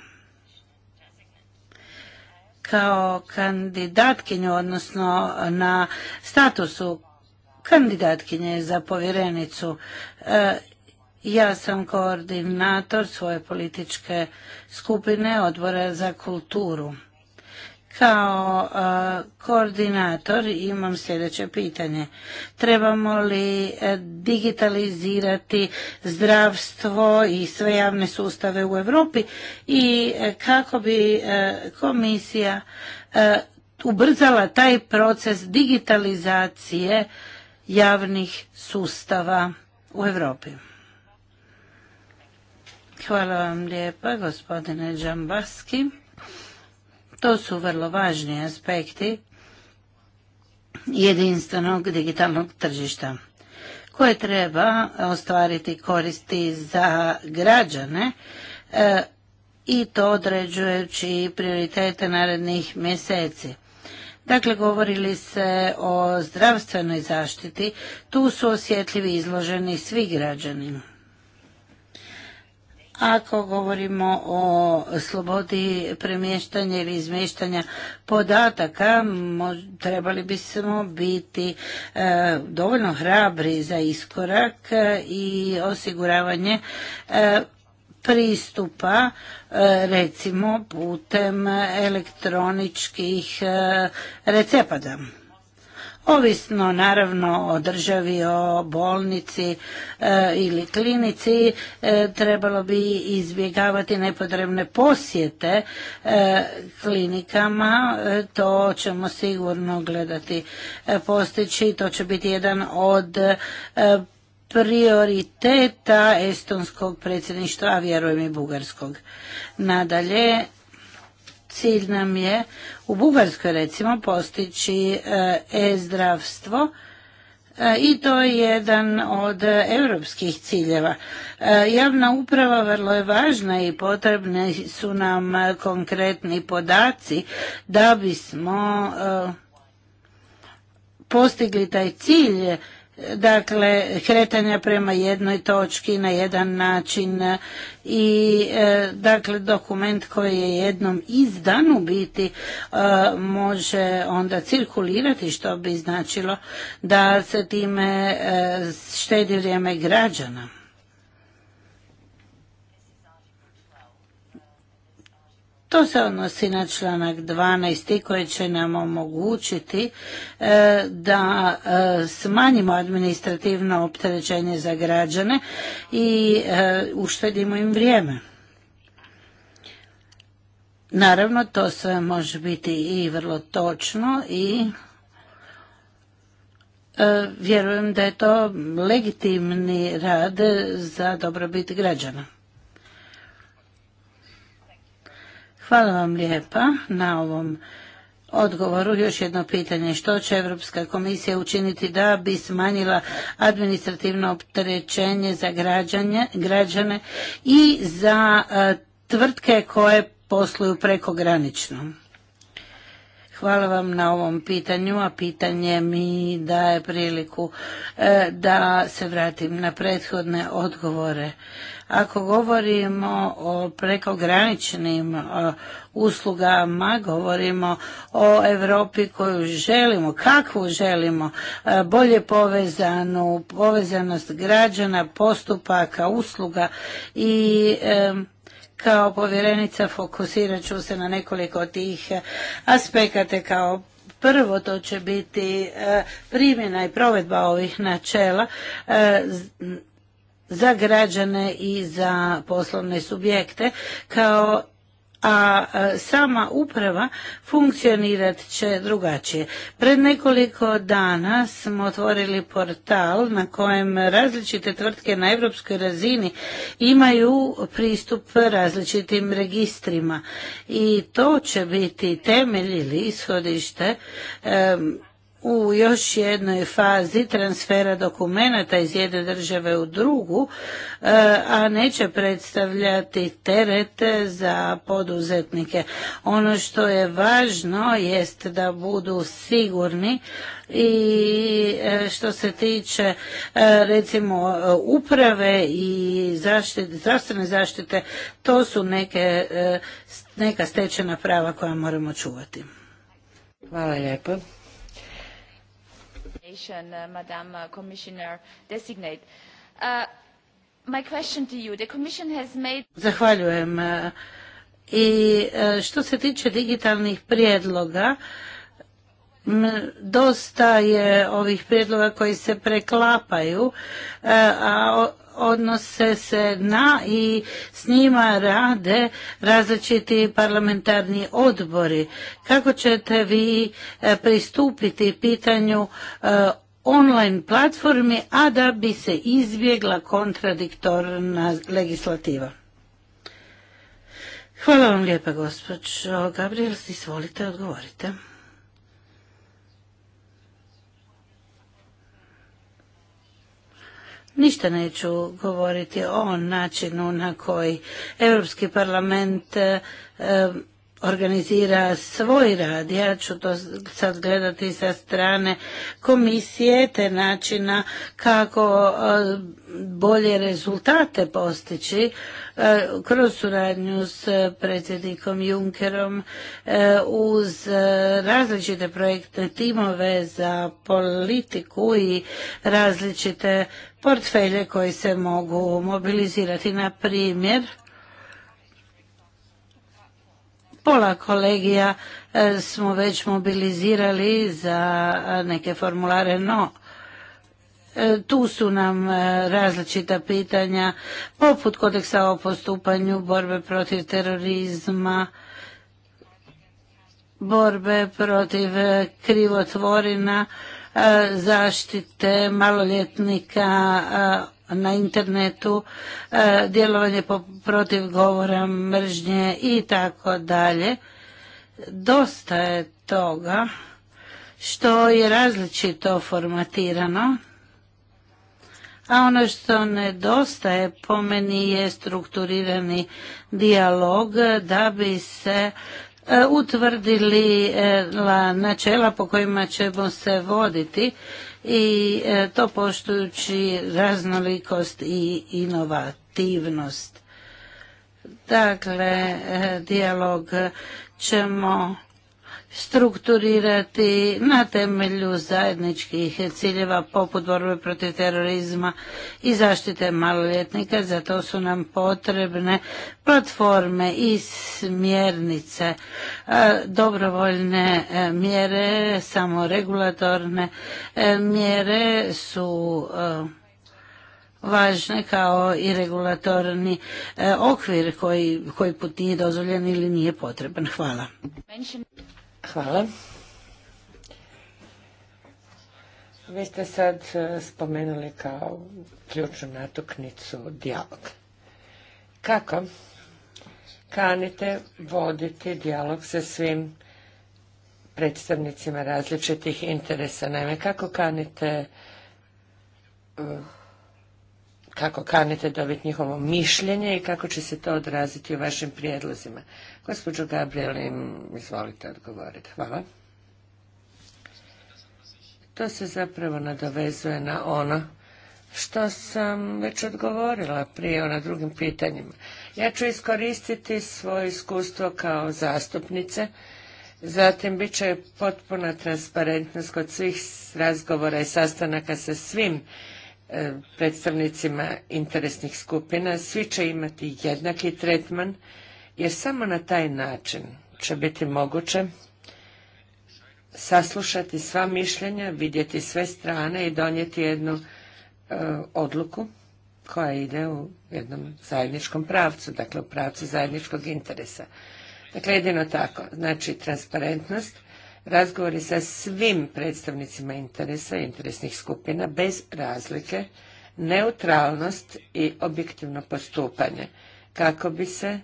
kao kandidatkinju, odnosno na statusu kandidatkinje za povjerenicu. E, ja sam koordinator svoje političke skupine odbora za kulturu. Kao e, koordinator imam sljedeće pitanje. Trebamo li e, digitalizirati zdravstvo i sve javne sustave u Europi i e, kako bi komisija ubrzala taj proces digitalizacije javnih sustava u Europi. Hvala vam lijepa, gospodine Džambaski. To su vrlo važni aspekti jedinstvenog digitalnog tržišta koje treba ostvariti koristi za građane e, i to određujući prioritete narednih mjeseci. Dakle, govorili se o zdravstvenoj zaštiti, tu su osjetljivi izloženi svi građani. Ako govorimo o slobodi premještanja ili izmještanja podataka, trebali bismo biti e, dovoljno hrabri za iskorak e, i osiguravanje e, pristupa recimo putem elektroničkih recepada ovisno naravno o državi, o bolnici e, ili klinici, e, trebalo bi izbjegavati nepotrebne posjete e, klinikama, to ćemo sigurno gledati postići, to će biti jedan od prioriteta estonskog predsjedništva, a vjerujem i bugarskog. Nadalje, Cilj nam je u Bugarskoj recimo postići e, e-zdravstvo e, i to je jedan od europskih ciljeva. E, javna uprava vrlo je važna i potrebni su nam konkretni podaci da bismo postigli taj cilj dakle kretanja prema jednoj točki na jedan način i e, dakle dokument koji je jednom izdan u biti e, može onda cirkulirati što bi značilo da se time e, štedi vrijeme građana To se odnosi na članak 12. koji će nam omogućiti e, da e, smanjimo administrativno opterećenje za građane i e, uštedimo im vrijeme. Naravno, to sve može biti i vrlo točno i vjerujem da je to legitimni rad za dobrobit građana. Hvala vam lijepa na ovom odgovoru. Još jedno pitanje. Što će Europska komisija učiniti da bi smanjila administrativno opterećenje za građane i za e, tvrtke koje posluju prekogranično? Hvala vam na ovom pitanju, a pitanje mi daje priliku e, da se vratim na prethodne odgovore. Ako govorimo o prekograničnim e, uslugama, govorimo o Europi koju želimo, kakvu želimo, e, bolje povezanu, povezanost građana, postupaka, usluga i kao povjerenica fokusirat ću se na nekoliko tih eh, aspekata kao prvo to će biti eh, primjena i provedba ovih načela eh, za građane i za poslovne subjekte kao a e, sama uprava funkcionirat će drugačije. Pred nekoliko dana smo otvorili portal na kojem različite tvrtke na europskoj razini imaju pristup različitim registrima i to će biti temelj ili ishodište u još jednoj fazi transfera dokumenata iz jedne države u drugu, e, a neće predstavljati terete za poduzetnike. Ono što je važno jest da budu sigurni i e, što se tiče e, recimo uprave i zaštite, zdravstvene zaštite, to su neke, neka stečena prava koja moramo čuvati. Hvala lijepo. Commission, uh, Madam uh, Commissioner Designate. Uh, my question to you, the Commission has made... Zahvaljujem. I što se tiče digitalnih prijedloga, dosta je ovih prijedloga koji se preklapaju, a odnose se na i s njima rade različiti parlamentarni odbori. Kako ćete vi e, pristupiti pitanju e, online platformi, a da bi se izbjegla kontradiktorna legislativa? Hvala vam lijepa, gospođo Gabriel. Izvolite, odgovorite. Ništa neću govoriti o načinu na koji Europski parlament e, organizira svoj rad. Ja ću to sad gledati sa strane komisije te načina kako e, bolje rezultate postići e, kroz suradnju s predsjednikom Junkerom uz različite projektne timove za politiku i različite portfelje koji se mogu mobilizirati. Na primjer, pola kolegija e, smo već mobilizirali za neke formulare, no e, tu su nam e, različita pitanja poput kodeksa o postupanju, borbe protiv terorizma, borbe protiv krivotvorina, E, zaštite maloljetnika e, na internetu, e, djelovanje protiv govora, mržnje i tako dalje. Dosta je toga što je različito formatirano, a ono što nedostaje po meni je strukturirani dijalog da bi se E, utvrdili e, načela po kojima ćemo se voditi i e, to poštujući raznolikost i inovativnost. Dakle, dijalog ćemo strukturirati na temelju zajedničkih ciljeva poput borbe protiv terorizma i zaštite maloljetnika. Za to su nam potrebne platforme i smjernice, e, dobrovoljne e, mjere, samoregulatorne e, mjere su važne kao i regulatorni okvir koji, koji put nije dozvoljen ili nije potreban. Hvala. Hvala. Vi ste sad e, spomenuli kao ključnu natuknicu dijalog. Kako kanite voditi dijalog sa svim predstavnicima različitih interesa? Naime, kako kanite e, kako kanite dobiti njihovo mišljenje i kako će se to odraziti u vašim prijedlozima. Gospođo Gabriel, izvolite odgovoriti. Hvala. To se zapravo nadovezuje na ono što sam već odgovorila prije na drugim pitanjima. Ja ću iskoristiti svoje iskustvo kao zastupnice, zatim bit će potpuna transparentnost kod svih razgovora i sastanaka sa svim e, predstavnicima interesnih skupina. Svi će imati jednaki tretman jer samo na taj način će biti moguće saslušati sva mišljenja, vidjeti sve strane i donijeti jednu e, odluku koja ide u jednom zajedničkom pravcu, dakle u pravcu zajedničkog interesa. Dakle, jedino tako, znači transparentnost, razgovori sa svim predstavnicima interesa i interesnih skupina bez razlike, neutralnost i objektivno postupanje kako bi se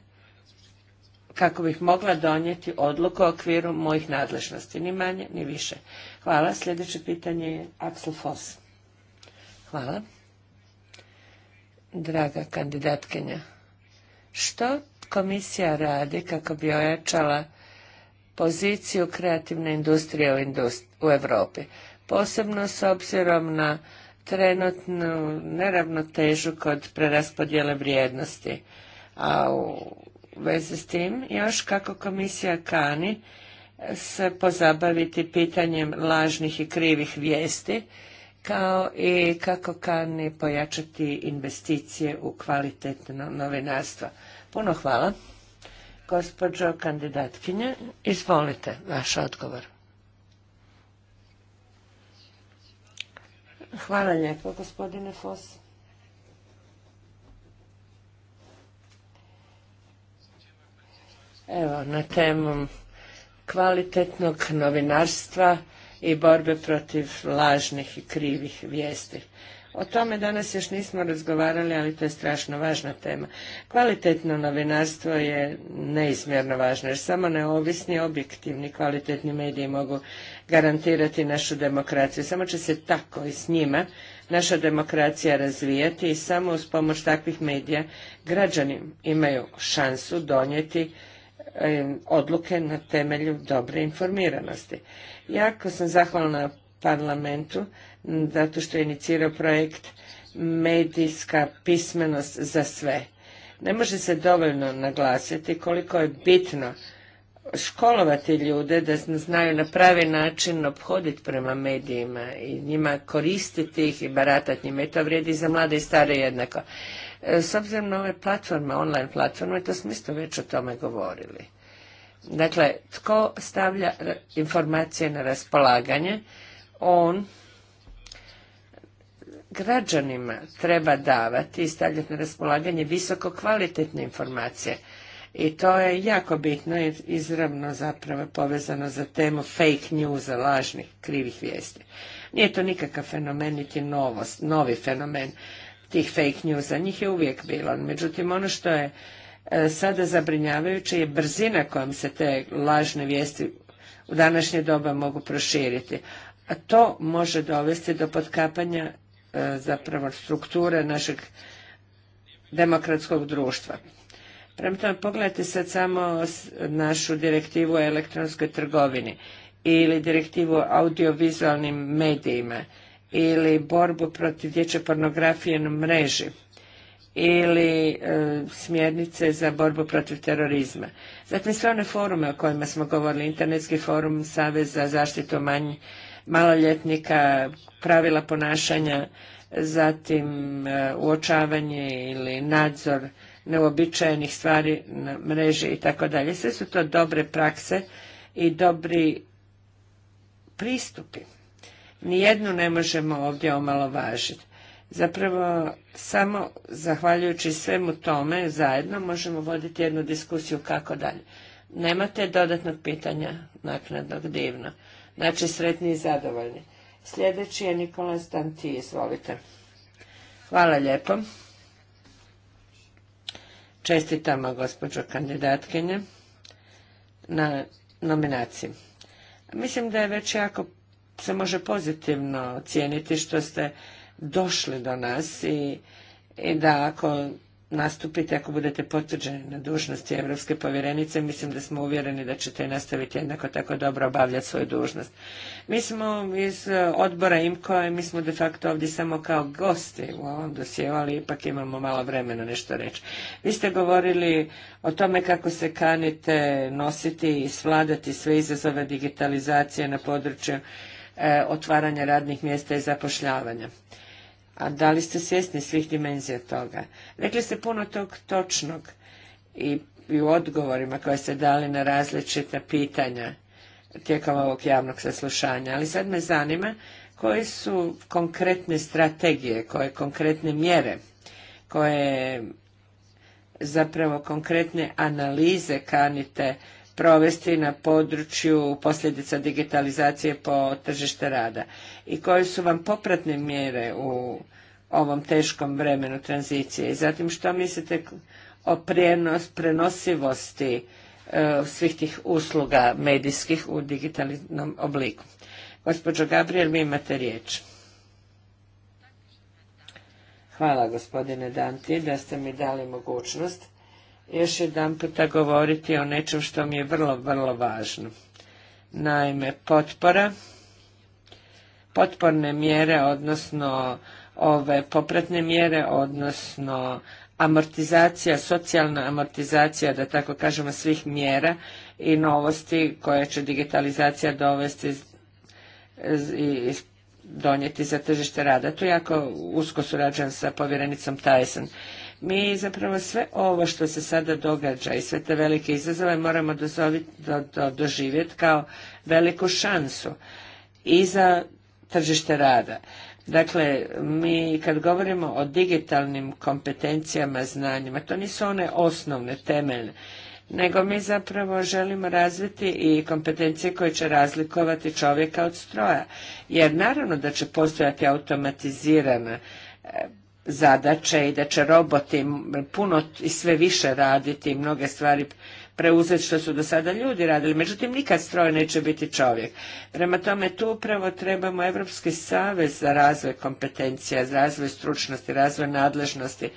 kako bih mogla donijeti odluku u okviru mojih nadležnosti, ni manje ni više. Hvala. Sljedeće pitanje je Axel Foss. Hvala. Draga kandidatkinja, što komisija radi kako bi ojačala poziciju kreativne industrije u, Evropi? Europi, posebno s obzirom na trenutnu neravnotežu kod preraspodjele vrijednosti, a u vezi s tim još kako komisija kani se pozabaviti pitanjem lažnih i krivih vijesti, kao i kako kani pojačati investicije u kvalitetno novinarstvo. Puno hvala. Gospođo kandidatkinje, izvolite vaš odgovor. Hvala lijepo, gospodine Fos. Evo, na temu kvalitetnog novinarstva i borbe protiv lažnih i krivih vijesti. O tome danas još nismo razgovarali, ali to je strašno važna tema. Kvalitetno novinarstvo je neizmjerno važno, jer samo neovisni, objektivni, kvalitetni mediji mogu garantirati našu demokraciju. Samo će se tako i s njima naša demokracija razvijati i samo uz pomoć takvih medija građani imaju šansu donijeti odluke na temelju dobre informiranosti. Jako sam zahvalna parlamentu zato što je inicirao projekt medijska pismenost za sve. Ne može se dovoljno naglasiti koliko je bitno školovati ljude da znaju na pravi način obhoditi prema medijima i njima koristiti ih i baratati njima. I to vrijedi za mlade i stare jednako. S obzirom na ove platforme, online platforme, to smo isto već o tome govorili. Dakle, tko stavlja informacije na raspolaganje, on građanima treba davati i stavljati na raspolaganje visoko kvalitetne informacije. I to je jako bitno i izravno zapravo povezano za temu fake newsa, lažnih, krivih vijesti. Nije to nikakav fenomen, niti novost, novi fenomen tih fake newsa. Njih je uvijek bilo. Međutim, ono što je e, sada zabrinjavajuće je brzina kojom se te lažne vijesti u današnje doba mogu proširiti. A to može dovesti do potkapanja e, zapravo strukture našeg demokratskog društva. Prema tome, pogledajte sad samo našu direktivu o elektronskoj trgovini ili direktivu o audiovizualnim medijima ili borbu protiv dječje pornografije na mreži ili e, smjernice za borbu protiv terorizma. Zatim dakle, sve one forume o kojima smo govorili, internetski forum, Savez za zaštitu maloljetnika, pravila ponašanja, zatim e, uočavanje ili nadzor neobičajenih stvari na mreži i tako dalje. Sve su to dobre prakse i dobri pristupi. Nijednu ne možemo ovdje omalovažiti. Zapravo, samo zahvaljujući svemu tome zajedno možemo voditi jednu diskusiju kako dalje. Nemate dodatnog pitanja naknadnog divno. Znači, sretni i zadovoljni. Sljedeći je Nikola Stanti, izvolite. Hvala lijepo. Čestitamo gospođo kandidatkinje na nominaciji. Mislim da je već jako se može pozitivno cijeniti što ste došli do nas i, da ako nastupite, ako budete potvrđeni na dužnosti Evropske povjerenice, mislim da smo uvjereni da ćete nastaviti jednako tako dobro obavljati svoju dužnost. Mi smo iz e, odbora IMKO i mi smo de facto ovdje samo kao gosti u ovom dosjeu, ali ipak imamo malo vremena nešto reći. Vi ste govorili o tome kako se kanite nositi i svladati sve izazove digitalizacije na području E, otvaranja radnih mjesta i zapošljavanja. A da li ste svjesni svih dimenzija toga? Rekli ste puno tog točnog i, u odgovorima koje ste dali na različita pitanja tijekom ovog javnog saslušanja. Ali sad me zanima koje su konkretne strategije, koje konkretne mjere, koje zapravo konkretne analize kanite provesti na području posljedica digitalizacije po tržište rada i koje su vam popratne mjere u ovom teškom vremenu tranzicije i zatim što mislite o prijenos, prenosivosti e, svih tih usluga medijskih u digitalnom obliku. Gospođo Gabriel, vi imate riječ. Hvala gospodine Danti da ste mi dali mogućnost još jedan puta govoriti o nečem što mi je vrlo, vrlo važno. Naime, potpora, potporne mjere, odnosno ove popratne mjere, odnosno amortizacija, socijalna amortizacija, da tako kažemo, svih mjera i novosti koje će digitalizacija dovesti i donijeti za tržište rada. Tu jako usko surađujem sa povjerenicom Tyson mi zapravo sve ovo što se sada događa i sve te velike izazove moramo doživjeti kao veliku šansu i za tržište rada. Dakle, mi kad govorimo o digitalnim kompetencijama, znanjima, to nisu one osnovne, temeljne, nego mi zapravo želimo razviti i kompetencije koje će razlikovati čovjeka od stroja. Jer naravno da će postojati automatizirana zadaće i da će roboti puno i sve više raditi i mnoge stvari preuzeti što su do sada ljudi radili. Međutim, nikad stroj neće biti čovjek. Prema tome, tu upravo trebamo Europski savez za razvoj kompetencija, za razvoj stručnosti, razvoj nadležnosti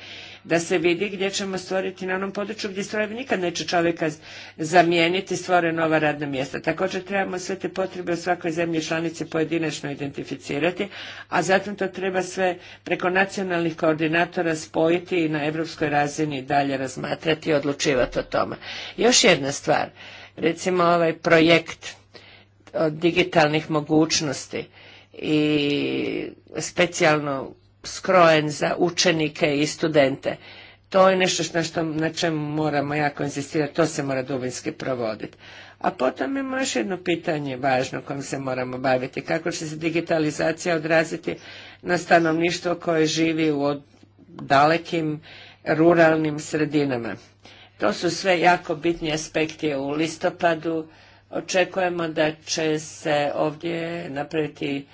da se vidi gdje ćemo stvoriti na onom području gdje strojevi nikad neće čovjeka zamijeniti, stvore nova radna mjesta. Također trebamo sve te potrebe u svakoj zemlji članici pojedinačno identificirati, a zatim to treba sve preko nacionalnih koordinatora spojiti i na europskoj razini dalje razmatrati i odlučivati o tome. Još jedna stvar, recimo ovaj projekt digitalnih mogućnosti i specijalno skrojen za učenike i studente. To je nešto na, što, na čemu moramo jako insistirati, to se mora dubinski provoditi. A potom imamo još jedno pitanje važno kojim se moramo baviti, kako će se digitalizacija odraziti na stanovništvo koje živi u dalekim ruralnim sredinama. To su sve jako bitni aspekti u listopadu. Očekujemo da će se ovdje napraviti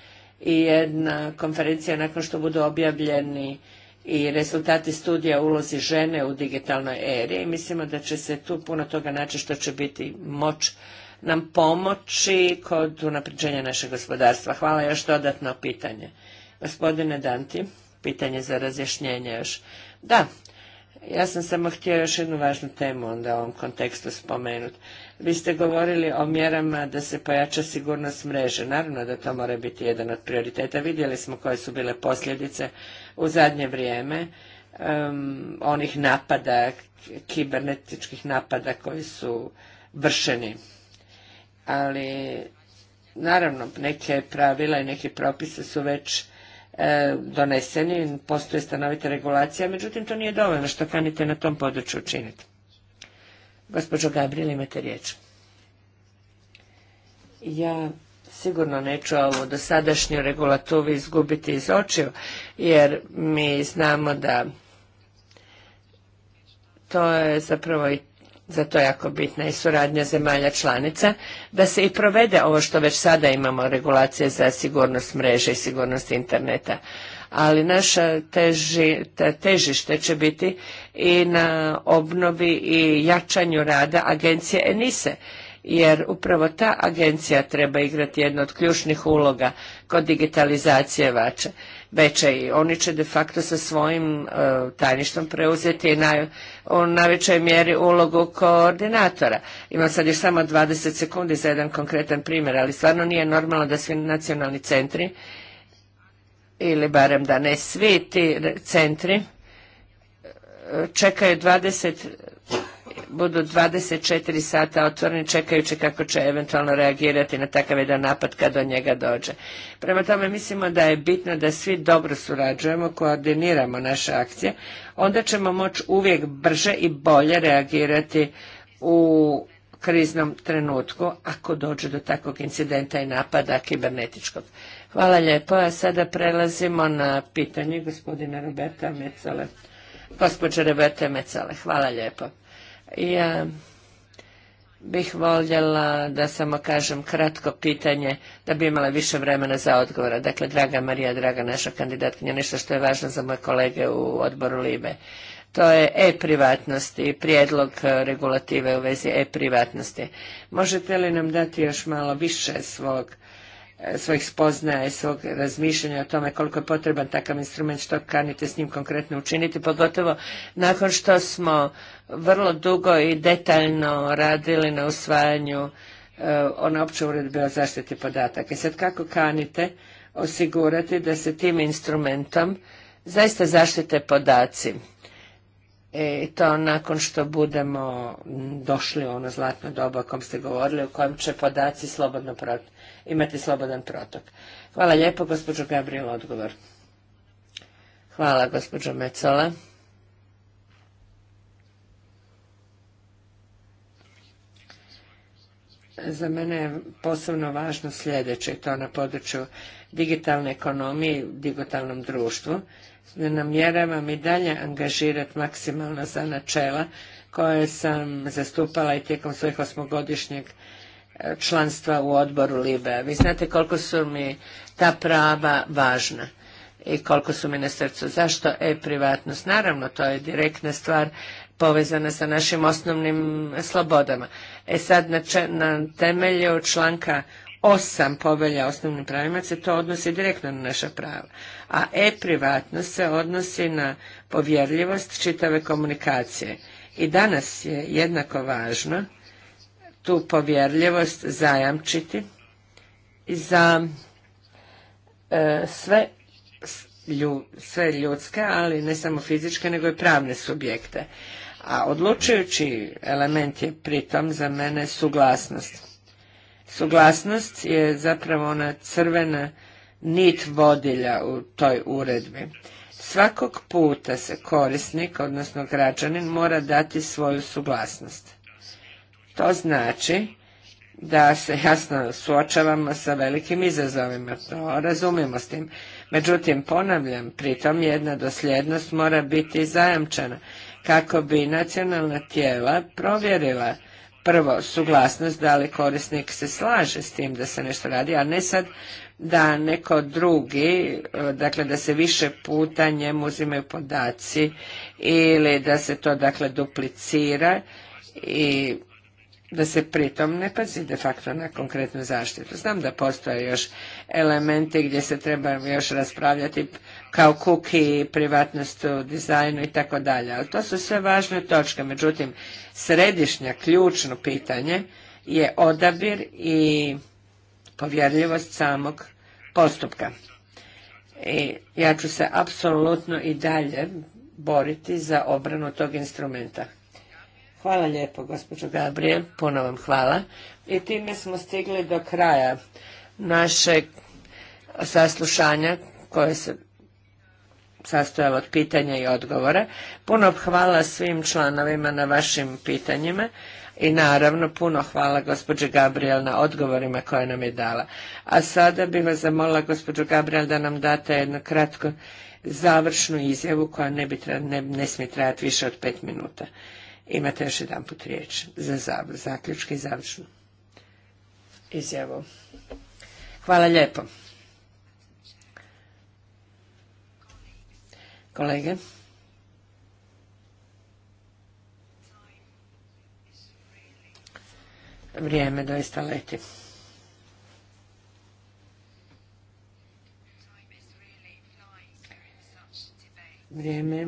i jedna konferencija nakon što budu objavljeni i rezultati studija ulozi žene u digitalnoj eri mislimo da će se tu puno toga naći što će biti moć nam pomoći kod unapređenja našeg gospodarstva. Hvala još dodatno pitanje. Gospodine Danti, pitanje za razjašnjenje još. Da, ja sam samo htio još jednu važnu temu onda u ovom kontekstu spomenuti. Vi ste govorili o mjerama da se pojača sigurnost mreže. Naravno da to mora biti jedan od prioriteta. Vidjeli smo koje su bile posljedice u zadnje vrijeme onih napada, kibernetičkih napada koji su vršeni. Ali naravno neke pravila i neki propise su već e, doneseni, postoje stanovita regulacija, međutim to nije dovoljno što kanite na tom području učiniti. Gospođo Gabriel, imate riječ. Ja sigurno neću ovu dosadašnju regulativu izgubiti iz očiju, jer mi znamo da to je zapravo i za to jako bitna i suradnja zemalja članica, da se i provede ovo što već sada imamo regulacije za sigurnost mreže i sigurnost interneta ali naše teži, težište će biti i na obnovi i jačanju rada agencije Enise jer upravo ta agencija treba igrati jednu od ključnih uloga kod digitalizacije vače. Veće i oni će de facto sa svojim e, tajništvom preuzeti na, u najvećoj mjeri ulogu koordinatora. Imam sad još samo 20 sekundi za jedan konkretan primjer, ali stvarno nije normalno da svi nacionalni centri ili barem da ne svi ti centri e, čekaju 20 budu 24 sata otvoreni čekajući kako će eventualno reagirati na takav jedan napad kad do njega dođe. Prema tome mislimo da je bitno da svi dobro surađujemo, koordiniramo naše akcije, onda ćemo moći uvijek brže i bolje reagirati u kriznom trenutku ako dođe do takvog incidenta i napada kibernetičkog. Hvala lijepo, a sada prelazimo na pitanje gospodina Roberta Mecale. Gospođe Roberta Mecale, hvala lijepo. Ja bih voljela da samo kažem kratko pitanje da bi imala više vremena za odgovora. Dakle, draga Marija, draga naša kandidatkinja, nešto što je važno za moje kolege u odboru LIBE. To je e-privatnosti, prijedlog e, regulative u vezi e-privatnosti. Možete li nam dati još malo više svog E, svojih spoznaja i svog razmišljanja o tome koliko je potreban takav instrument, što kanite s njim konkretno učiniti, pogotovo nakon što smo vrlo dugo i detaljno radili na usvajanju e, one opće uredbe o zaštiti podataka. I sad kako kanite osigurati da se tim instrumentom zaista zaštite podaci? E, I to nakon što budemo došli u ono zlatno doba o kom ste govorili, u kojem će podaci slobodno pratiti imati slobodan protok. Hvala lijepo, gospođo Gabriel, odgovor. Hvala, gospođo Mecola. Za mene je posebno važno sljedeće, to na području digitalne ekonomije i digitalnom društvu. Ne namjeravam i dalje angažirati maksimalno za načela koje sam zastupala i tijekom svojih osmogodišnjeg članstva u odboru Libe. Vi znate koliko su mi ta prava važna i koliko su mi na srcu. Zašto e-privatnost? Naravno, to je direktna stvar povezana sa našim osnovnim slobodama. E sad, na, na temelju članka 8 povelja osnovnim pravima se to odnosi direktno na naša prava. A e-privatnost se odnosi na povjerljivost čitave komunikacije. I danas je jednako važno tu povjerljivost zajamčiti za e, sve, ljudske, ali ne samo fizičke, nego i pravne subjekte. A odlučujući element je pritom za mene suglasnost. Suglasnost je zapravo ona crvena nit vodilja u toj uredbi. Svakog puta se korisnik, odnosno građanin, mora dati svoju suglasnost. To znači da se jasno suočavamo sa velikim izazovima, to razumimo s tim. Međutim, ponavljam, pritom jedna dosljednost mora biti zajamčena kako bi nacionalna tijela provjerila prvo suglasnost da li korisnik se slaže s tim da se nešto radi, a ne sad da neko drugi, dakle da se više puta njemu uzimaju podaci ili da se to dakle duplicira i da se pritom ne pazi de facto na konkretnu zaštitu. Znam da postoje još elementi gdje se treba još raspravljati kao kuki, privatnost u dizajnu i tako dalje, ali to su sve važne točke. Međutim, središnja, ključno pitanje je odabir i povjerljivost samog postupka. I ja ću se apsolutno i dalje boriti za obranu tog instrumenta. Hvala lijepo, gospođo Gabriel, puno vam hvala. I time smo stigli do kraja našeg saslušanja koje se sastojalo od pitanja i odgovora. Puno hvala svim članovima na vašim pitanjima i naravno puno hvala gospođe Gabriel na odgovorima koje nam je dala. A sada bih vas zamolila gospođu Gabriel da nam date jednu kratku završnu izjavu koja ne, bi ne, ne smije trajati više od pet minuta. Imate još jedan put riječ za zaključke i završnu izjavu. Hvala lijepo. Kolege. Vrijeme doista leti. Vrijeme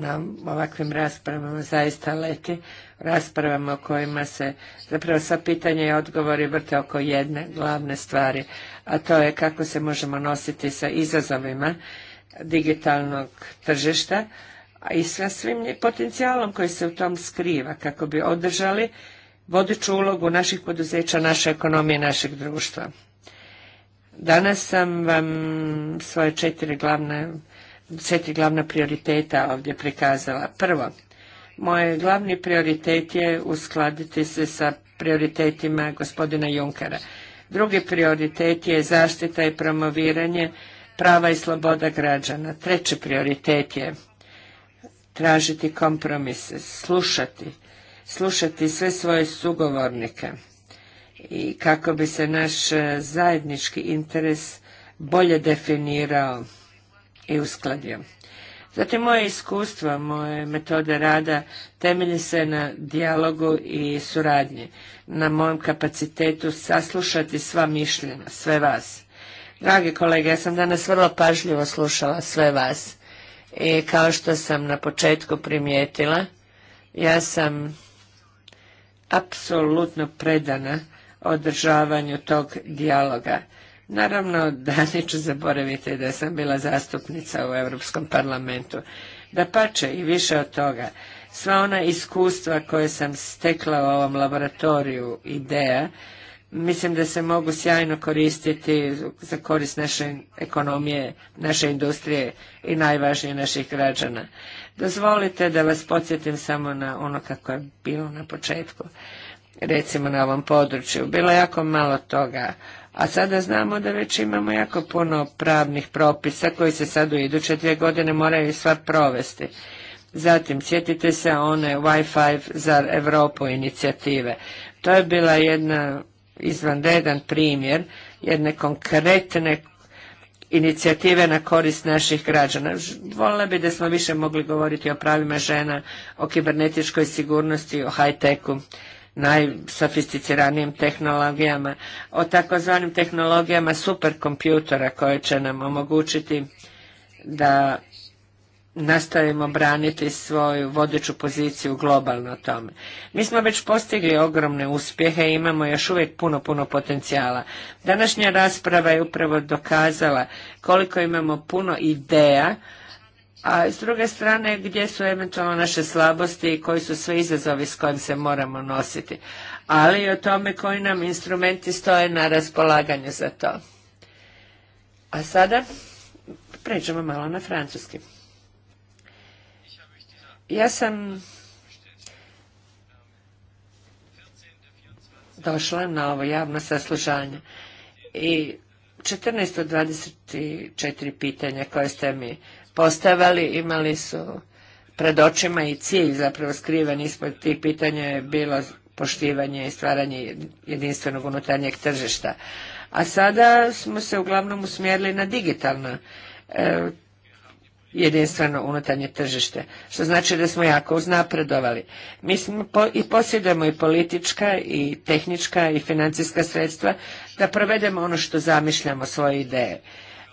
na ovakvim raspravama zaista leti, raspravama o kojima se zapravo sva pitanja i odgovori vrte oko jedne glavne stvari, a to je kako se možemo nositi sa izazovima digitalnog tržišta i sa svim potencijalom koji se u tom skriva kako bi održali vodeću ulogu naših poduzeća, naše ekonomije, našeg društva. Danas sam vam svoje četiri glavne četiri glavna prioriteta ovdje prikazala. Prvo, moj glavni prioritet je uskladiti se sa prioritetima gospodina Junkera. Drugi prioritet je zaštita i promoviranje prava i sloboda građana. Treći prioritet je tražiti kompromise, slušati, slušati sve svoje sugovornike i kako bi se naš e, zajednički interes bolje definirao i uskladio. Zatim moje iskustvo, moje metode rada temelji se na dijalogu i suradnji, na mojem kapacitetu saslušati sva mišljenja, sve vas. Dragi kolege, ja sam danas vrlo pažljivo slušala sve vas i kao što sam na početku primijetila, ja sam apsolutno predana održavanju tog dijaloga Naravno da neću zaboraviti da sam bila zastupnica u Europskom parlamentu. Da pače i više od toga, sva ona iskustva koje sam stekla u ovom laboratoriju ideja, mislim da se mogu sjajno koristiti za korist naše ekonomije, naše industrije i najvažnije naših građana. Dozvolite da vas podsjetim samo na ono kako je bilo na početku, recimo na ovom području. Bilo je jako malo toga a sada znamo da već imamo jako puno pravnih propisa koji se sad u iduće dvije godine moraju sva provesti. Zatim, sjetite se one Wi-Fi za Europu inicijative. To je bila jedna izvanredan primjer jedne konkretne inicijative na korist naših građana. Volila bi da smo više mogli govoriti o pravima žena, o kibernetičkoj sigurnosti, o high-techu najsofisticiranijim tehnologijama, o takozvanim tehnologijama superkompjutora koje će nam omogućiti da nastavimo braniti svoju vodeću poziciju globalno tome. Mi smo već postigli ogromne uspjehe i imamo još uvijek puno, puno potencijala. Današnja rasprava je upravo dokazala koliko imamo puno ideja a s druge strane gdje su eventualno naše slabosti i koji su sve izazovi s kojim se moramo nositi, ali i o tome koji nam instrumenti stoje na raspolaganju za to. A sada pređemo malo na francuski. Ja sam došla na ovo javno saslušanje i 1424 od pitanja koje ste mi Ostavali imali su pred očima i cilj zapravo skriven ispod tih pitanja je bilo poštivanje i stvaranje jedinstvenog unutarnjeg tržišta. A sada smo se uglavnom usmjerili na digitalno e, jedinstveno unutarnje tržište, što znači da smo jako uznapredovali. Mi smo i posjedujemo i politička i tehnička i financijska sredstva da provedemo ono što zamišljamo svoje ideje,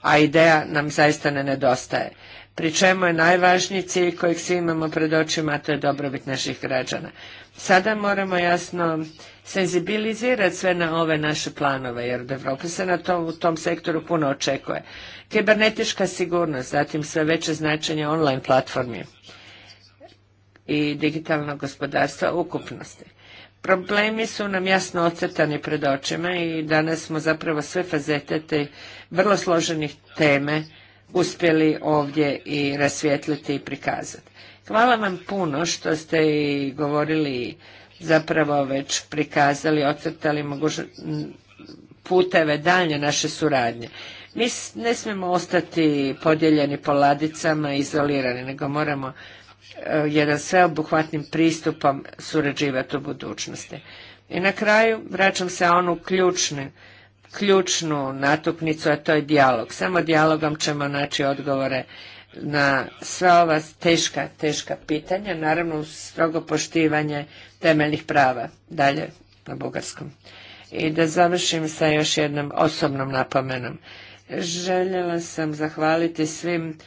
a ideja nam zaista ne nedostaje pri čemu je najvažniji cilj kojeg svi imamo pred očima, a to je dobrobit naših građana. Sada moramo jasno senzibilizirati sve na ove naše planove, jer od Evrope se na tom u tom sektoru puno očekuje. Kibernetička sigurnost, zatim sve veće značenje online platformi i digitalnog gospodarstva ukupnosti. Problemi su nam jasno ocrtani pred očima i danas smo zapravo sve fazete te vrlo složenih teme uspjeli ovdje i rasvijetliti i prikazati. Hvala vam puno što ste i govorili zapravo već prikazali, ocrtali puteve dalje naše suradnje. Mi ne smijemo ostati podijeljeni po ladicama, izolirani, nego moramo e, jedan sveobuhvatnim pristupom surađivati u budućnosti. I na kraju vraćam se onu ključnu ključnu natuknicu, a to je dijalog. Samo dijalogom ćemo naći odgovore na sva ova teška, teška pitanja, naravno uz strogo poštivanje temeljnih prava dalje na bugarskom. I da završim sa još jednom osobnom napomenom. Željela sam zahvaliti svim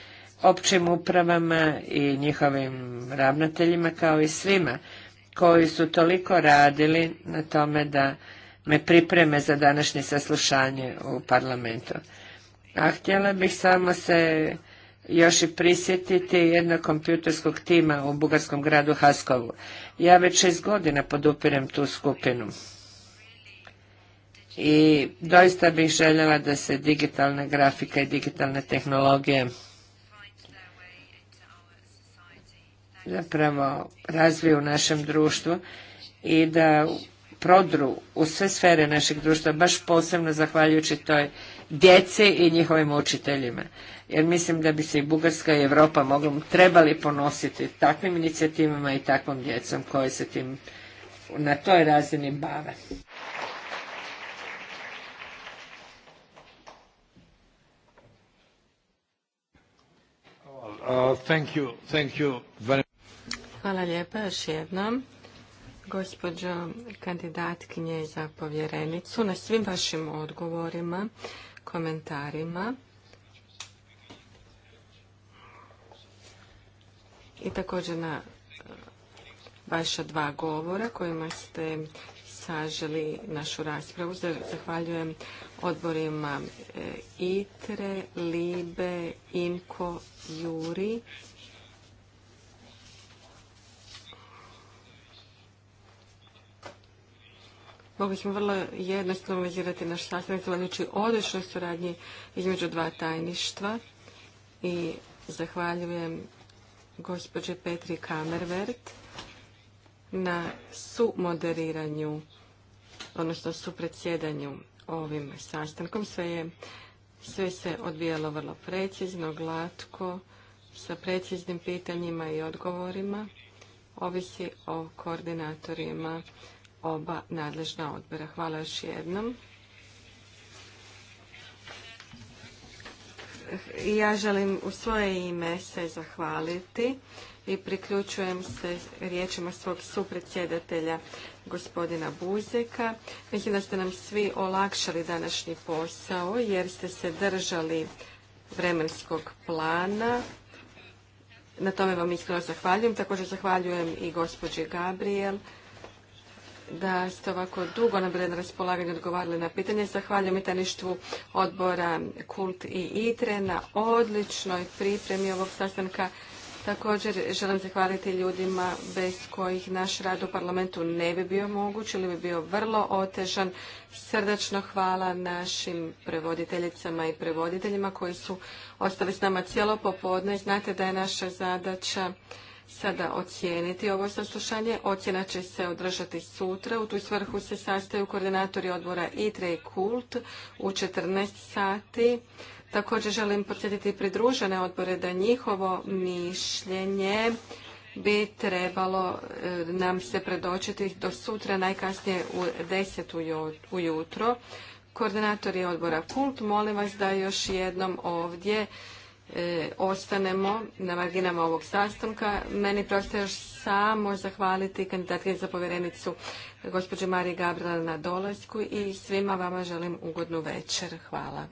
općim upravama i njihovim ravnateljima kao i svima koji su toliko radili na tome da me pripreme za današnje saslušanje u parlamentu. A htjela bih samo se još i prisjetiti jednog kompjuterskog tima u bugarskom gradu Haskovu. Ja već šest godina podupirem tu skupinu. I doista bih željela da se digitalna grafika i digitalne tehnologije zapravo razviju u našem društvu i da prodru u sve sfere našeg društva, baš posebno zahvaljujući toj djeci i njihovim učiteljima. Jer mislim da bi se i Bugarska i Europa mogli, trebali ponositi takvim inicijativama i takvom djecom koje se tim na toj razini bave. Uh, Hvala lijepa još jednom. Gospođo kandidatkinje za povjerenicu, na svim vašim odgovorima, komentarima i također na eh, vaša dva govora kojima ste saželi našu raspravu. Zahvaljujem odborima eh, ITRE, LIBE, INKO, JURI mogli smo vrlo jednostavno vezirati naš sastanak zahvaljujući odličnoj suradnji između dva tajništva i zahvaljujem gospođe Petri Kamervert na sumoderiranju, odnosno predsjedanju ovim sastankom. Sve, je, sve se odvijalo vrlo precizno, glatko, sa preciznim pitanjima i odgovorima. Ovisi o koordinatorima oba nadležna odbora. Hvala još jednom. Ja želim u svoje ime se zahvaliti i priključujem se riječima svog supredsjedatelja gospodina Buzeka. Mislim da ste nam svi olakšali današnji posao jer ste se držali vremenskog plana. Na tome vam iskreno zahvaljujem. Također zahvaljujem i gospođi Gabriel da ste ovako dugo nam bili na raspolaganju odgovarali na pitanje. Zahvaljujem i taništvu odbora Kult i ITRE na odličnoj pripremi ovog sastanka. Također želim zahvaliti ljudima bez kojih naš rad u parlamentu ne bi bio moguć ili bi bio vrlo otežan. Srdačno hvala našim prevoditeljicama i prevoditeljima koji su ostali s nama cijelo popodne. Znate da je naša zadaća sada ocijeniti ovo saslušanje. Ocjena će se održati sutra. U tu svrhu se sastaju koordinatori odbora ITRE i KULT u 14 sati. Također želim podsjetiti pridružene odbore da njihovo mišljenje bi trebalo e, nam se predočiti do sutra najkasnije u 10 ujutro. Koordinatori odbora KULT, molim vas da još jednom ovdje E, ostanemo na marginama ovog sastanka. Meni prosto još samo zahvaliti kandidatke za povjerenicu gospođe Marije Gabriela na dolasku i svima vama želim ugodnu večer. Hvala.